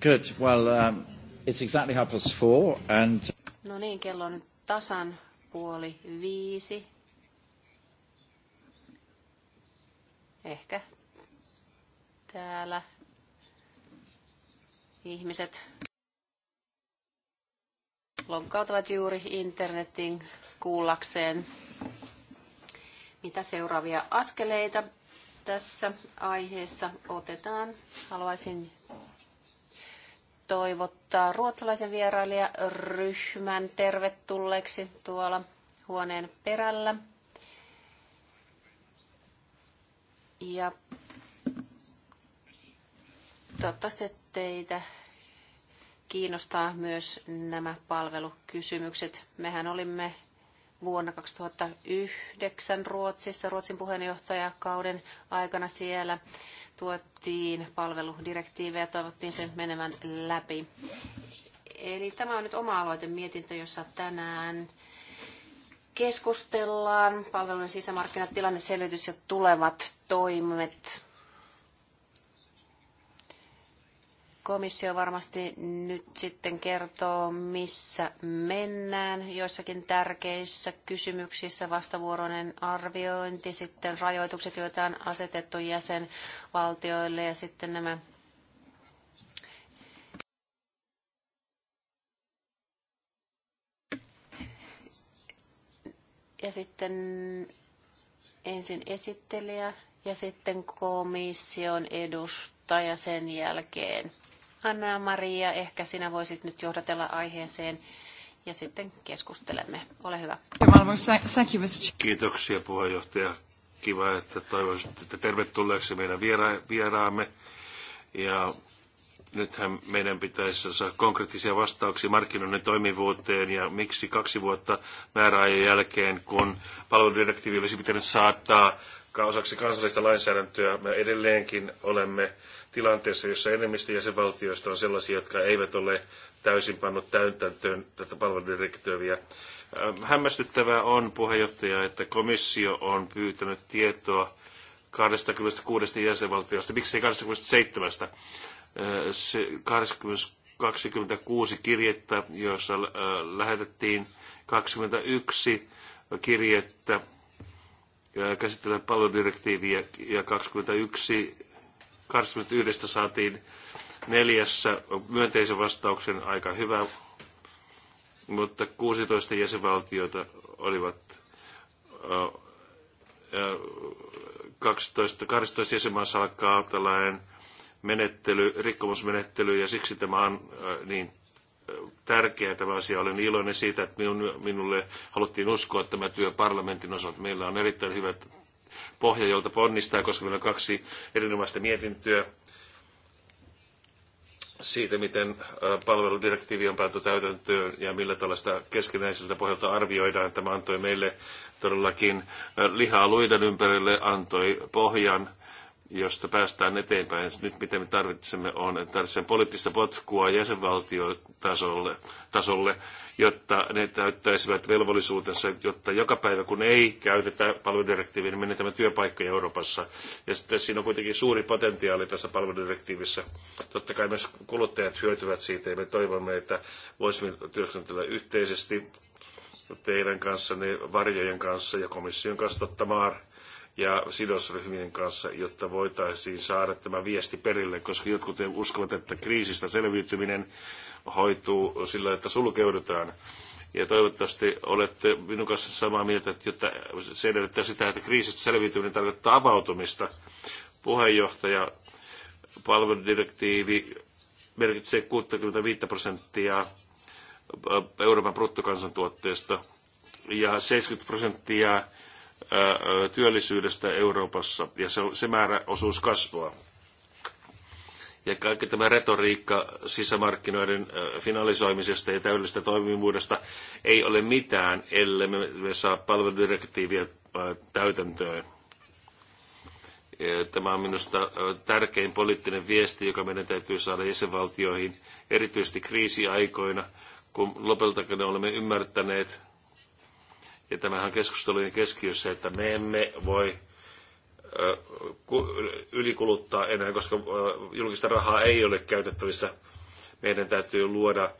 Good. Well, um, it's exactly half past four and... No niin, kello on nyt tasan puoli viisi. Ehkä täällä ihmiset lonkkautuvat juuri internetin kuullakseen, mitä seuraavia askeleita tässä aiheessa otetaan. Haluaisin toivottaa ruotsalaisen vierailijaryhmän tervetulleeksi tuolla huoneen perällä. Ja toivottavasti teitä kiinnostaa myös nämä palvelukysymykset. Mehän olimme vuonna 2009 Ruotsissa, Ruotsin puheenjohtajakauden aikana siellä tuottiin palveludirektiivejä ja toivottiin sen menevän läpi. Eli tämä on nyt oma mietintö, jossa tänään keskustellaan palvelujen sisämarkkinat, tilanneselvitys ja tulevat toimet. komissio varmasti nyt sitten kertoo, missä mennään joissakin tärkeissä kysymyksissä, vastavuoroinen arviointi, sitten rajoitukset, joita on asetettu jäsenvaltioille ja sitten nämä ja sitten ensin esittelijä ja sitten komission edustaja sen jälkeen. Anna-Maria, ehkä sinä voisit nyt johdatella aiheeseen ja sitten keskustelemme. Ole hyvä. Kiitoksia puheenjohtaja. Kiva, että toivoisitte tervetulleeksi meidän viera- vieraamme. Ja nythän meidän pitäisi saada konkreettisia vastauksia markkinoiden toimivuuteen ja miksi kaksi vuotta määräajan jälkeen, kun palveludirektiivi olisi pitänyt saattaa osaksi kansallista lainsäädäntöä, me edelleenkin olemme tilanteessa, jossa enemmistö jäsenvaltioista on sellaisia, jotka eivät ole täysin pannut täytäntöön tätä palveludirektiiviä. Ähm, hämmästyttävää on, puheenjohtaja, että komissio on pyytänyt tietoa 26 jäsenvaltiosta, miksei 27. 26 äh, kirjettä, joissa äh, lähetettiin 21 kirjettä äh, käsittelemään palveludirektiiviä ja 21 21 saatiin neljässä myönteisen vastauksen aika hyvä, mutta 16 jäsenvaltiota olivat 12, 12 jäsenmaassa alkaa tällainen menettely, rikkomusmenettely ja siksi tämä on niin tärkeä tämä asia. Olen iloinen siitä, että minulle haluttiin uskoa tämä työ parlamentin osalta. Meillä on erittäin hyvät pohja, jolta ponnistaa, koska meillä on kaksi erinomaista mietintöä siitä, miten palveludirektiivi on pääty täytäntöön ja millä tällaista keskinäiseltä pohjalta arvioidaan. Tämä antoi meille todellakin lihaa luiden ympärille, antoi pohjan josta päästään eteenpäin. Nyt mitä me tarvitsemme on, tarvitsemme poliittista potkua jäsenvaltiotasolle, tasolle, jotta ne täyttäisivät velvollisuutensa, jotta joka päivä kun ei käytetä palveludirektiiviä, niin menetämme työpaikkoja Euroopassa. Ja sitten siinä on kuitenkin suuri potentiaali tässä palveludirektiivissä. Totta kai myös kuluttajat hyötyvät siitä ja me toivomme, että voisimme työskentellä yhteisesti teidän kanssa, varjojen kanssa ja komission kanssa totta maar, ja sidosryhmien kanssa, jotta voitaisiin saada tämä viesti perille, koska jotkut uskovat, että kriisistä selviytyminen hoituu sillä, että sulkeudutaan. Ja toivottavasti olette minun kanssa samaa mieltä, että jotta se edellyttää sitä, että kriisistä selviytyminen tarkoittaa avautumista. Puheenjohtaja, palveludirektiivi merkitsee 65 prosenttia Euroopan bruttokansantuotteesta ja 70 prosenttia työllisyydestä Euroopassa ja se, se määrä osuus kasvaa. Ja kaikki tämä retoriikka sisämarkkinoiden finalisoimisesta ja täydellisestä toimivuudesta ei ole mitään, ellei me, me saa palveludirektiiviä täytäntöön. Tämä on minusta tärkein poliittinen viesti, joka meidän täytyy saada jäsenvaltioihin, erityisesti kriisiaikoina, kun lopultakin olemme ymmärtäneet, ja tämähän on keskustelujen keskiössä, että me emme voi ylikuluttaa enää, koska julkista rahaa ei ole käytettävissä. Meidän täytyy luoda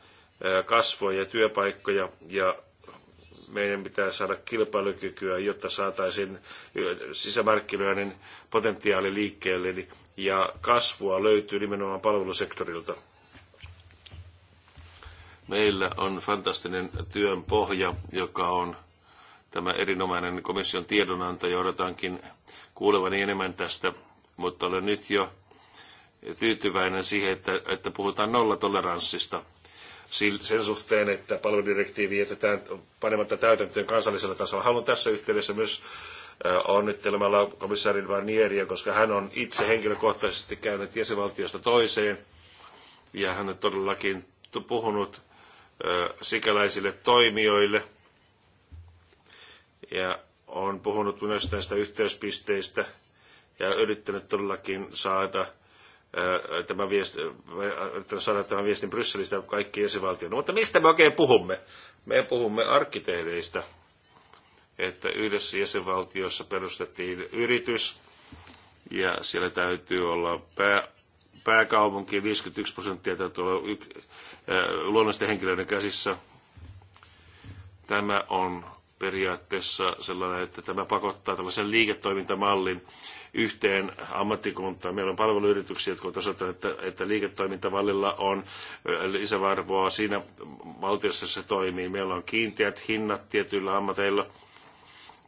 kasvoja ja työpaikkoja ja meidän pitää saada kilpailukykyä, jotta saataisiin sisämarkkinoiden potentiaali liikkeelle niin, ja kasvua löytyy nimenomaan palvelusektorilta. Meillä on fantastinen työn pohja, joka on tämä erinomainen komission tiedonanto ja odotankin kuulevani enemmän tästä, mutta olen nyt jo tyytyväinen siihen, että, että puhutaan nollatoleranssista sen suhteen, että palveludirektiivi jätetään panematta täytäntöön kansallisella tasolla. Haluan tässä yhteydessä myös onnittelemalla komissaari Varnieria, koska hän on itse henkilökohtaisesti käynyt jäsenvaltiosta toiseen ja hän on todellakin puhunut sikäläisille toimijoille – ja on puhunut myös näistä yhteyspisteistä ja yrittänyt todellakin saada tämä viesti, saada tämän viestin Brysselistä kaikki jäsenvaltioon. No, mutta mistä me oikein puhumme? Me puhumme arkkitehdeistä, että yhdessä jäsenvaltiossa perustettiin yritys, ja siellä täytyy olla pää, pääkaupunki, 51 prosenttia täytyy olla yk, luonnollisten henkilöiden käsissä. Tämä on periaatteessa sellainen, että tämä pakottaa tällaisen liiketoimintamallin yhteen ammattikuntaan. Meillä on palveluyrityksiä, jotka ovat osoittaneet, että, että liiketoimintamallilla on lisävarvoa siinä valtiossa, se toimii. Meillä on kiinteät hinnat tietyillä ammateilla,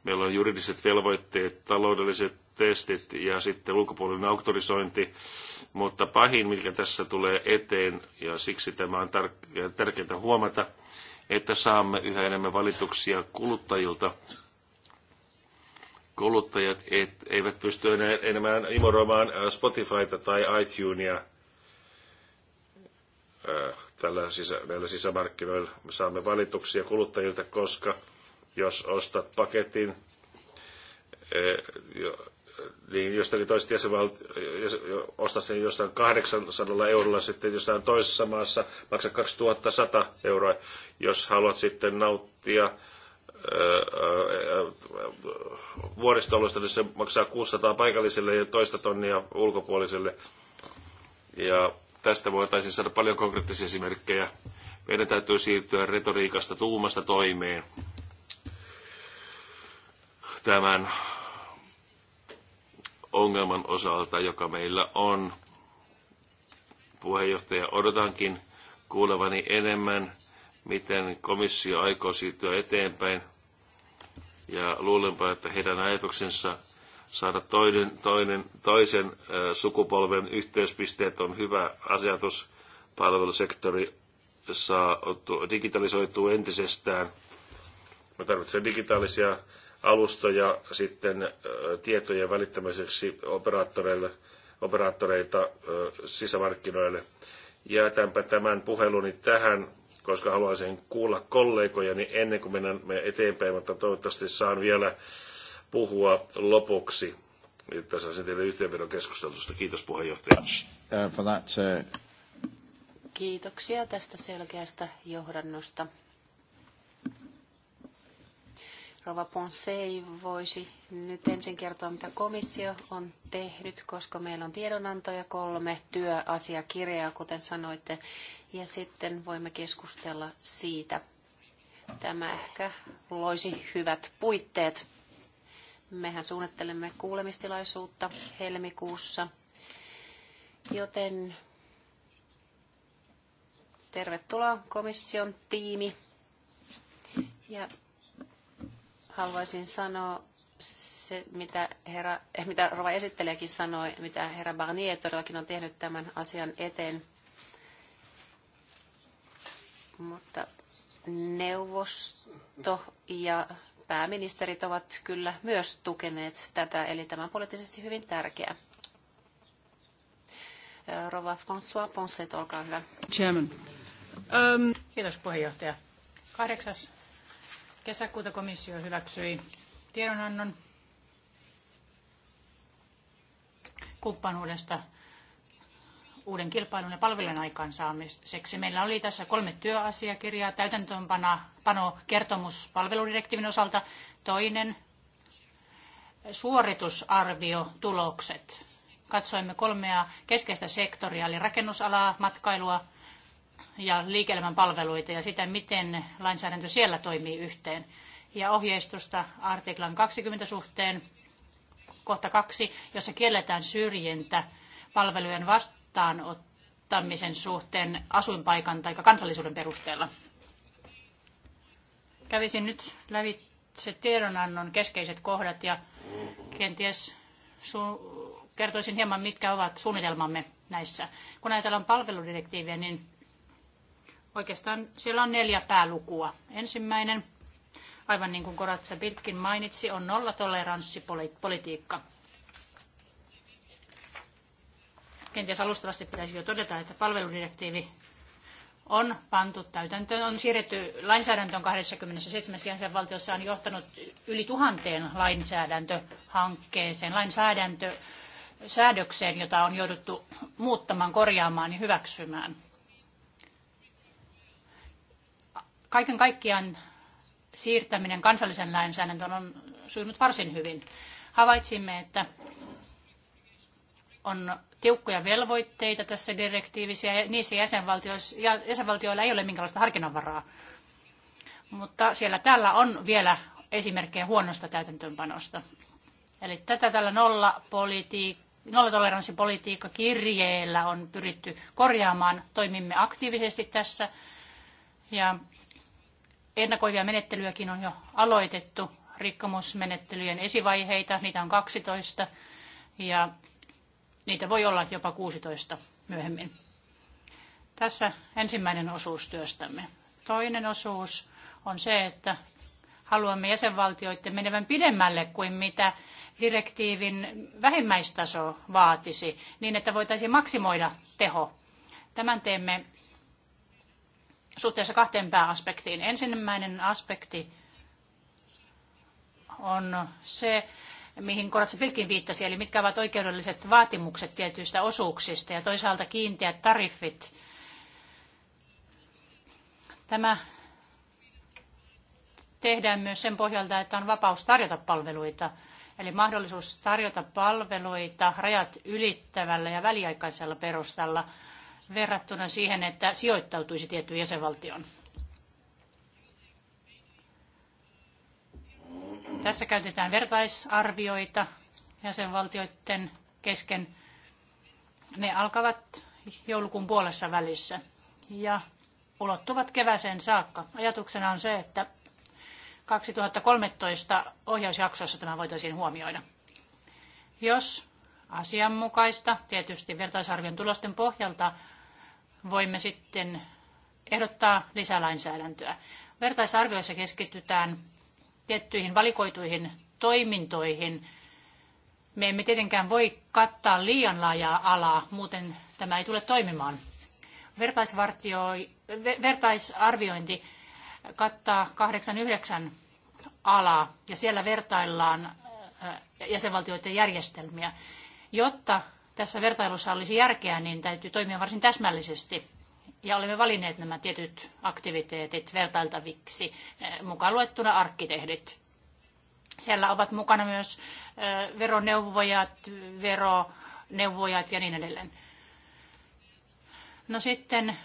meillä on juridiset velvoitteet, taloudelliset testit ja sitten ulkopuolinen auktorisointi. Mutta pahin, mikä tässä tulee eteen, ja siksi tämä on tärkeää huomata, että saamme yhä enemmän valituksia kuluttajilta. Kuluttajat et, eivät pysty enää, enemmän imoroimaan äh, Spotifyta tai iTunesia äh, tällä sisä, näillä sisämarkkinoilla. Me saamme valituksia kuluttajilta, koska jos ostat paketin, äh, niin jostakin toisesta jäsenvaltiosta, ostat sen jostain 800 eurolla, sitten jostain toisessa maassa maksaa 2100 euroa, jos haluat sitten nauttia vuoristoalusta, niin se maksaa 600 paikalliselle ja toista tonnia ulkopuoliselle. Ja tästä voitaisiin saada paljon konkreettisia esimerkkejä. Meidän täytyy siirtyä retoriikasta tuumasta toimeen tämän ongelman osalta, joka meillä on. Puheenjohtaja, odotankin kuulevani enemmän, miten komissio aikoo siirtyä eteenpäin. Ja luulenpa, että heidän ajatuksensa saada toinen, toinen, toisen sukupolven yhteyspisteet on hyvä asiatus. Palvelusektori saa digitalisoituu entisestään. Me tarvitsemme digitaalisia alustoja sitten tietojen välittämiseksi operaattoreille, operaattoreita sisämarkkinoille. Jätänpä tämän puheluni tähän, koska haluaisin kuulla kollegojani ennen kuin mennään eteenpäin, mutta toivottavasti saan vielä puhua lopuksi. Tässä saisin teille yhteenvedon keskustelusta. Kiitos puheenjohtaja. Uh, uh, Kiitoksia tästä selkeästä johdannosta rouva Ponsei voisi nyt ensin kertoa, mitä komissio on tehnyt, koska meillä on tiedonantoja kolme työasiakirjaa, kuten sanoitte, ja sitten voimme keskustella siitä. Tämä ehkä loisi hyvät puitteet. Mehän suunnittelemme kuulemistilaisuutta helmikuussa, joten tervetuloa komission tiimi. Ja haluaisin sanoa se, mitä, herra, eh, mitä Rova esittelijäkin sanoi, mitä herra Barnier todellakin on tehnyt tämän asian eteen. Mutta neuvosto ja pääministerit ovat kyllä myös tukeneet tätä, eli tämä on poliittisesti hyvin tärkeää. Eh, rova François Ponset, olkaa hyvä. Chairman. Um... Kiitos puheenjohtaja. 8 kesäkuuta komissio hyväksyi tiedonannon kumppanuudesta uuden kilpailun ja palvelujen aikaansaamiseksi. Meillä oli tässä kolme työasiakirjaa, täytäntöönpano kertomus palveludirektiivin osalta, toinen suoritusarvio tulokset. Katsoimme kolmea keskeistä sektoria, eli rakennusalaa, matkailua ja liike-elämän palveluita ja sitä, miten lainsäädäntö siellä toimii yhteen. Ja ohjeistusta artiklan 20 suhteen kohta kaksi, jossa kielletään syrjintä palvelujen vastaanottamisen suhteen asuinpaikan tai kansallisuuden perusteella. Kävisin nyt lävitse tiedonannon keskeiset kohdat ja kenties kertoisin hieman, mitkä ovat suunnitelmamme näissä. Kun ajatellaan palveludirektiiviä, niin Oikeastaan siellä on neljä päälukua. Ensimmäinen, aivan niin kuin Koratsa Birkin mainitsi, on nollatoleranssipolitiikka. Kenties alustavasti pitäisi jo todeta, että palveludirektiivi on pantu täytäntöön, on siirretty lainsäädäntöön 27 jäsenvaltiossa, on johtanut yli tuhanteen lainsäädäntöhankkeeseen, lainsäädäntösäädökseen, jota on jouduttu muuttamaan, korjaamaan ja hyväksymään. Kaiken kaikkiaan siirtäminen kansallisen lainsäädäntöön on sujunut varsin hyvin. Havaitsimme, että on tiukkoja velvoitteita tässä direktiivissä ja niissä jäsenvaltioilla ei ole minkäänlaista harkinnanvaraa. Mutta siellä täällä on vielä esimerkkejä huonosta täytäntöönpanosta. Eli tätä tällä nollatoleranssipolitiikka kirjeellä on pyritty korjaamaan. Toimimme aktiivisesti tässä ja Ennakoivia menettelyjäkin on jo aloitettu, rikkomusmenettelyjen esivaiheita, niitä on 12 ja niitä voi olla jopa 16 myöhemmin. Tässä ensimmäinen osuus työstämme. Toinen osuus on se, että haluamme jäsenvaltioiden menevän pidemmälle kuin mitä direktiivin vähimmäistaso vaatisi, niin että voitaisiin maksimoida teho. Tämän teemme suhteessa kahteen pääaspektiin. Ensimmäinen aspekti on se, mihin Koratsa Pilkin viittasi, eli mitkä ovat oikeudelliset vaatimukset tietyistä osuuksista ja toisaalta kiinteät tariffit. Tämä tehdään myös sen pohjalta, että on vapaus tarjota palveluita, eli mahdollisuus tarjota palveluita rajat ylittävällä ja väliaikaisella perustalla – verrattuna siihen, että sijoittautuisi tiettyyn jäsenvaltioon. Tässä käytetään vertaisarvioita jäsenvaltioiden kesken. Ne alkavat joulukuun puolessa välissä ja ulottuvat kevääseen saakka. Ajatuksena on se, että 2013 ohjausjaksossa tämä voitaisiin huomioida. Jos asianmukaista, tietysti vertaisarvion tulosten pohjalta voimme sitten ehdottaa lisälainsäädäntöä. Vertaisarvioissa keskitytään tiettyihin valikoituihin toimintoihin. Me emme tietenkään voi kattaa liian laajaa alaa, muuten tämä ei tule toimimaan. Vertaisarviointi kattaa 89 alaa ja siellä vertaillaan äh, jäsenvaltioiden järjestelmiä, jotta tässä vertailussa olisi järkeä, niin täytyy toimia varsin täsmällisesti. Ja olemme valinneet nämä tietyt aktiviteetit vertailtaviksi, eh, mukaan luettuna arkkitehdit. Siellä ovat mukana myös eh, veroneuvojat, veroneuvojat ja niin edelleen. No sitten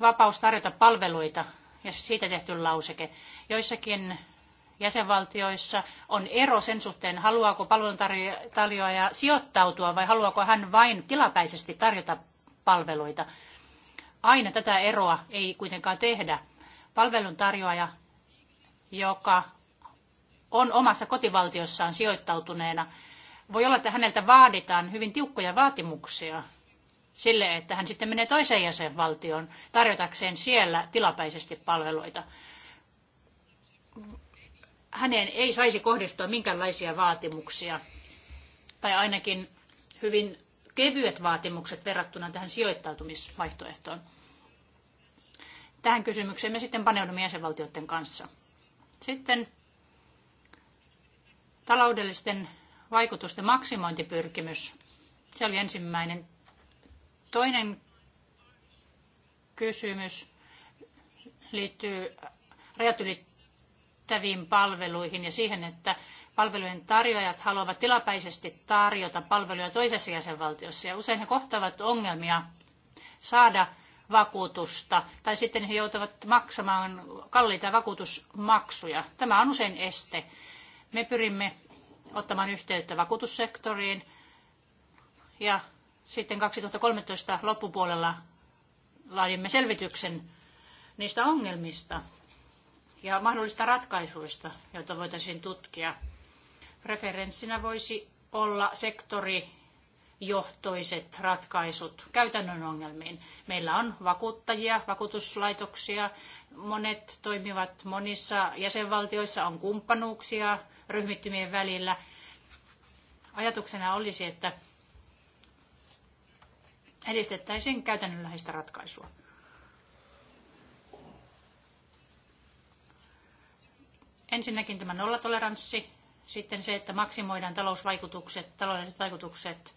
vapaus tarjota palveluita ja siitä tehty lauseke. Joissakin jäsenvaltioissa on ero sen suhteen, haluaako palveluntarjoaja sijoittautua vai haluaako hän vain tilapäisesti tarjota palveluita. Aina tätä eroa ei kuitenkaan tehdä. Palveluntarjoaja, joka on omassa kotivaltiossaan sijoittautuneena, voi olla, että häneltä vaaditaan hyvin tiukkoja vaatimuksia sille, että hän sitten menee toiseen jäsenvaltioon tarjotakseen siellä tilapäisesti palveluita häneen ei saisi kohdistua minkäänlaisia vaatimuksia, tai ainakin hyvin kevyet vaatimukset verrattuna tähän sijoittautumisvaihtoehtoon. Tähän kysymykseen me sitten paneudumme jäsenvaltioiden kanssa. Sitten taloudellisten vaikutusten maksimointipyrkimys. Se oli ensimmäinen. Toinen kysymys liittyy rajat riittäviin palveluihin ja siihen, että palvelujen tarjoajat haluavat tilapäisesti tarjota palveluja toisessa jäsenvaltiossa. Ja usein he kohtaavat ongelmia saada vakuutusta tai sitten he joutuvat maksamaan kalliita vakuutusmaksuja. Tämä on usein este. Me pyrimme ottamaan yhteyttä vakuutussektoriin ja sitten 2013 loppupuolella laadimme selvityksen niistä ongelmista, ja mahdollisista ratkaisuista, joita voitaisiin tutkia. Referenssinä voisi olla sektorijohtoiset ratkaisut käytännön ongelmiin. Meillä on vakuuttajia, vakuutuslaitoksia, monet toimivat monissa jäsenvaltioissa, on kumppanuuksia ryhmittymien välillä. Ajatuksena olisi, että edistettäisiin käytännönläheistä ratkaisua. Ensinnäkin tämä nollatoleranssi, sitten se, että maksimoidaan talousvaikutukset, taloudelliset vaikutukset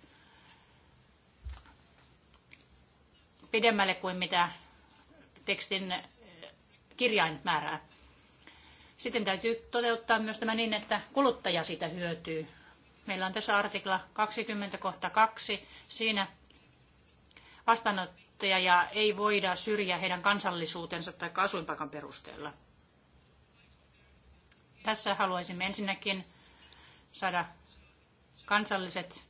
pidemmälle kuin mitä tekstin eh, kirjain määrää. Sitten täytyy toteuttaa myös tämä niin, että kuluttaja siitä hyötyy. Meillä on tässä artikla 20 kohta 2. Siinä vastaanottaja ja ei voida syrjiä heidän kansallisuutensa tai asuinpaikan perusteella. Tässä haluaisimme ensinnäkin saada kansalliset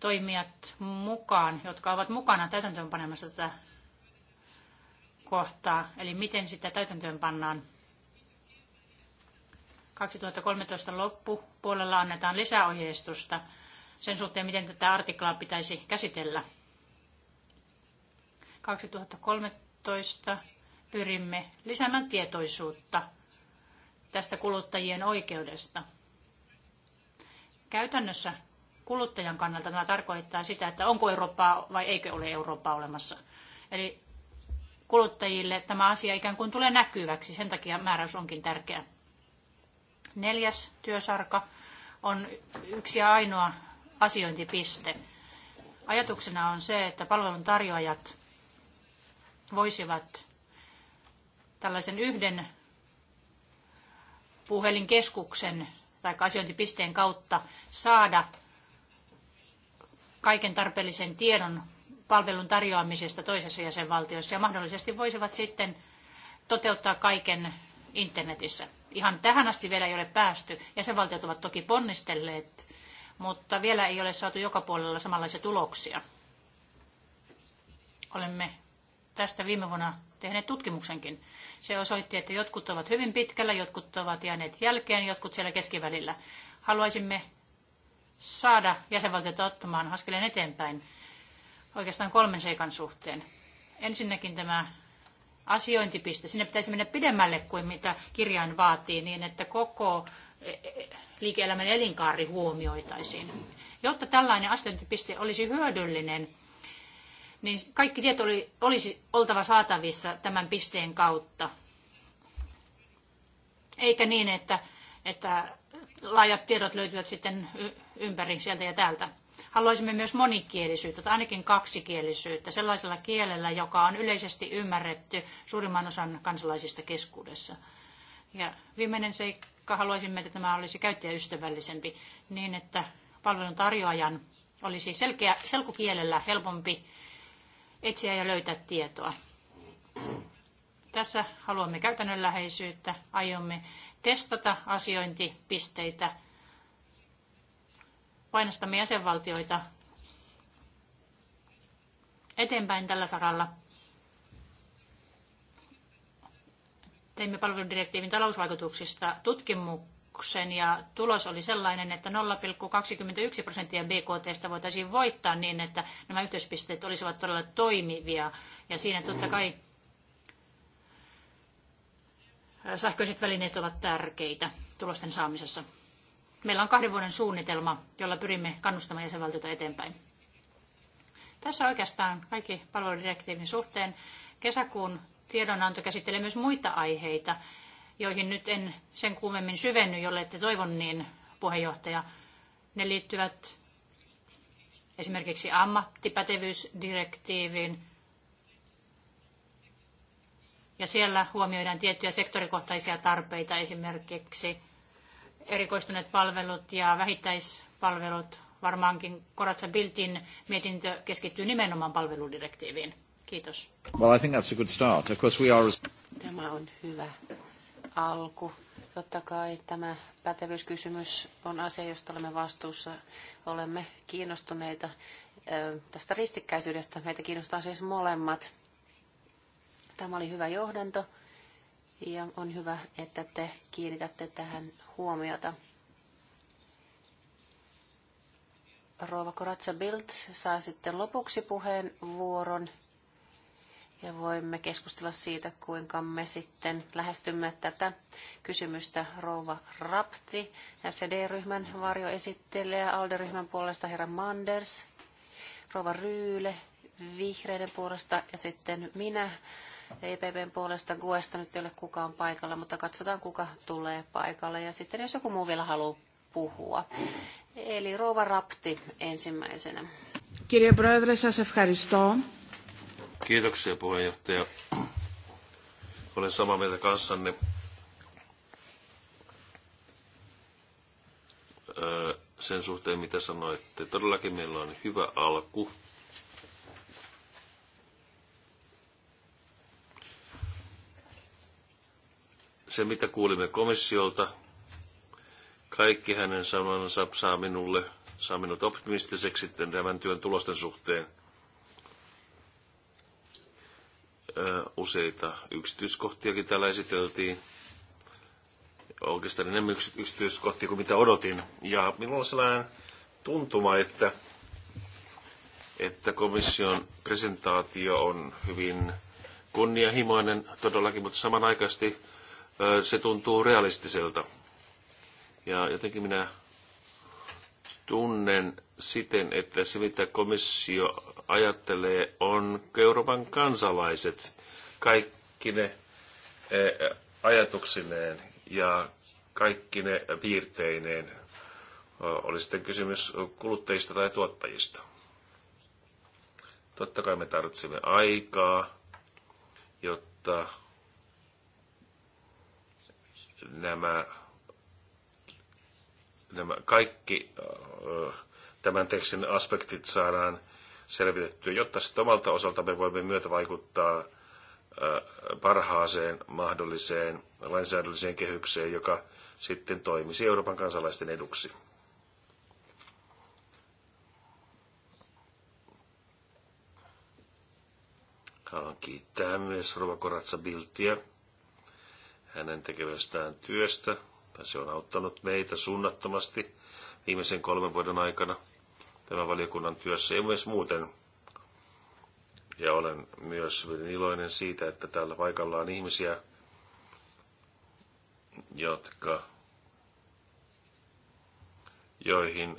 toimijat mukaan, jotka ovat mukana täytäntöönpanemassa tätä kohtaa, eli miten sitä täytäntöönpannaan 2013 loppupuolella annetaan lisäohjeistusta sen suhteen, miten tätä artiklaa pitäisi käsitellä. 2013 pyrimme lisäämään tietoisuutta tästä kuluttajien oikeudesta. Käytännössä kuluttajan kannalta tämä tarkoittaa sitä, että onko Eurooppaa vai eikö ole Eurooppaa olemassa. Eli kuluttajille tämä asia ikään kuin tulee näkyväksi, sen takia määräys onkin tärkeä. Neljäs työsarka on yksi ja ainoa asiointipiste. Ajatuksena on se, että palveluntarjoajat voisivat tällaisen yhden puhelinkeskuksen tai asiointipisteen kautta saada kaiken tarpeellisen tiedon palvelun tarjoamisesta toisessa jäsenvaltiossa ja mahdollisesti voisivat sitten toteuttaa kaiken internetissä. Ihan tähän asti vielä ei ole päästy. Jäsenvaltiot ovat toki ponnistelleet, mutta vielä ei ole saatu joka puolella samanlaisia tuloksia. Olemme tästä viime vuonna tehneet tutkimuksenkin. Se osoitti, että jotkut ovat hyvin pitkällä, jotkut ovat jääneet jälkeen, jotkut siellä keskivälillä. Haluaisimme saada jäsenvaltiota ottamaan askeleen eteenpäin oikeastaan kolmen seikan suhteen. Ensinnäkin tämä asiointipiste. Sinne pitäisi mennä pidemmälle kuin mitä kirjain vaatii, niin että koko e- e- liike-elämän elinkaari huomioitaisiin. Jotta tällainen asiointipiste olisi hyödyllinen, niin kaikki tieto oli, olisi oltava saatavissa tämän pisteen kautta. Eikä niin, että, että laajat tiedot löytyvät sitten ympäri sieltä ja täältä. Haluaisimme myös monikielisyyttä tai ainakin kaksikielisyyttä sellaisella kielellä, joka on yleisesti ymmärretty suurimman osan kansalaisista keskuudessa. Ja viimeinen seikka, haluaisimme, että tämä olisi käyttäjäystävällisempi niin, että palvelun tarjoajan olisi selkeä, selkokielellä helpompi etsiä ja löytää tietoa. Tässä haluamme käytännönläheisyyttä, aiomme testata asiointipisteitä, painostamme jäsenvaltioita eteenpäin tällä saralla. Teimme palveludirektiivin talousvaikutuksista tutkimuksia tutkimuksen ja tulos oli sellainen, että 0,21 prosenttia BKTstä voitaisiin voittaa niin, että nämä yhteyspisteet olisivat todella toimivia. Ja siinä totta kai sähköiset välineet ovat tärkeitä tulosten saamisessa. Meillä on kahden vuoden suunnitelma, jolla pyrimme kannustamaan jäsenvaltiota eteenpäin. Tässä oikeastaan kaikki palveludirektiivin suhteen. Kesäkuun tiedonanto käsittelee myös muita aiheita, joihin nyt en sen kuumemmin syvenny, jolle ette toivon niin, puheenjohtaja. Ne liittyvät esimerkiksi ammattipätevyysdirektiiviin, ja siellä huomioidaan tiettyjä sektorikohtaisia tarpeita, esimerkiksi erikoistuneet palvelut ja vähittäispalvelut. Varmaankin Koratsa Biltin mietintö keskittyy nimenomaan palveludirektiiviin. Kiitos. Well, I think that's a good start. Of course we are... Tämä on hyvä alku. Totta kai tämä pätevyyskysymys on asia, josta olemme vastuussa. Olemme kiinnostuneita tästä ristikkäisyydestä. Meitä kiinnostaa siis molemmat. Tämä oli hyvä johdanto ja on hyvä, että te kiinnitätte tähän huomiota. Rova Koratsa Bild saa sitten lopuksi puheenvuoron ja voimme keskustella siitä, kuinka me sitten lähestymme tätä kysymystä Rouva Rapti, SD-ryhmän varjoesittelijä, ALDE-ryhmän puolesta herra Manders, Rouva Ryyle, vihreiden puolesta ja sitten minä EPPn puolesta Guesta nyt ei ole kukaan paikalla, mutta katsotaan kuka tulee paikalle ja sitten jos joku muu vielä haluaa puhua. Eli Rouva Rapti ensimmäisenä. Kirje Brödre, Kiitoksia puheenjohtaja. Olen samaa mieltä kanssanne. sen suhteen, mitä sanoitte. Todellakin meillä on hyvä alku. Se, mitä kuulimme komissiolta, kaikki hänen sanansa saa minulle, saa minut optimistiseksi tämän työn tulosten suhteen. useita yksityiskohtiakin täällä esiteltiin. Oikeastaan enemmän yksityiskohtia kuin mitä odotin. Ja minulla on sellainen tuntuma, että, että komission presentaatio on hyvin kunnianhimoinen todellakin, mutta samanaikaisesti se tuntuu realistiselta. Ja jotenkin minä tunnen siten, että se mitä komissio ajattelee on Euroopan kansalaiset kaikki ne eh, ajatuksineen ja kaikki ne piirteineen, oli sitten kysymys kuluttajista tai tuottajista. Totta kai me tarvitsemme aikaa, jotta nämä, nämä kaikki eh, tämän tekstin aspektit saadaan selvitettyä, jotta sitten omalta osalta me voimme myötä vaikuttaa parhaaseen mahdolliseen lainsäädännölliseen kehykseen, joka sitten toimisi Euroopan kansalaisten eduksi. Haluan kiittää myös Rova Koratsa Biltia hänen tekemästään työstä. Se on auttanut meitä suunnattomasti viimeisen kolmen vuoden aikana tämän valiokunnan työssä ja myös muuten. Ja olen myös hyvin iloinen siitä, että täällä paikalla on ihmisiä, jotka, joihin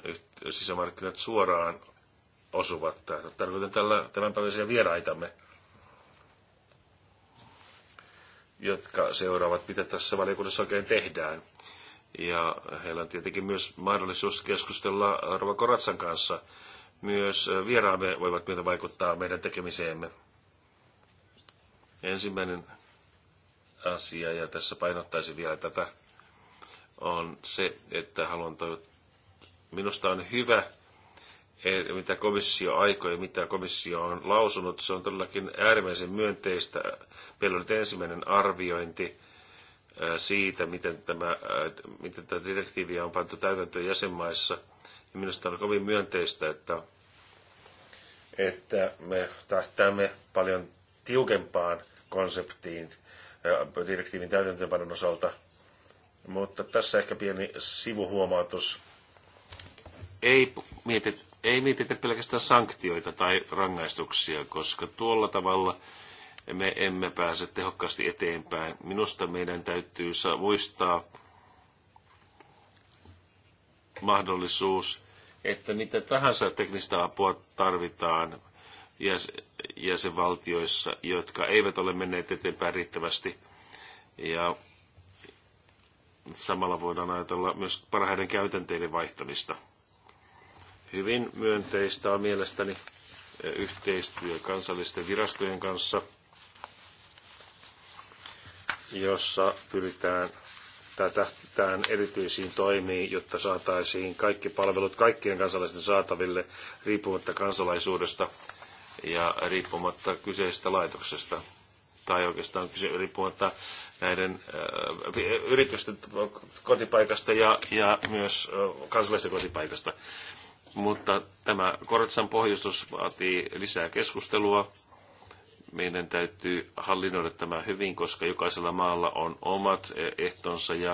sisämarkkinat suoraan osuvat. Tarkoitan tällä tämänpäiväisiä vieraitamme, jotka seuraavat, mitä tässä valiokunnassa oikein tehdään. Ja heillä on tietenkin myös mahdollisuus keskustella Rova Koratsan kanssa. Myös eh, vieraamme voivat myötä vaikuttaa meidän tekemiseemme. Ensimmäinen asia, ja tässä painottaisin vielä tätä, on se, että haluan toivottaa. Minusta on hyvä, e, mitä komissio aikoo ja mitä komissio on lausunut. Se on todellakin äärimmäisen myönteistä. Meillä on nyt ensimmäinen arviointi siitä, miten, tämä, miten tätä direktiiviä on pantu täytäntöön jäsenmaissa. Ja minusta on kovin myönteistä, että, että me tähtäämme paljon tiukempaan konseptiin direktiivin täytäntöönpanon osalta. Mutta tässä ehkä pieni sivuhuomautus. Ei mietitä, ei mietitä pelkästään sanktioita tai rangaistuksia, koska tuolla tavalla – me emme pääse tehokkaasti eteenpäin. Minusta meidän täytyy muistaa mahdollisuus, että mitä tahansa teknistä apua tarvitaan jäsenvaltioissa, jotka eivät ole menneet eteenpäin riittävästi. Ja samalla voidaan ajatella myös parhaiden käytänteiden vaihtamista. Hyvin myönteistä on mielestäni yhteistyö kansallisten virastojen kanssa – jossa pyritään tai tähtään erityisiin toimiin, jotta saataisiin kaikki palvelut kaikkien kansalaisten saataville riippumatta kansalaisuudesta ja riippumatta kyseisestä laitoksesta tai oikeastaan kyse riippumatta näiden äh, yritysten kotipaikasta ja, ja myös äh, kansalaisten kotipaikasta. Mutta tämä Kortsan pohjustus vaatii lisää keskustelua meidän täytyy hallinnoida tämä hyvin, koska jokaisella maalla on omat e, ehtonsa ja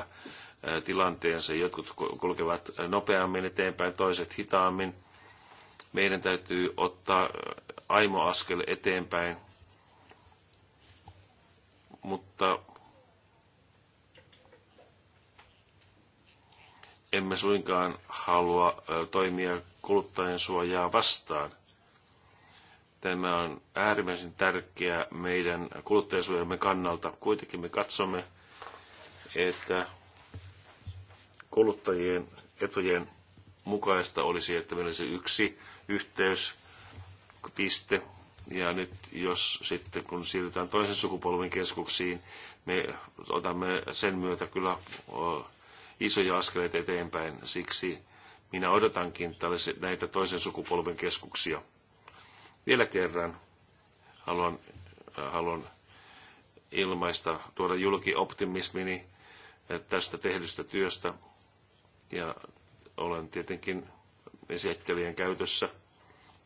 e, tilanteensa. Jotkut kulkevat e, nopeammin eteenpäin, toiset hitaammin. Meidän täytyy ottaa aimo askel eteenpäin, mutta emme suinkaan halua toimia kuluttajien suojaa vastaan – Tämä on äärimmäisen tärkeää meidän kuluttajasuojamme kannalta. Kuitenkin me katsomme, että kuluttajien etujen mukaista olisi, että meillä olisi yksi yhteyspiste. Ja nyt jos sitten kun siirrytään toisen sukupolven keskuksiin, me otamme sen myötä kyllä isoja askeleita eteenpäin. Siksi minä odotankin tällaisia, näitä toisen sukupolven keskuksia. Vielä kerran haluan, äh, haluan ilmaista, tuoda julki optimismini äh, tästä tehdystä työstä. Ja olen tietenkin esittelijän käytössä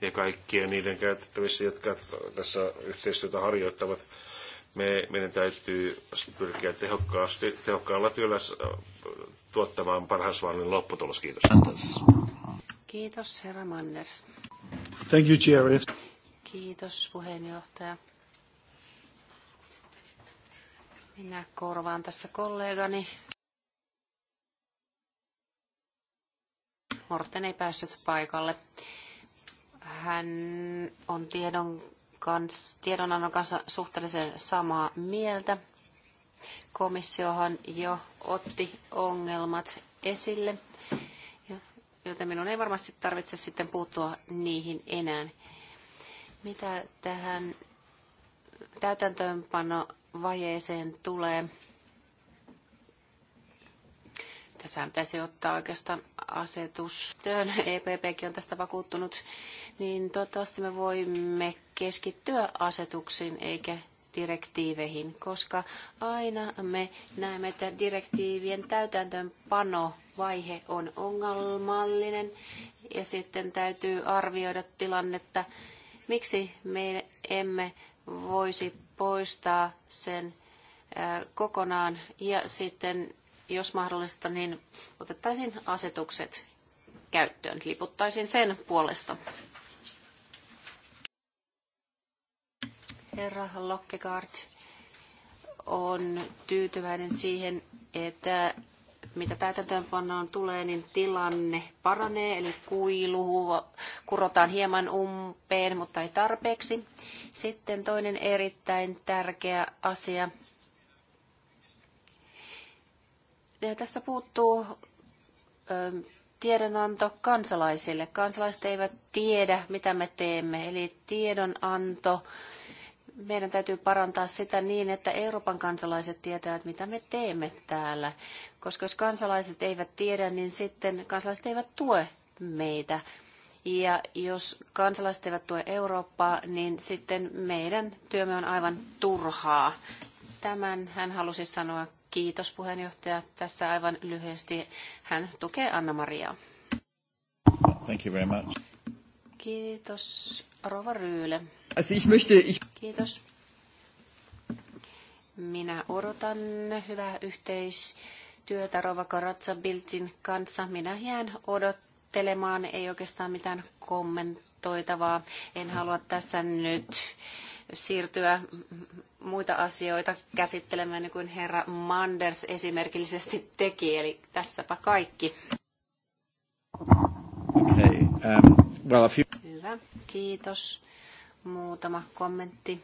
ja kaikkien niiden käytettävissä, jotka tässä yhteistyötä harjoittavat. Me, meidän täytyy pyrkiä tehokkaasti, tehokkaalla työllä äh, tuottamaan parhaas vaalinen lopputulos. Kiitos. Kiitos, herra Manners. Thank you, Kiitos puheenjohtaja. Minä korvaan tässä kollegani. Morten ei päässyt paikalle. Hän on tiedon kans, tiedonannon kanssa suhteellisen samaa mieltä. Komissiohan jo otti ongelmat esille, joten minun ei varmasti tarvitse sitten puuttua niihin enää. Mitä tähän täytäntöönpano vajeeseen tulee, tässä pitäisi ottaa oikeastaan asetus. Työn EPPkin on tästä vakuuttunut, niin toivottavasti me voimme keskittyä asetuksiin eikä direktiiveihin, koska aina me näemme, että direktiivien täytäntöönpano vaihe on ongelmallinen ja sitten täytyy arvioida tilannetta Miksi me emme voisi poistaa sen kokonaan ja sitten, jos mahdollista, niin otettaisiin asetukset käyttöön. Liputtaisin sen puolesta. Herra Lokkegaard on tyytyväinen siihen, että mitä täytäntöönpanoon tulee, niin tilanne paranee, eli kuilu kurotaan hieman umpeen, mutta ei tarpeeksi. Sitten toinen erittäin tärkeä asia. Ja tässä puuttuu ö, tiedonanto kansalaisille. Kansalaiset eivät tiedä, mitä me teemme, eli tiedonanto meidän täytyy parantaa sitä niin, että Euroopan kansalaiset tietävät, mitä me teemme täällä. Koska jos kansalaiset eivät tiedä, niin sitten kansalaiset eivät tue meitä. Ja jos kansalaiset eivät tue Eurooppaa, niin sitten meidän työmme on aivan turhaa. Tämän hän halusi sanoa. Kiitos puheenjohtaja. Tässä aivan lyhyesti hän tukee Anna-Mariaa. Thank you very much. Kiitos. Rova Ryyle. Kiitos. Minä odotan hyvää yhteistyötä Rova Karatsa Biltin kanssa. Minä jään odottelemaan, ei oikeastaan mitään kommentoitavaa. En halua tässä nyt siirtyä muita asioita käsittelemään, niin kuin herra Manders esimerkillisesti teki. Eli tässäpä kaikki. Okay. Um, well, if you... Hyvä, kiitos. Muutama kommentti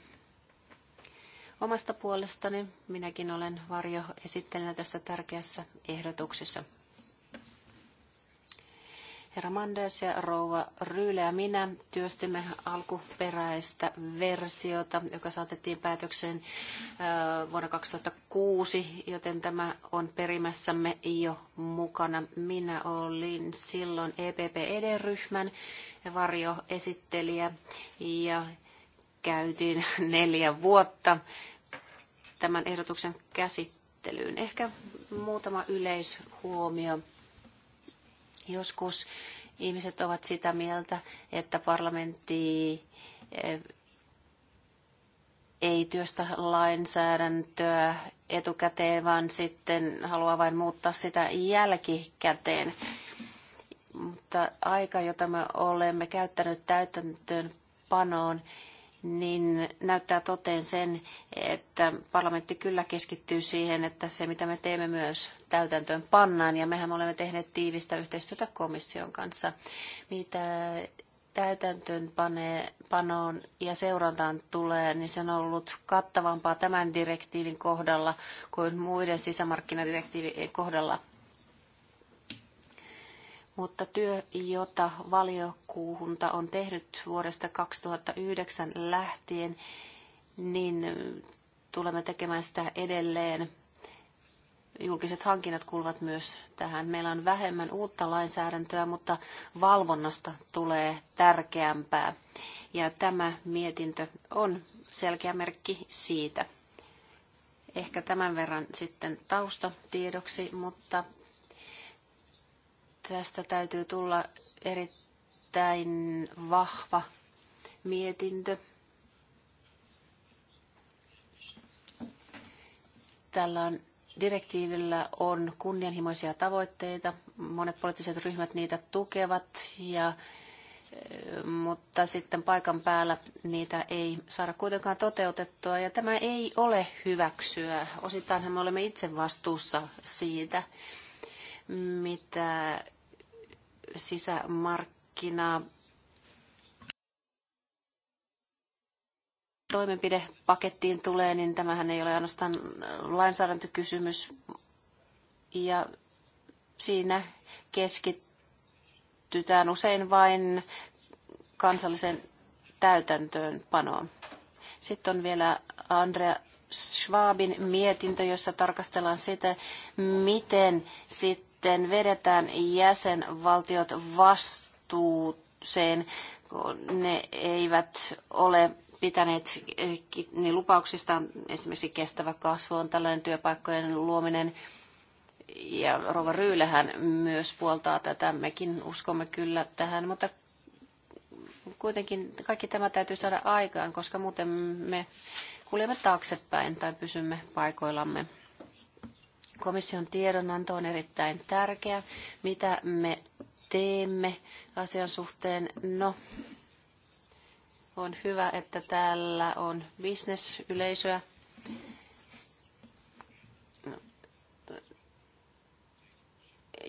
omasta puolestani. Minäkin olen varjo esittelijänä tässä tärkeässä ehdotuksessa. Herra Manders ja rouva Ryylä ja minä työstimme alkuperäistä versiota, joka saatettiin päätökseen vuonna 2006, joten tämä on perimässämme jo mukana. Minä olin silloin EPP-ederyhmän varjoesittelijä ja käytiin neljä vuotta tämän ehdotuksen käsittelyyn. Ehkä muutama yleishuomio Joskus ihmiset ovat sitä mieltä, että parlamentti eh, ei työstä lainsäädäntöä etukäteen, vaan sitten haluaa vain muuttaa sitä jälkikäteen. Mutta aika, jota me olemme käyttänyt täytäntöön panoon, niin näyttää toteen sen, että parlamentti kyllä keskittyy siihen, että se mitä me teemme myös täytäntöön pannaan, ja mehän olemme tehneet tiivistä yhteistyötä komission kanssa, mitä täytäntöön panoon ja seurantaan tulee, niin se on ollut kattavampaa tämän direktiivin kohdalla kuin muiden sisämarkkinadirektiivien kohdalla mutta työ, jota valiokuunta on tehnyt vuodesta 2009 lähtien, niin tulemme tekemään sitä edelleen. Julkiset hankinnat kuuluvat myös tähän. Meillä on vähemmän uutta lainsäädäntöä, mutta valvonnasta tulee tärkeämpää. Ja tämä mietintö on selkeä merkki siitä. Ehkä tämän verran sitten taustatiedoksi, mutta Tästä täytyy tulla erittäin vahva mietintö. Tällä on, direktiivillä on kunnianhimoisia tavoitteita. Monet poliittiset ryhmät niitä tukevat, ja, e, mutta sitten paikan päällä niitä ei saada kuitenkaan toteutettua. Ja tämä ei ole hyväksyä. Osittainhan me olemme itse vastuussa siitä, mitä sisämarkkina toimenpidepakettiin tulee, niin tämähän ei ole ainoastaan lainsäädäntökysymys. Ja siinä keskitytään usein vain kansallisen täytäntöönpanoon. Sitten on vielä Andrea Schwabin mietintö, jossa tarkastellaan sitä, miten sit sitten vedetään jäsenvaltiot vastuuseen, kun ne eivät ole pitäneet niin lupauksistaan, esimerkiksi kestävä kasvu on tällainen työpaikkojen luominen, ja Rova Ryylähän myös puoltaa tätä, mekin uskomme kyllä tähän, mutta kuitenkin kaikki tämä täytyy saada aikaan, koska muuten me kuljemme taaksepäin tai pysymme paikoillamme. Komission tiedonanto on erittäin tärkeä. Mitä me teemme asian suhteen? No, on hyvä, että täällä on bisnesyleisöä.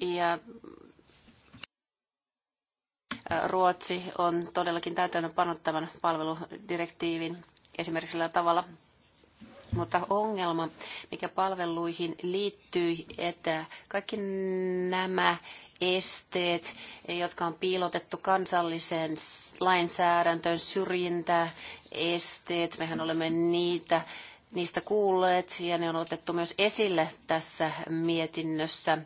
Ja Ruotsi on todellakin täytänyt panottavan palveludirektiivin esimerkiksi sillä tavalla, mutta ongelma, mikä palveluihin liittyy, että kaikki nämä esteet, jotka on piilotettu kansalliseen lainsäädäntöön, syrjintäesteet, mehän olemme niitä, niistä kuulleet ja ne on otettu myös esille tässä mietinnössä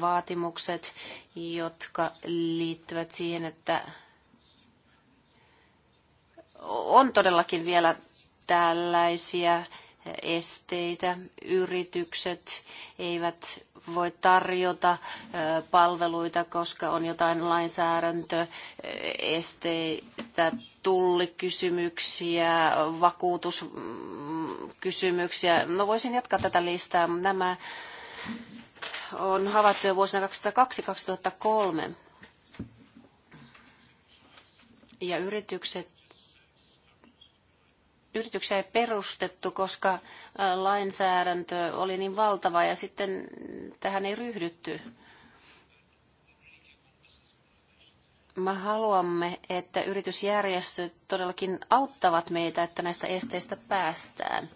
vaatimukset, jotka liittyvät siihen, että on todellakin vielä tällaisia esteitä. Yritykset eivät voi tarjota palveluita, koska on jotain lainsäädäntöesteitä, tullikysymyksiä, vakuutuskysymyksiä. No voisin jatkaa tätä listaa. Nämä on havaittu jo vuosina 2002-2003. Ja yritykset yrityksiä ei perustettu, koska lainsäädäntö oli niin valtava ja sitten tähän ei ryhdytty. Me haluamme, että yritysjärjestöt todellakin auttavat meitä, että näistä esteistä päästään.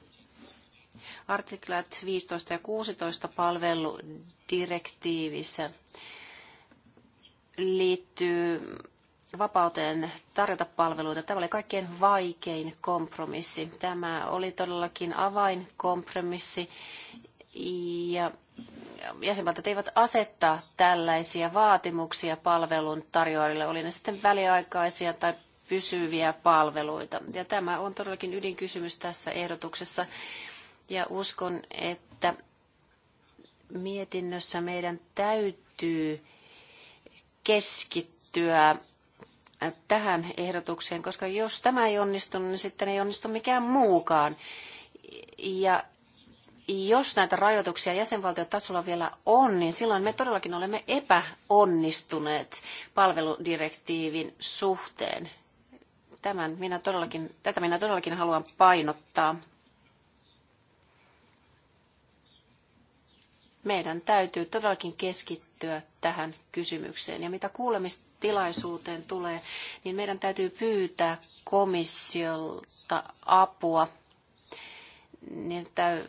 Artiklat 15 ja 16 palveludirektiivissä liittyy vapauteen tarjota palveluita. Tämä oli kaikkein vaikein kompromissi. Tämä oli todellakin avainkompromissi ja jäsenvaltiot eivät asettaa tällaisia vaatimuksia palvelun tarjoajille, oli ne sitten väliaikaisia tai pysyviä palveluita. Ja tämä on todellakin ydinkysymys tässä ehdotuksessa ja uskon, että mietinnössä meidän täytyy keskittyä tähän ehdotukseen, koska jos tämä ei onnistu, niin sitten ei onnistu mikään muukaan. Ja jos näitä rajoituksia jäsenvaltiotasolla vielä on, niin silloin me todellakin olemme epäonnistuneet palveludirektiivin suhteen. Tämän minä todellakin, tätä minä todellakin haluan painottaa. Meidän täytyy todellakin keskittyä liittyä tähän kysymykseen. Ja mitä kuulemistilaisuuteen tulee, niin meidän täytyy pyytää komissiolta apua, niin että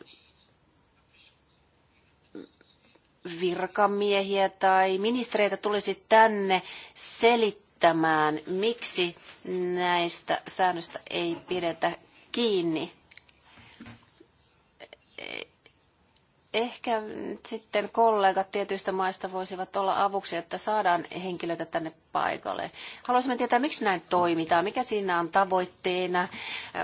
virkamiehiä tai ministereitä tulisi tänne selittämään, miksi näistä säännöistä ei pidetä kiinni. ehkä nyt sitten kollegat tietyistä maista voisivat olla avuksi, että saadaan henkilöitä tänne paikalle. Haluaisimme tietää, miksi näin toimitaan, mikä siinä on tavoitteena,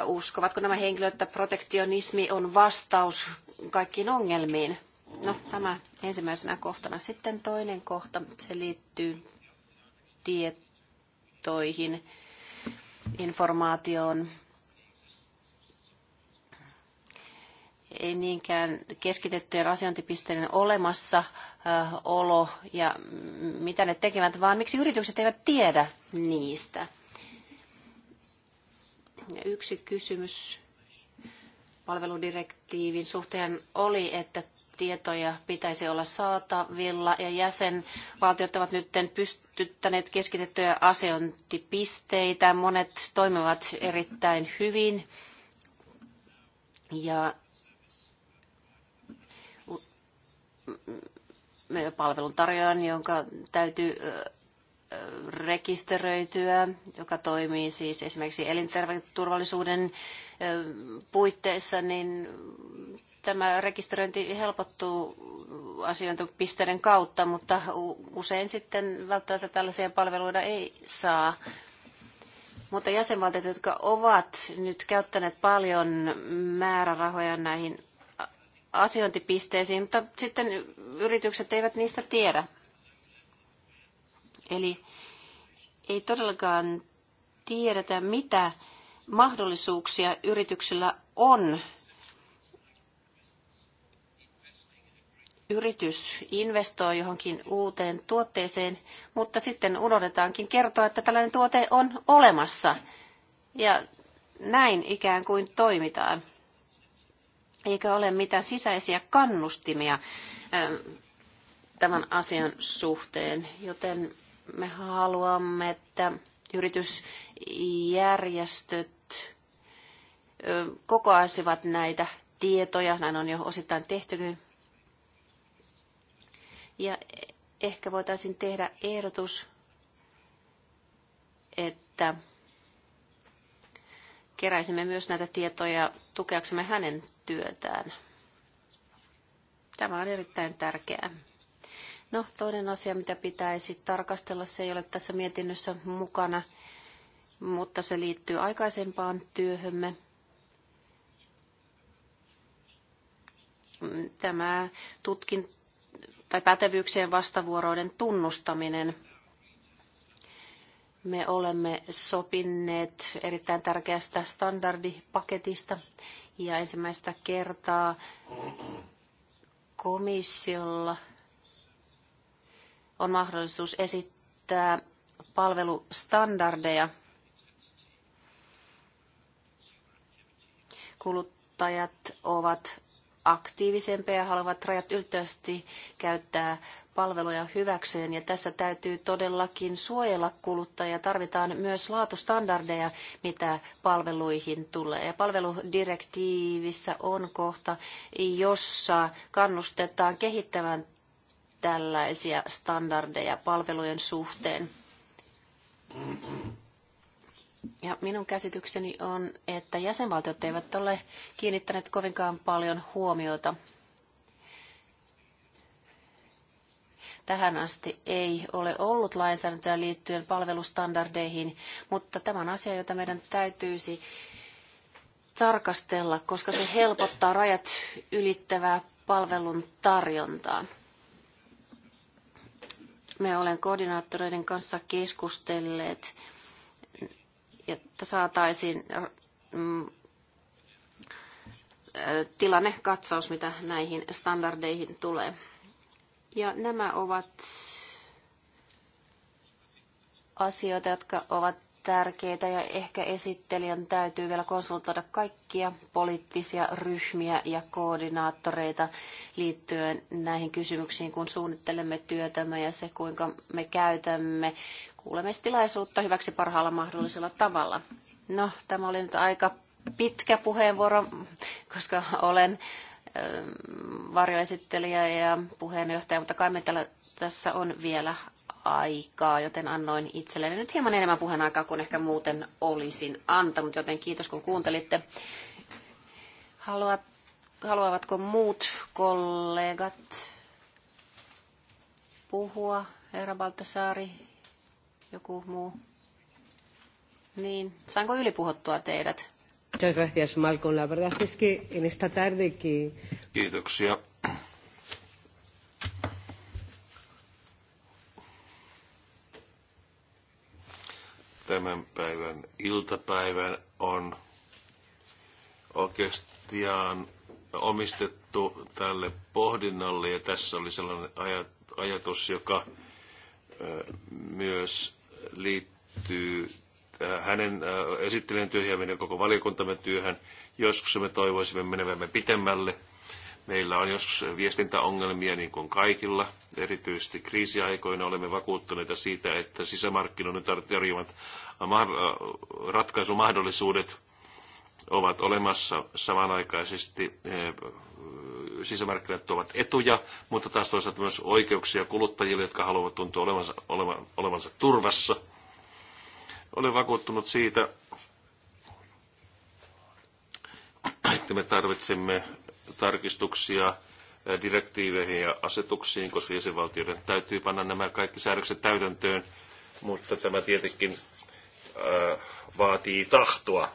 uskovatko nämä henkilöt, että protektionismi on vastaus kaikkiin ongelmiin. No, tämä ensimmäisenä kohtana. Sitten toinen kohta, se liittyy tietoihin, informaatioon ei niinkään keskitettyjen asiointipisteiden olemassa olo ja mitä ne tekevät, vaan miksi yritykset eivät tiedä niistä. Ja yksi kysymys palveludirektiivin suhteen oli, että tietoja pitäisi olla saatavilla ja jäsenvaltiot ovat nyt pystyttäneet keskitettyjä asiointipisteitä. Monet toimivat erittäin hyvin ja palveluntarjoajan, jonka täytyy rekisteröityä, joka toimii siis esimerkiksi elinterveysturvallisuuden puitteissa, niin tämä rekisteröinti helpottuu asiointipisteiden kautta, mutta usein sitten välttämättä tällaisia palveluita ei saa. Mutta jäsenvaltiot, jotka ovat nyt käyttäneet paljon määrärahoja näihin asiointipisteisiin, mutta sitten yritykset eivät niistä tiedä. Eli ei todellakaan tiedetä, mitä mahdollisuuksia yrityksillä on. Yritys investoi johonkin uuteen tuotteeseen, mutta sitten unohdetaankin kertoa, että tällainen tuote on olemassa. Ja näin ikään kuin toimitaan eikä ole mitään sisäisiä kannustimia ähm, tämän asian suhteen, joten me haluamme, että yritysjärjestöt ähm, kokoaisivat näitä tietoja, näin on jo osittain tehtykin. Ja ehkä voitaisiin tehdä ehdotus, että keräisimme myös näitä tietoja tukeaksemme hänen työtään. Tämä on erittäin tärkeää. No, toinen asia, mitä pitäisi tarkastella, se ei ole tässä mietinnössä mukana, mutta se liittyy aikaisempaan työhömme. Tämä tutkin tai pätevyyksien vastavuoroiden tunnustaminen. Me olemme sopineet erittäin tärkeästä standardipaketista, ja ensimmäistä kertaa komissiolla on mahdollisuus esittää palvelustandardeja. Kuluttajat ovat aktiivisempia ja haluavat rajat ylittävästi käyttää palveluja hyväkseen ja tässä täytyy todellakin suojella kuluttajia. Tarvitaan myös laatustandardeja, mitä palveluihin tulee. Ja palveludirektiivissä on kohta, jossa kannustetaan kehittämään tällaisia standardeja palvelujen suhteen. Ja minun käsitykseni on, että jäsenvaltiot eivät ole kiinnittäneet kovinkaan paljon huomiota Tähän asti ei ole ollut lainsäädäntöä liittyen palvelustandardeihin, mutta tämä on asia, jota meidän täytyisi tarkastella, koska se helpottaa rajat ylittävää palvelun tarjontaa. Me olen koordinaattoreiden kanssa keskustelleet, että saataisiin mm, tilannekatsaus, mitä näihin standardeihin tulee. Ja nämä ovat asioita, jotka ovat tärkeitä ja ehkä esittelijän täytyy vielä konsultoida kaikkia poliittisia ryhmiä ja koordinaattoreita liittyen näihin kysymyksiin, kun suunnittelemme työtämme ja se, kuinka me käytämme kuulemistilaisuutta hyväksi parhaalla mahdollisella tavalla. No, tämä oli nyt aika pitkä puheenvuoro, koska olen varjoesittelijä ja puheenjohtaja, mutta kai me tällä, tässä on vielä aikaa, joten annoin itselleni nyt hieman enemmän puheenaikaa kuin ehkä muuten olisin antanut, joten kiitos kun kuuntelitte. Haluat, haluavatko muut kollegat puhua? Herra Baltasaari, joku muu? Niin, saanko ylipuhottua teidät? Muchas gracias, Malcolm. La verdad es que en esta tarde que... Kiitoksia. Tämän päivän iltapäivän on oikeastaan omistettu tälle pohdinnalle ja tässä oli sellainen ajatus, joka myös liittyy Äh, hänen äh, esittelijän työhön ja meidän koko valiokuntamme työhön. Joskus me toivoisimme menevämme pitemmälle. Meillä on joskus viestintäongelmia niin kuin kaikilla. Erityisesti kriisiaikoina olemme vakuuttuneita siitä, että sisämarkkinoiden tarjoamat äh, ratkaisumahdollisuudet ovat olemassa samanaikaisesti sisämarkkinat tuovat etuja, mutta taas toisaalta myös oikeuksia kuluttajille, jotka haluavat tuntua olevansa, olevansa turvassa – olen vakuuttunut siitä, että me tarvitsemme tarkistuksia direktiiveihin ja asetuksiin, koska jäsenvaltioiden täytyy panna nämä kaikki säädökset täytäntöön, mutta tämä tietenkin vaatii tahtoa.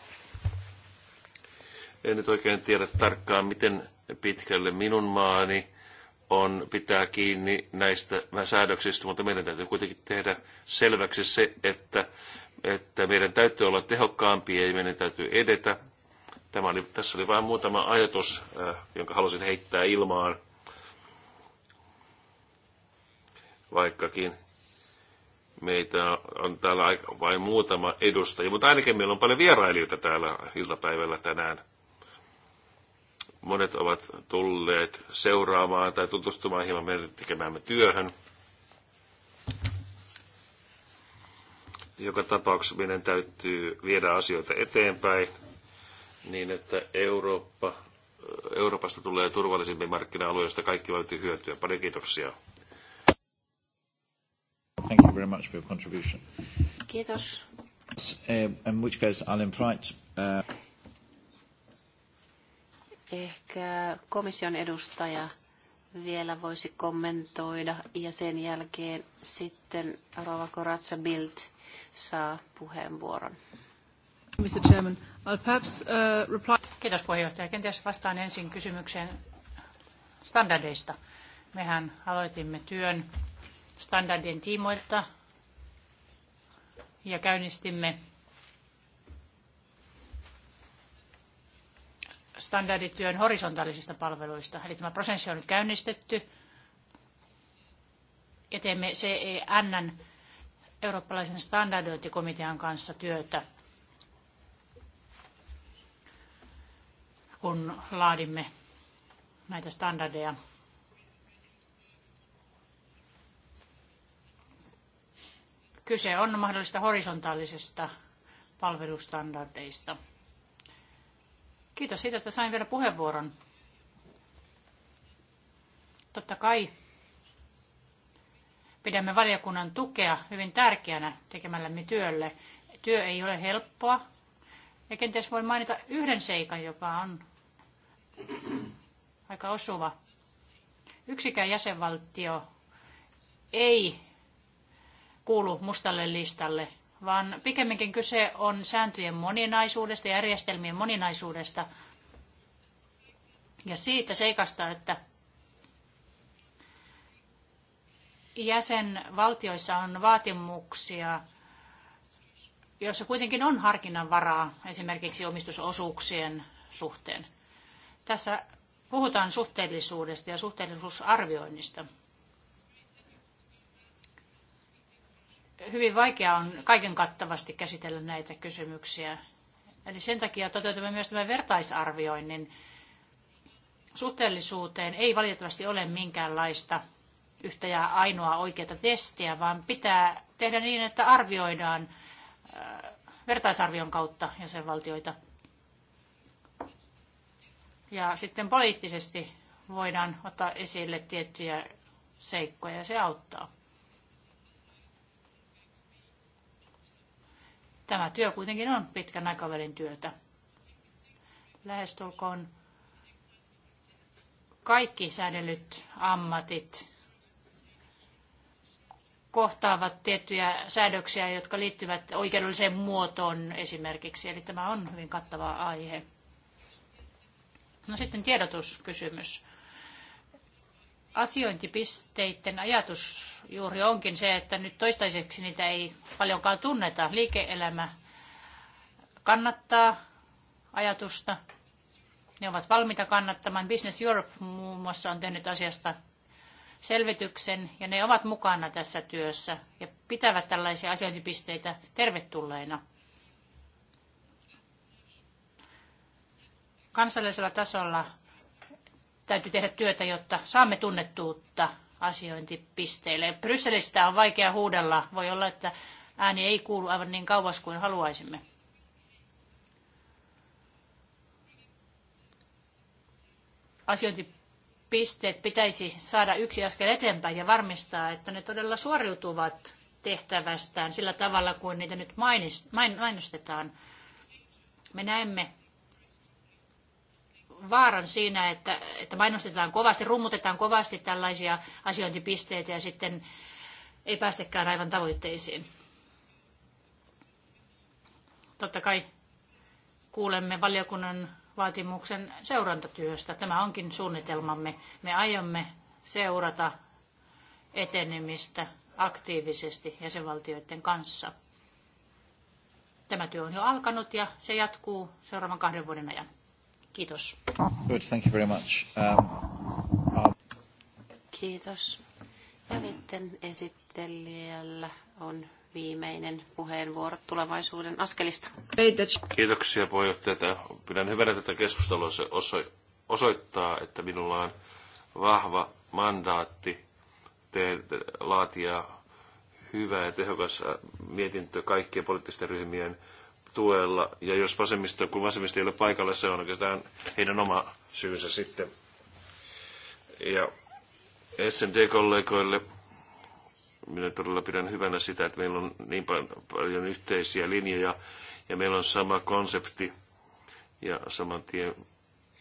En nyt oikein tiedä tarkkaan, miten pitkälle minun maani on pitää kiinni näistä säädöksistä, mutta meidän täytyy kuitenkin tehdä selväksi se, että että meidän täytyy olla tehokkaampia ja meidän täytyy edetä. Tämä oli, tässä oli vain muutama ajatus, äh, jonka halusin heittää ilmaan, vaikkakin meitä on täällä vain muutama edustaja, mutta ainakin meillä on paljon vierailijoita täällä iltapäivällä tänään. Monet ovat tulleet seuraamaan tai tutustumaan hieman meidän tekemäämme työhön. Joka tapauksessa meidän täytyy viedä asioita eteenpäin niin, että Eurooppa, Euroopasta tulee turvallisempi markkina-alue, josta kaikki voivat hyötyä. Paljon kiitoksia. Thank you very much for your contribution. Kiitos. Eh, in which case I'll invite, uh... Ehkä komission edustaja vielä voisi kommentoida ja sen jälkeen sitten Rova Koratsa Bild saa puheenvuoron. Mr. Chairman, I'll perhaps, uh, reply... Kiitos puheenjohtaja. Kenties vastaan ensin kysymykseen standardeista. Mehän aloitimme työn standardien tiimoilta ja käynnistimme standardityön horisontaalisista palveluista. Eli tämä prosessi on nyt käynnistetty ja teemme CENn eurooppalaisen standardointikomitean kanssa työtä, kun laadimme näitä standardeja. Kyse on mahdollista horisontaalisesta palvelustandardeista. Kiitos siitä, että sain vielä puheenvuoron. Totta kai pidämme valiokunnan tukea hyvin tärkeänä tekemällämme työlle. Työ ei ole helppoa. Ja kenties voin mainita yhden seikan, joka on aika osuva. Yksikään jäsenvaltio ei kuulu mustalle listalle vaan pikemminkin kyse on sääntöjen moninaisuudesta, järjestelmien moninaisuudesta ja siitä seikasta, että jäsenvaltioissa on vaatimuksia, joissa kuitenkin on harkinnanvaraa esimerkiksi omistusosuuksien suhteen. Tässä puhutaan suhteellisuudesta ja suhteellisuusarvioinnista. hyvin vaikea on kaiken kattavasti käsitellä näitä kysymyksiä. Eli sen takia toteutamme myös tämän vertaisarvioinnin. Suhteellisuuteen ei valitettavasti ole minkäänlaista yhtä ja ainoa oikeaa testiä, vaan pitää tehdä niin, että arvioidaan äh, vertaisarvion kautta jäsenvaltioita. Ja sitten poliittisesti voidaan ottaa esille tiettyjä seikkoja ja se auttaa. Tämä työ kuitenkin on pitkän aikavälin työtä. Lähestulkoon kaikki säädellyt ammatit kohtaavat tiettyjä säädöksiä, jotka liittyvät oikeudelliseen muotoon esimerkiksi. Eli tämä on hyvin kattava aihe. No sitten tiedotuskysymys asiointipisteiden ajatus juuri onkin se, että nyt toistaiseksi niitä ei paljonkaan tunneta. Liike-elämä kannattaa ajatusta. Ne ovat valmiita kannattamaan. Business Europe muun muassa on tehnyt asiasta selvityksen ja ne ovat mukana tässä työssä ja pitävät tällaisia asiointipisteitä tervetulleina. Kansallisella tasolla täytyy tehdä työtä, jotta saamme tunnettuutta asiointipisteille. Brysselistä on vaikea huudella. Voi olla, että ääni ei kuulu aivan niin kauas kuin haluaisimme. Asiointipisteet pitäisi saada yksi askel eteenpäin ja varmistaa, että ne todella suoriutuvat tehtävästään sillä tavalla, kuin niitä nyt mainostetaan. Me näemme vaaran siinä, että, että mainostetaan kovasti, rummutetaan kovasti tällaisia asiointipisteitä ja sitten ei päästäkään aivan tavoitteisiin. Totta kai kuulemme valiokunnan vaatimuksen seurantatyöstä. Tämä onkin suunnitelmamme. Me aiomme seurata etenemistä aktiivisesti jäsenvaltioiden kanssa. Tämä työ on jo alkanut ja se jatkuu seuraavan kahden vuoden ajan. Kiitos. Good, thank you very much. Um, uh... Kiitos. Ja sitten esittelijällä on viimeinen puheenvuoro tulevaisuuden askelista. Kiitoksia puheenjohtaja. Pidän hyvänä tätä keskustelua. Se osoittaa, että minulla on vahva mandaatti te- laatia hyvä ja tehokas äh, mietintö kaikkien poliittisten ryhmien tuella. Ja jos vasemmisto, kun vasemmisto ei ole paikalla, se on oikeastaan heidän oma syynsä sitten. Ja SND-kollegoille minä todella pidän hyvänä sitä, että meillä on niin paljon yhteisiä linjoja ja meillä on sama konsepti ja saman tien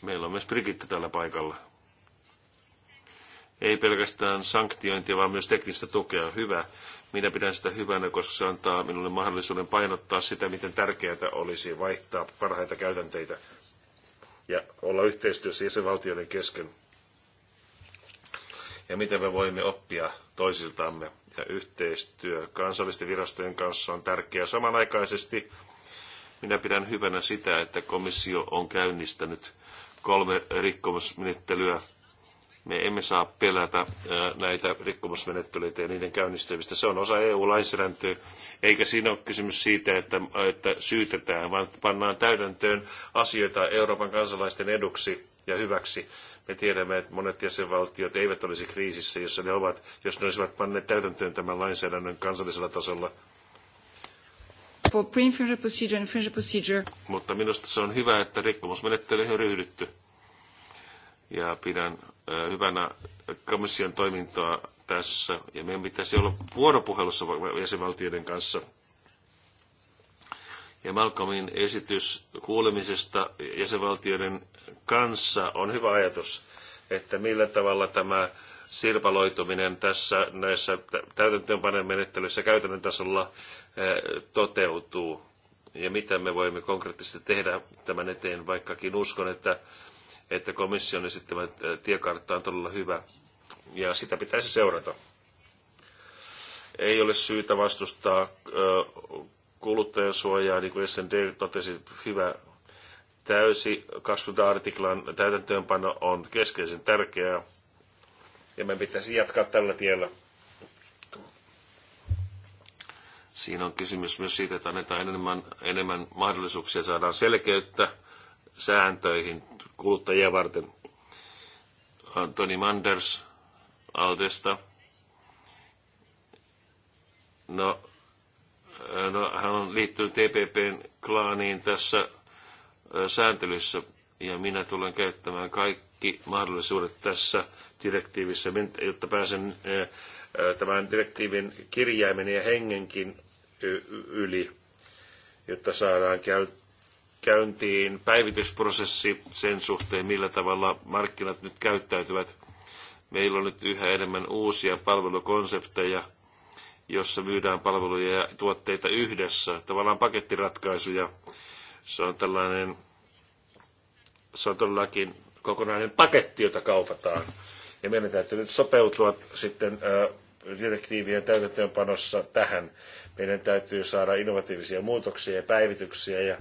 meillä on myös Brigitte täällä paikalla. Ei pelkästään sanktiointia, vaan myös teknistä tukea. Hyvä. Minä pidän sitä hyvänä, koska se antaa minulle mahdollisuuden painottaa sitä, miten tärkeää olisi vaihtaa parhaita käytänteitä ja olla yhteistyössä jäsenvaltioiden kesken. Ja miten me voimme oppia toisiltamme. Ja yhteistyö kansallisten virastojen kanssa on tärkeää. Samanaikaisesti minä pidän hyvänä sitä, että komissio on käynnistänyt kolme rikkomusmenettelyä me emme saa pelätä näitä rikkomusmenettelyitä ja niiden käynnistämistä. Se on osa EU-lainsäädäntöä, eikä siinä ole kysymys siitä, että, että syytetään, vaan pannaan täydentöön asioita Euroopan kansalaisten eduksi ja hyväksi. Me tiedämme, että monet jäsenvaltiot eivät olisi kriisissä, jossa ne ovat, jos ne olisivat panneet täytäntöön tämän lainsäädännön kansallisella tasolla. For procedure and infringement procedure. Mutta minusta se on hyvä, että rikkomusmenettelyihin on ryhdytty. Ja pidän hyvänä komission toimintaa tässä, ja meidän pitäisi olla vuoropuhelussa jäsenvaltioiden kanssa. Ja Malcolmin esitys kuulemisesta jäsenvaltioiden kanssa on hyvä ajatus, että millä tavalla tämä sirpaloituminen tässä näissä täytäntöönpanen menettelyissä käytännön tasolla toteutuu ja mitä me voimme konkreettisesti tehdä tämän eteen, vaikkakin uskon, että että komission esittämä tiekartta on todella hyvä ja sitä pitäisi seurata. Ei ole syytä vastustaa kuluttajansuojaa, niin kuin SND totesi, hyvä täysi 20 artiklan täytäntöönpano on keskeisen tärkeää ja meidän pitäisi jatkaa tällä tiellä. Siinä on kysymys myös siitä, että annetaan enemmän, enemmän mahdollisuuksia, saadaan selkeyttä sääntöihin kuluttajia varten. Antoni Manders Aldesta. No, no, hän on liittynyt tpp e klaaniin tässä sääntelyssä ja minä tulen käyttämään kaikki mahdollisuudet tässä direktiivissä, jotta pääsen tämän direktiivin kirjaimen ja hengenkin yli, jotta saadaan käyntiin päivitysprosessi sen suhteen, millä tavalla markkinat nyt käyttäytyvät. Meillä on nyt yhä enemmän uusia palvelukonsepteja, jossa myydään palveluja ja tuotteita yhdessä, tavallaan pakettiratkaisuja. Se on tällainen, se on todellakin kokonainen paketti, jota kaupataan. Ja meidän täytyy nyt sopeutua sitten direktiivien täytäntöönpanossa tähän. Meidän täytyy saada innovatiivisia muutoksia ja päivityksiä ja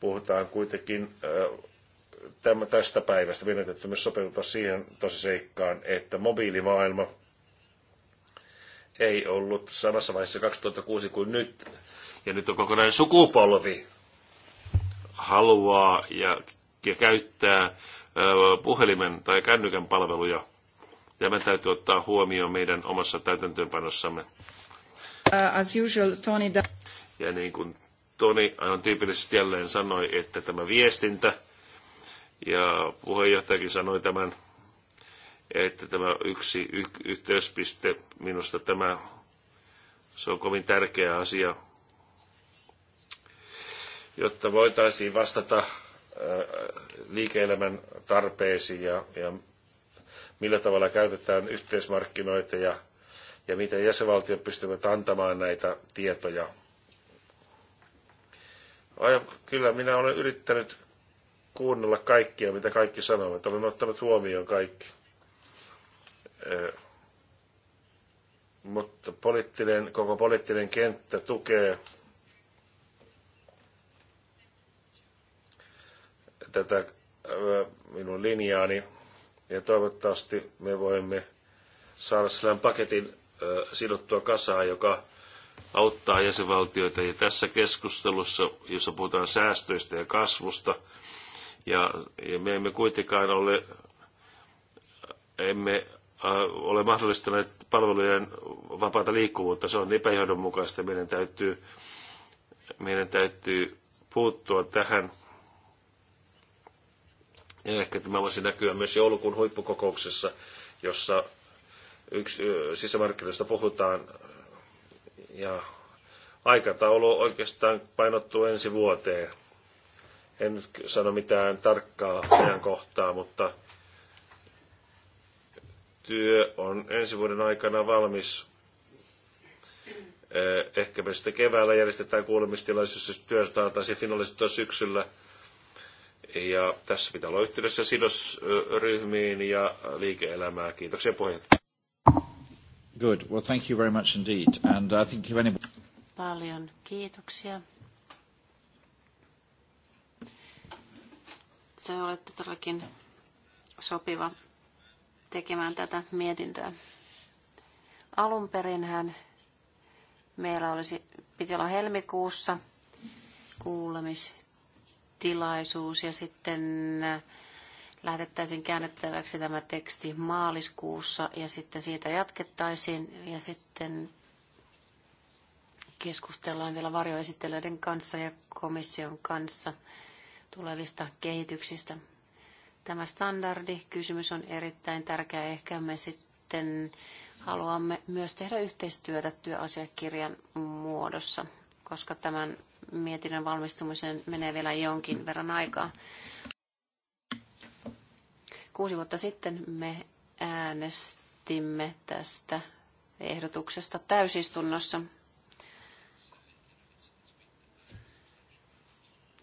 puhutaan kuitenkin ää, äh, tästä päivästä. Meidän täytyy myös sopeutua siihen tosiseikkaan, että mobiilimaailma ei ollut samassa vaiheessa 2006 kuin nyt. Ja nyt on kokonainen sukupolvi haluaa ja, ja käyttää ää, äh, puhelimen tai kännykän palveluja. Tämä täytyy ottaa huomioon meidän omassa täytäntöönpanossamme. Uh, as usual, Tony ja niin kuin Toni aivan tyypillisesti jälleen sanoi, että tämä viestintä, ja puheenjohtajakin sanoi tämän, että tämä yksi y- yhteyspiste, minusta tämä, se on kovin tärkeä asia, jotta voitaisiin vastata äh, liike-elämän tarpeisiin ja, ja millä tavalla käytetään yhteismarkkinoita ja, ja miten jäsenvaltiot pystyvät antamaan näitä tietoja Kyllä minä olen yrittänyt kuunnella kaikkia, mitä kaikki sanovat. Olen ottanut huomioon kaikki. Mutta poliittinen, koko poliittinen kenttä tukee tätä minun linjaani. Ja toivottavasti me voimme saada sellainen paketin sidottua kasaan, joka auttaa jäsenvaltioita. Ja tässä keskustelussa, jossa puhutaan säästöistä ja kasvusta, ja, ja me emme kuitenkaan ole, emme äh, ole mahdollistaneet palvelujen vapaata liikkuvuutta. Se on epäjohdonmukaista. Meidän täytyy, meidän täytyy puuttua tähän. Ja ehkä tämä voisi näkyä myös joulukuun huippukokouksessa, jossa yksi, äh, sisämarkkinoista puhutaan ja aikataulu oikeastaan painottuu ensi vuoteen. En nyt sano mitään tarkkaa kohtaa, mutta työ on ensi vuoden aikana valmis. Ehkä me sitten keväällä järjestetään kuulemistilaisuus, jos työ saataisiin finalisoitua syksyllä. Ja tässä pitää olla yhteydessä sidosryhmiin ja liike-elämää. Kiitoksia puheenjohtaja. Good. Well, thank you very much indeed. I think if Paljon kiitoksia. Se olette todellakin sopiva tekemään tätä mietintöä. Alun perinhän meillä olisi, piti olla helmikuussa kuulemistilaisuus ja sitten lähetettäisiin käännettäväksi tämä teksti maaliskuussa ja sitten siitä jatkettaisiin ja sitten keskustellaan vielä varjoesittelijöiden kanssa ja komission kanssa tulevista kehityksistä. Tämä standardi kysymys on erittäin tärkeä. Ehkä me sitten haluamme myös tehdä yhteistyötä työasiakirjan muodossa, koska tämän mietinnön valmistumiseen menee vielä jonkin verran aikaa. Kuusi vuotta sitten me äänestimme tästä ehdotuksesta täysistunnossa.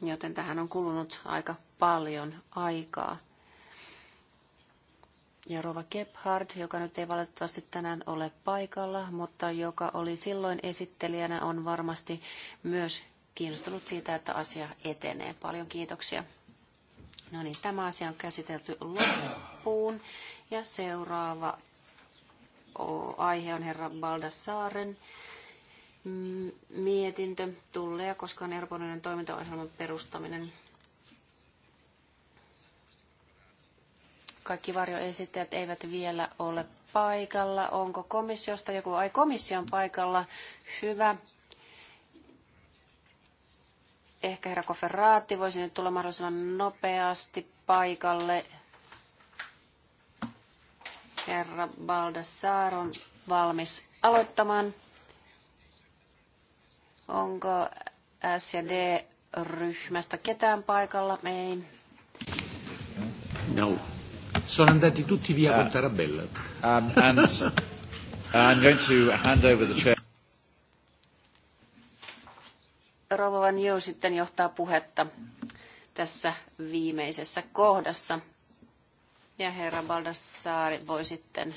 Joten tähän on kulunut aika paljon aikaa. Ja Rova Gebhard, joka nyt ei valitettavasti tänään ole paikalla, mutta joka oli silloin esittelijänä, on varmasti myös kiinnostunut siitä, että asia etenee. Paljon kiitoksia. No niin, tämä asia on käsitelty loppuun. Ja seuraava aihe on herra Baldassaaren mietintö tulee, koska on Euroopan toimintaohjelman perustaminen. Kaikki varjoesittäjät eivät vielä ole paikalla. Onko komissiosta joku? Ai komission paikalla. Hyvä. Ehkä herra Koferraatti voisi nyt tulla mahdollisimman nopeasti paikalle. Herra Baldassar on valmis aloittamaan. Onko S- ja D-ryhmästä ketään paikalla? Ei. No. Sono andati tutti via uh, con Tarabella. Um, and uh, I'm going to hand over the chair. Rouva Van Jou sitten johtaa puhetta tässä viimeisessä kohdassa. Ja herra Baldassari voi sitten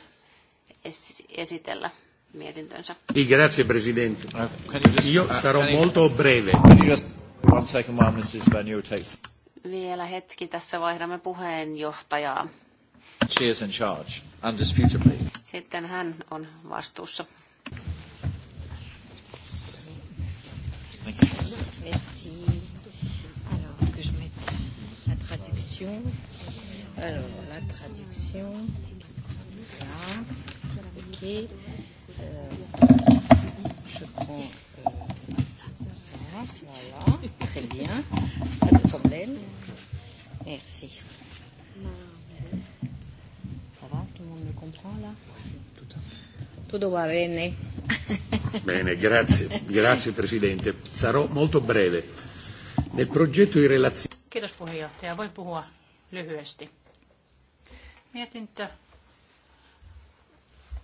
esitellä mietintönsä. Grazie Presidente. Uh, Io uh, sarò molto breve. One second while Mrs. Van takes. Vielä hetki, tässä vaihdamme puheenjohtajaa. She is in charge, undisputably. Sitten hän on vastuussa. Merci. Alors, que je mette la traduction. Alors, la traduction. Là. Ok. Euh, je prends euh, ça. Voilà. Très bien. Pas de problème. Merci. Ça va Tout le monde me comprend là Tout à fait. Tutto va bene. Bene, grazie, grazie Presidente. Sarò molto breve. Nel progetto di relazione... Kiitos puheenjohtaja. Voi puhua lyhyesti. Mietintö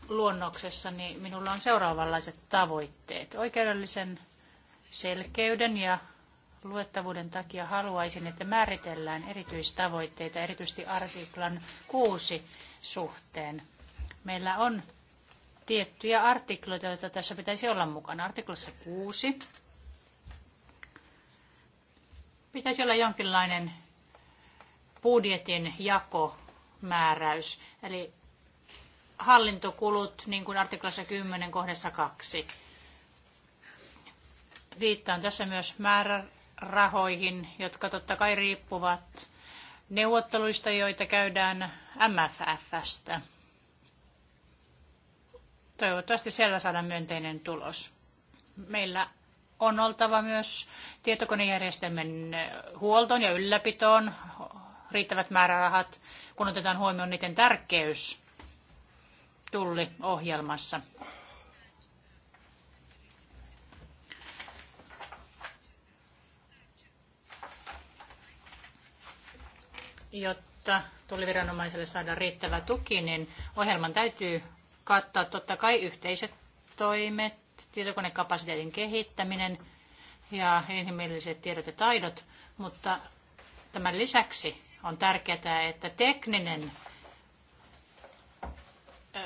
luonnoksessani minulla on seuraavanlaiset tavoitteet. Oikeudellisen selkeyden ja luettavuuden takia haluaisin, että määritellään erityistavoitteita, erityisesti artiklan 6 suhteen. Meillä on tiettyjä artikloita, joita tässä pitäisi olla mukana. Artiklassa 6 pitäisi olla jonkinlainen budjetin jakomääräys, eli hallintokulut, niin kuin artiklassa 10 kohdassa 2. Viittaan tässä myös määrärahoihin, jotka totta kai riippuvat neuvotteluista, joita käydään MFFstä. Toivottavasti siellä saadaan myönteinen tulos. Meillä on oltava myös tietokonejärjestelmän huoltoon ja ylläpitoon riittävät määrärahat, kun otetaan huomioon niiden tärkeys tulliohjelmassa. Jotta tulliviranomaiselle saadaan riittävä tuki, niin ohjelman täytyy kattaa totta kai yhteiset toimet, tietokonekapasiteetin kehittäminen ja inhimilliset tiedot ja taidot, mutta tämän lisäksi on tärkeää, että tekninen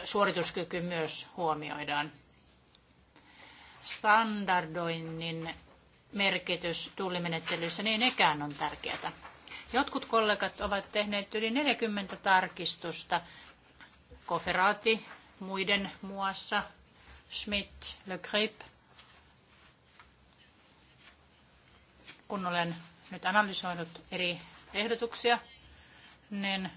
suorituskyky myös huomioidaan. Standardoinnin merkitys tullimenettelyssä niin ikään on tärkeää. Jotkut kollegat ovat tehneet yli 40 tarkistusta. Koferaati muiden muassa Schmidt, Le Grip. Kun olen nyt analysoinut eri ehdotuksia, niin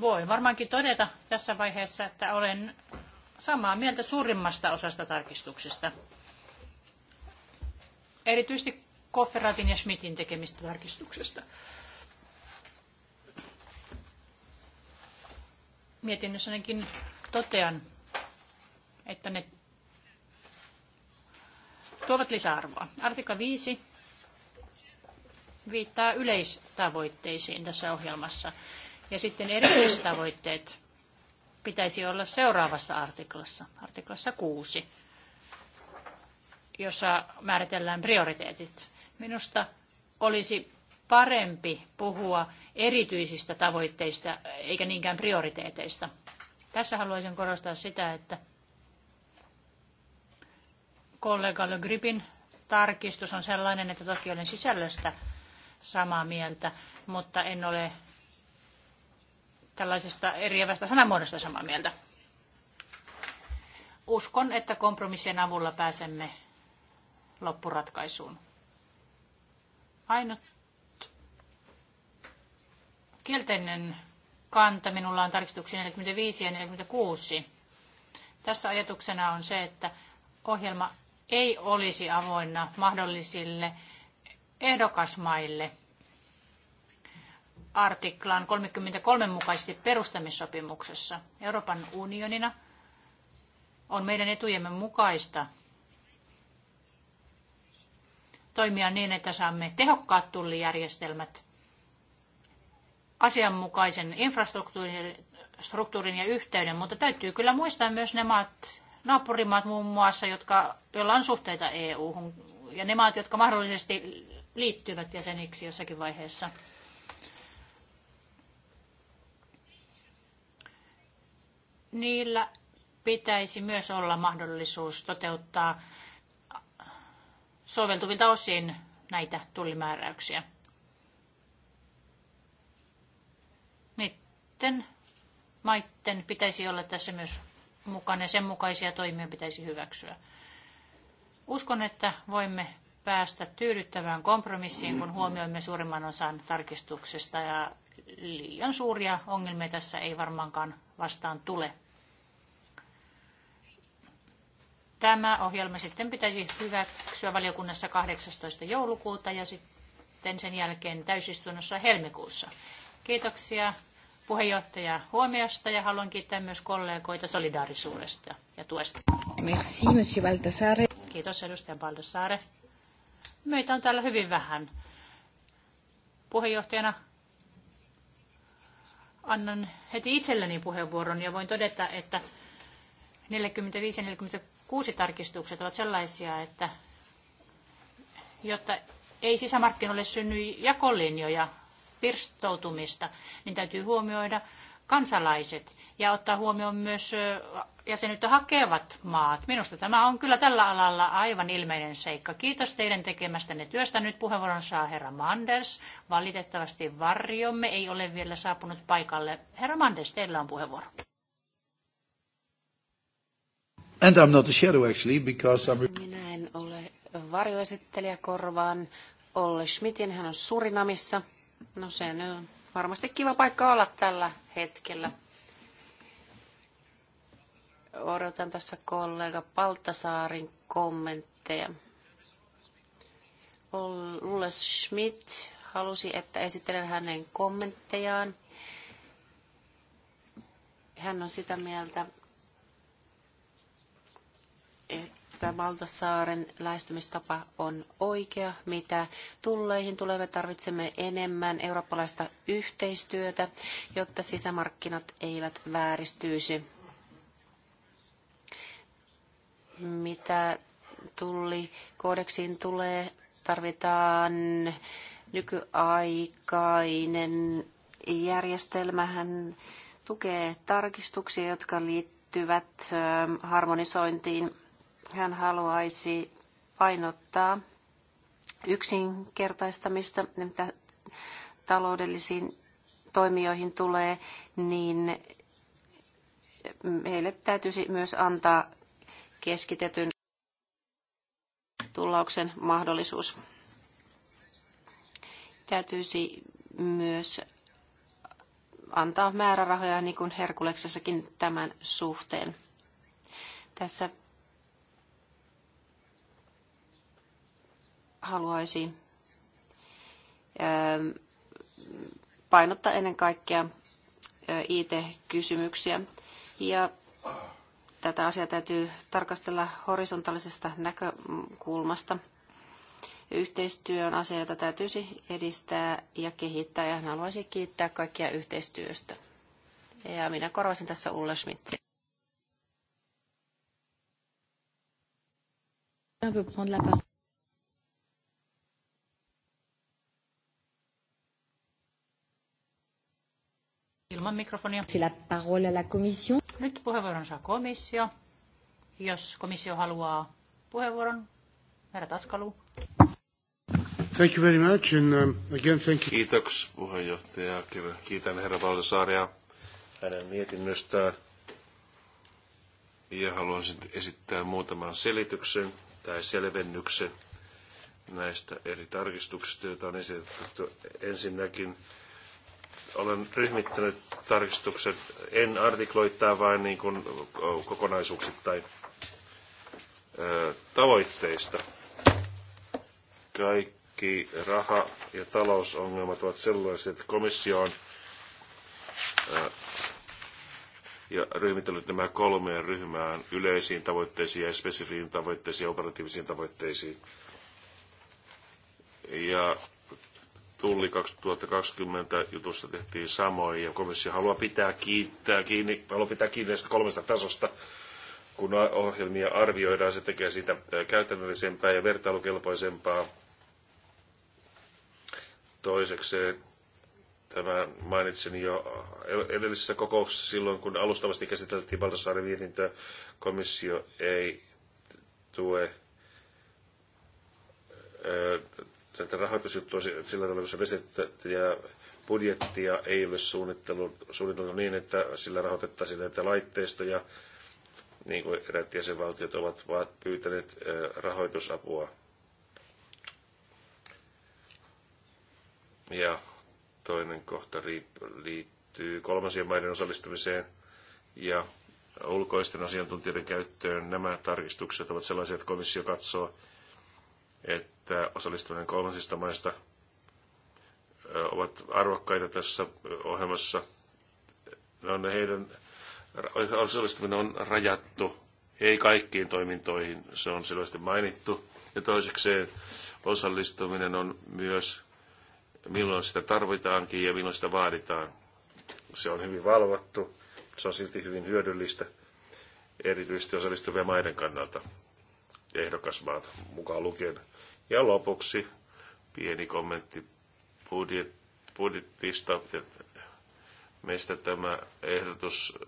voi varmaankin todeta tässä vaiheessa, että olen samaa mieltä suurimmasta osasta tarkistuksista. Erityisesti Kofferatin ja Schmidtin tekemistä tarkistuksesta. mietinnössänikin totean, että ne tuovat lisäarvoa. Artikla 5 viittaa yleistavoitteisiin tässä ohjelmassa. Ja sitten erityistavoitteet pitäisi olla seuraavassa artiklassa, artiklassa 6, jossa määritellään prioriteetit. Minusta olisi parempi puhua erityisistä tavoitteista eikä niinkään prioriteeteista. Tässä haluaisin korostaa sitä, että kollega Le Gripin tarkistus on sellainen, että toki olen sisällöstä samaa mieltä, mutta en ole tällaisesta eriävästä sanamuodosta samaa mieltä. Uskon, että kompromissien avulla pääsemme loppuratkaisuun. Ainut kielteinen kanta minulla on tarkistuksia 45 ja 46. Tässä ajatuksena on se, että ohjelma ei olisi avoinna mahdollisille ehdokasmaille artiklan 33 mukaisesti perustamissopimuksessa. Euroopan unionina on meidän etujemme mukaista toimia niin, että saamme tehokkaat tullijärjestelmät – asianmukaisen infrastruktuurin ja yhteyden, mutta täytyy kyllä muistaa myös ne maat, naapurimaat muun muassa, jotka, joilla on suhteita EU-hun, ja ne maat, jotka mahdollisesti liittyvät jäseniksi jossakin vaiheessa. Niillä pitäisi myös olla mahdollisuus toteuttaa soveltuvilta osin näitä tullimääräyksiä. muiden maiden pitäisi olla tässä myös mukana ja sen mukaisia toimia pitäisi hyväksyä. Uskon, että voimme päästä tyydyttävään kompromissiin, kun huomioimme suurimman osan tarkistuksesta ja liian suuria ongelmia tässä ei varmaankaan vastaan tule. Tämä ohjelma sitten pitäisi hyväksyä valiokunnassa 18. joulukuuta ja sitten sen jälkeen täysistunnossa helmikuussa. Kiitoksia puheenjohtaja huomiosta ja haluan kiittää myös kollegoita solidaarisuudesta ja tuesta. Merci, monsieur Baltasare. Kiitos, edustaja Baltasare. Meitä on täällä hyvin vähän. Puheenjohtajana annan heti itselleni puheenvuoron ja voin todeta, että 45 ja 46 tarkistukset ovat sellaisia, että jotta ei sisämarkkinoille synny jakolinjoja, pirstoutumista, niin täytyy huomioida kansalaiset ja ottaa huomioon myös jäsenyyttä hakevat maat. Minusta tämä on kyllä tällä alalla aivan ilmeinen seikka. Kiitos teidän tekemästänne työstä. Nyt puheenvuoron saa herra Manders. Valitettavasti varjomme ei ole vielä saapunut paikalle. Herra Manders, teillä on puheenvuoro. And I'm not a shadow actually, because I'm... Minä en ole varjoesittelijä korvaan Olle Schmidtin. Hän on Surinamissa. No se on varmasti kiva paikka olla tällä hetkellä. Odotan tässä kollega Paltasaarin kommentteja. Ulle Schmidt halusi, että esittelen hänen kommenttejaan. Hän on sitä mieltä, että että Valtasaaren lähestymistapa on oikea, mitä tulleihin tulee. Me tarvitsemme enemmän eurooppalaista yhteistyötä, jotta sisämarkkinat eivät vääristyisi. Mitä tullikoodeksiin tulee, tarvitaan nykyaikainen järjestelmähän tukee tarkistuksia, jotka liittyvät harmonisointiin hän haluaisi painottaa yksinkertaistamista, mitä taloudellisiin toimijoihin tulee, niin meille täytyisi myös antaa keskitetyn tullauksen mahdollisuus. Täytyisi myös antaa määrärahoja, niin kuin Herkuleksessakin tämän suhteen. Tässä haluaisi painottaa ennen kaikkea IT-kysymyksiä. Ja tätä asiaa täytyy tarkastella horisontaalisesta näkökulmasta. Yhteistyö on asia, jota täytyisi edistää ja kehittää, ja haluaisin kiittää kaikkia yhteistyöstä. Ja minä korvasin tässä Ulla Schmidt. Ilman mikrofonia. Sillä parola la commission. Nyt puheenvuoron saa komissio. Jos komissio haluaa puheenvuoron, herra Taskalu. Thank you very much and um, again thank you. Kiitoks puheenjohtaja. Kiitän herra Valdesaaria hänen mietinnöstään. Ja haluaisin esittää muutaman selityksen tai selvennyksen näistä eri tarkistuksista, joita on esitetty. Ensinnäkin olen ryhmittänyt tarkistukset en artikloittaa vaan niin kuin kokonaisuuksittain tavoitteista. Kaikki raha- ja talousongelmat ovat sellaiset, että komissio on ja ryhmitellyt nämä kolmeen ryhmään yleisiin tavoitteisiin ja spesifiin tavoitteisiin ja operatiivisiin tavoitteisiin. Ja Tulli 2020 jutussa tehtiin samoin ja komissio haluaa pitää, kiittää, kiinni, haluaa pitää kiinni näistä kolmesta tasosta. Kun ohjelmia arvioidaan, se tekee sitä käytännöllisempää ja vertailukelpoisempaa. Toisekseen tämä mainitsin jo edellisessä kokouksessa silloin, kun alustavasti käsiteltiin Baltasaarin Komissio ei tue tätä rahoitusjuttua sillä tavalla, kun se vesitettä ja budjettia ei ole suunniteltu niin, että sillä rahoitettaisiin näitä laitteistoja, niin kuin eräät jäsenvaltiot ovat vaan pyytäneet rahoitusapua. Ja toinen kohta liittyy kolmansien maiden osallistumiseen ja ulkoisten asiantuntijoiden käyttöön. Nämä tarkistukset ovat sellaisia, että komissio katsoo, että osallistuminen kolmansista maista ovat arvokkaita tässä ohjelmassa. No, heidän osallistuminen on rajattu, ei kaikkiin toimintoihin, se on selvästi mainittu. Ja toisekseen osallistuminen on myös, milloin sitä tarvitaankin ja milloin sitä vaaditaan. Se on hyvin valvottu, se on silti hyvin hyödyllistä, erityisesti osallistuvien maiden kannalta ehdokasmaat mukaan lukien. Ja lopuksi pieni kommentti budjet, budjettista. Meistä tämä ehdotus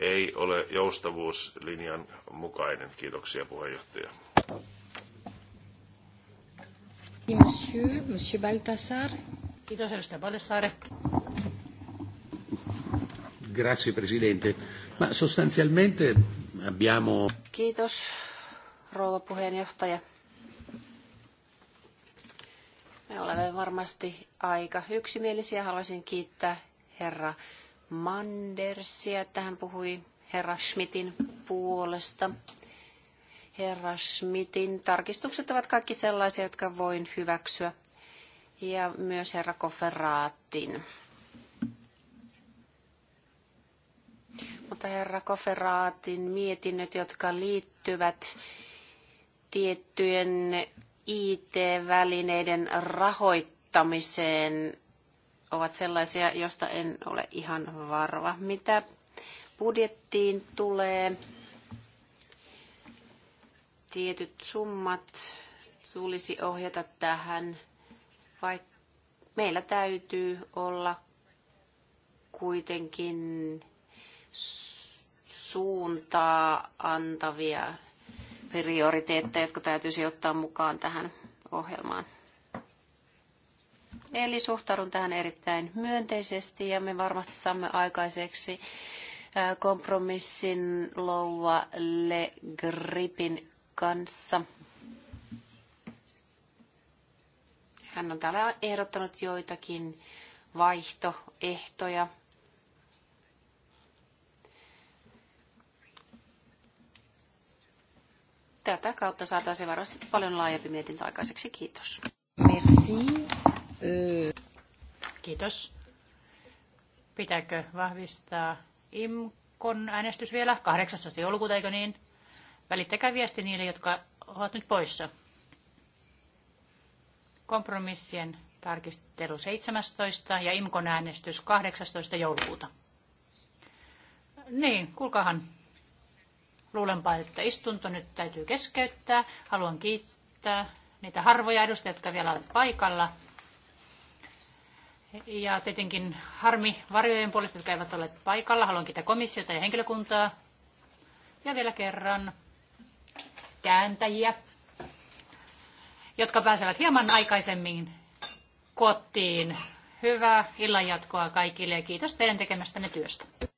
ei ole joustavuuslinjan mukainen. Kiitoksia puheenjohtaja. Monsieur, Monsieur Baltasar. Kiitos edustaja Baltasare. Grazie Presidente. Ma sostanzialmente Abbiamo... Kiitos, rouva puheenjohtaja. Me olemme varmasti aika yksimielisiä. Haluaisin kiittää herra Mandersia, että hän puhui herra Schmidtin puolesta. Herra Schmidtin tarkistukset ovat kaikki sellaisia, jotka voin hyväksyä. Ja myös herra Koferaattin. Mutta herra Koferaatin mietinnöt, jotka liittyvät tiettyjen IT-välineiden rahoittamiseen, ovat sellaisia, joista en ole ihan varma. Mitä budjettiin tulee, tietyt summat tulisi ohjata tähän, vaikka meillä täytyy olla kuitenkin suuntaa antavia prioriteetteja, jotka täytyisi ottaa mukaan tähän ohjelmaan. Eli suhtaudun tähän erittäin myönteisesti ja me varmasti saamme aikaiseksi kompromissin Loua Le Gripin kanssa. Hän on täällä ehdottanut joitakin vaihtoehtoja. Tätä kautta saataisiin varmasti paljon laajempi mietintä aikaiseksi. Kiitos. Merci. Kiitos. Pitääkö vahvistaa IMKON äänestys vielä 18. joulukuuta, eikö niin? Välittäkää viesti niille, jotka ovat nyt poissa. Kompromissien tarkistelu 17 ja IMKON äänestys 18. joulukuuta. Niin, kuulkaahan. Luulenpa, että istunto nyt täytyy keskeyttää. Haluan kiittää niitä harvoja edustajia, jotka vielä ovat paikalla. Ja tietenkin harmi varjojen puolesta, jotka eivät ole paikalla. Haluan kiittää komissiota ja henkilökuntaa. Ja vielä kerran kääntäjiä, jotka pääsevät hieman aikaisemmin kotiin. Hyvää illanjatkoa kaikille ja kiitos teidän tekemästänne työstä.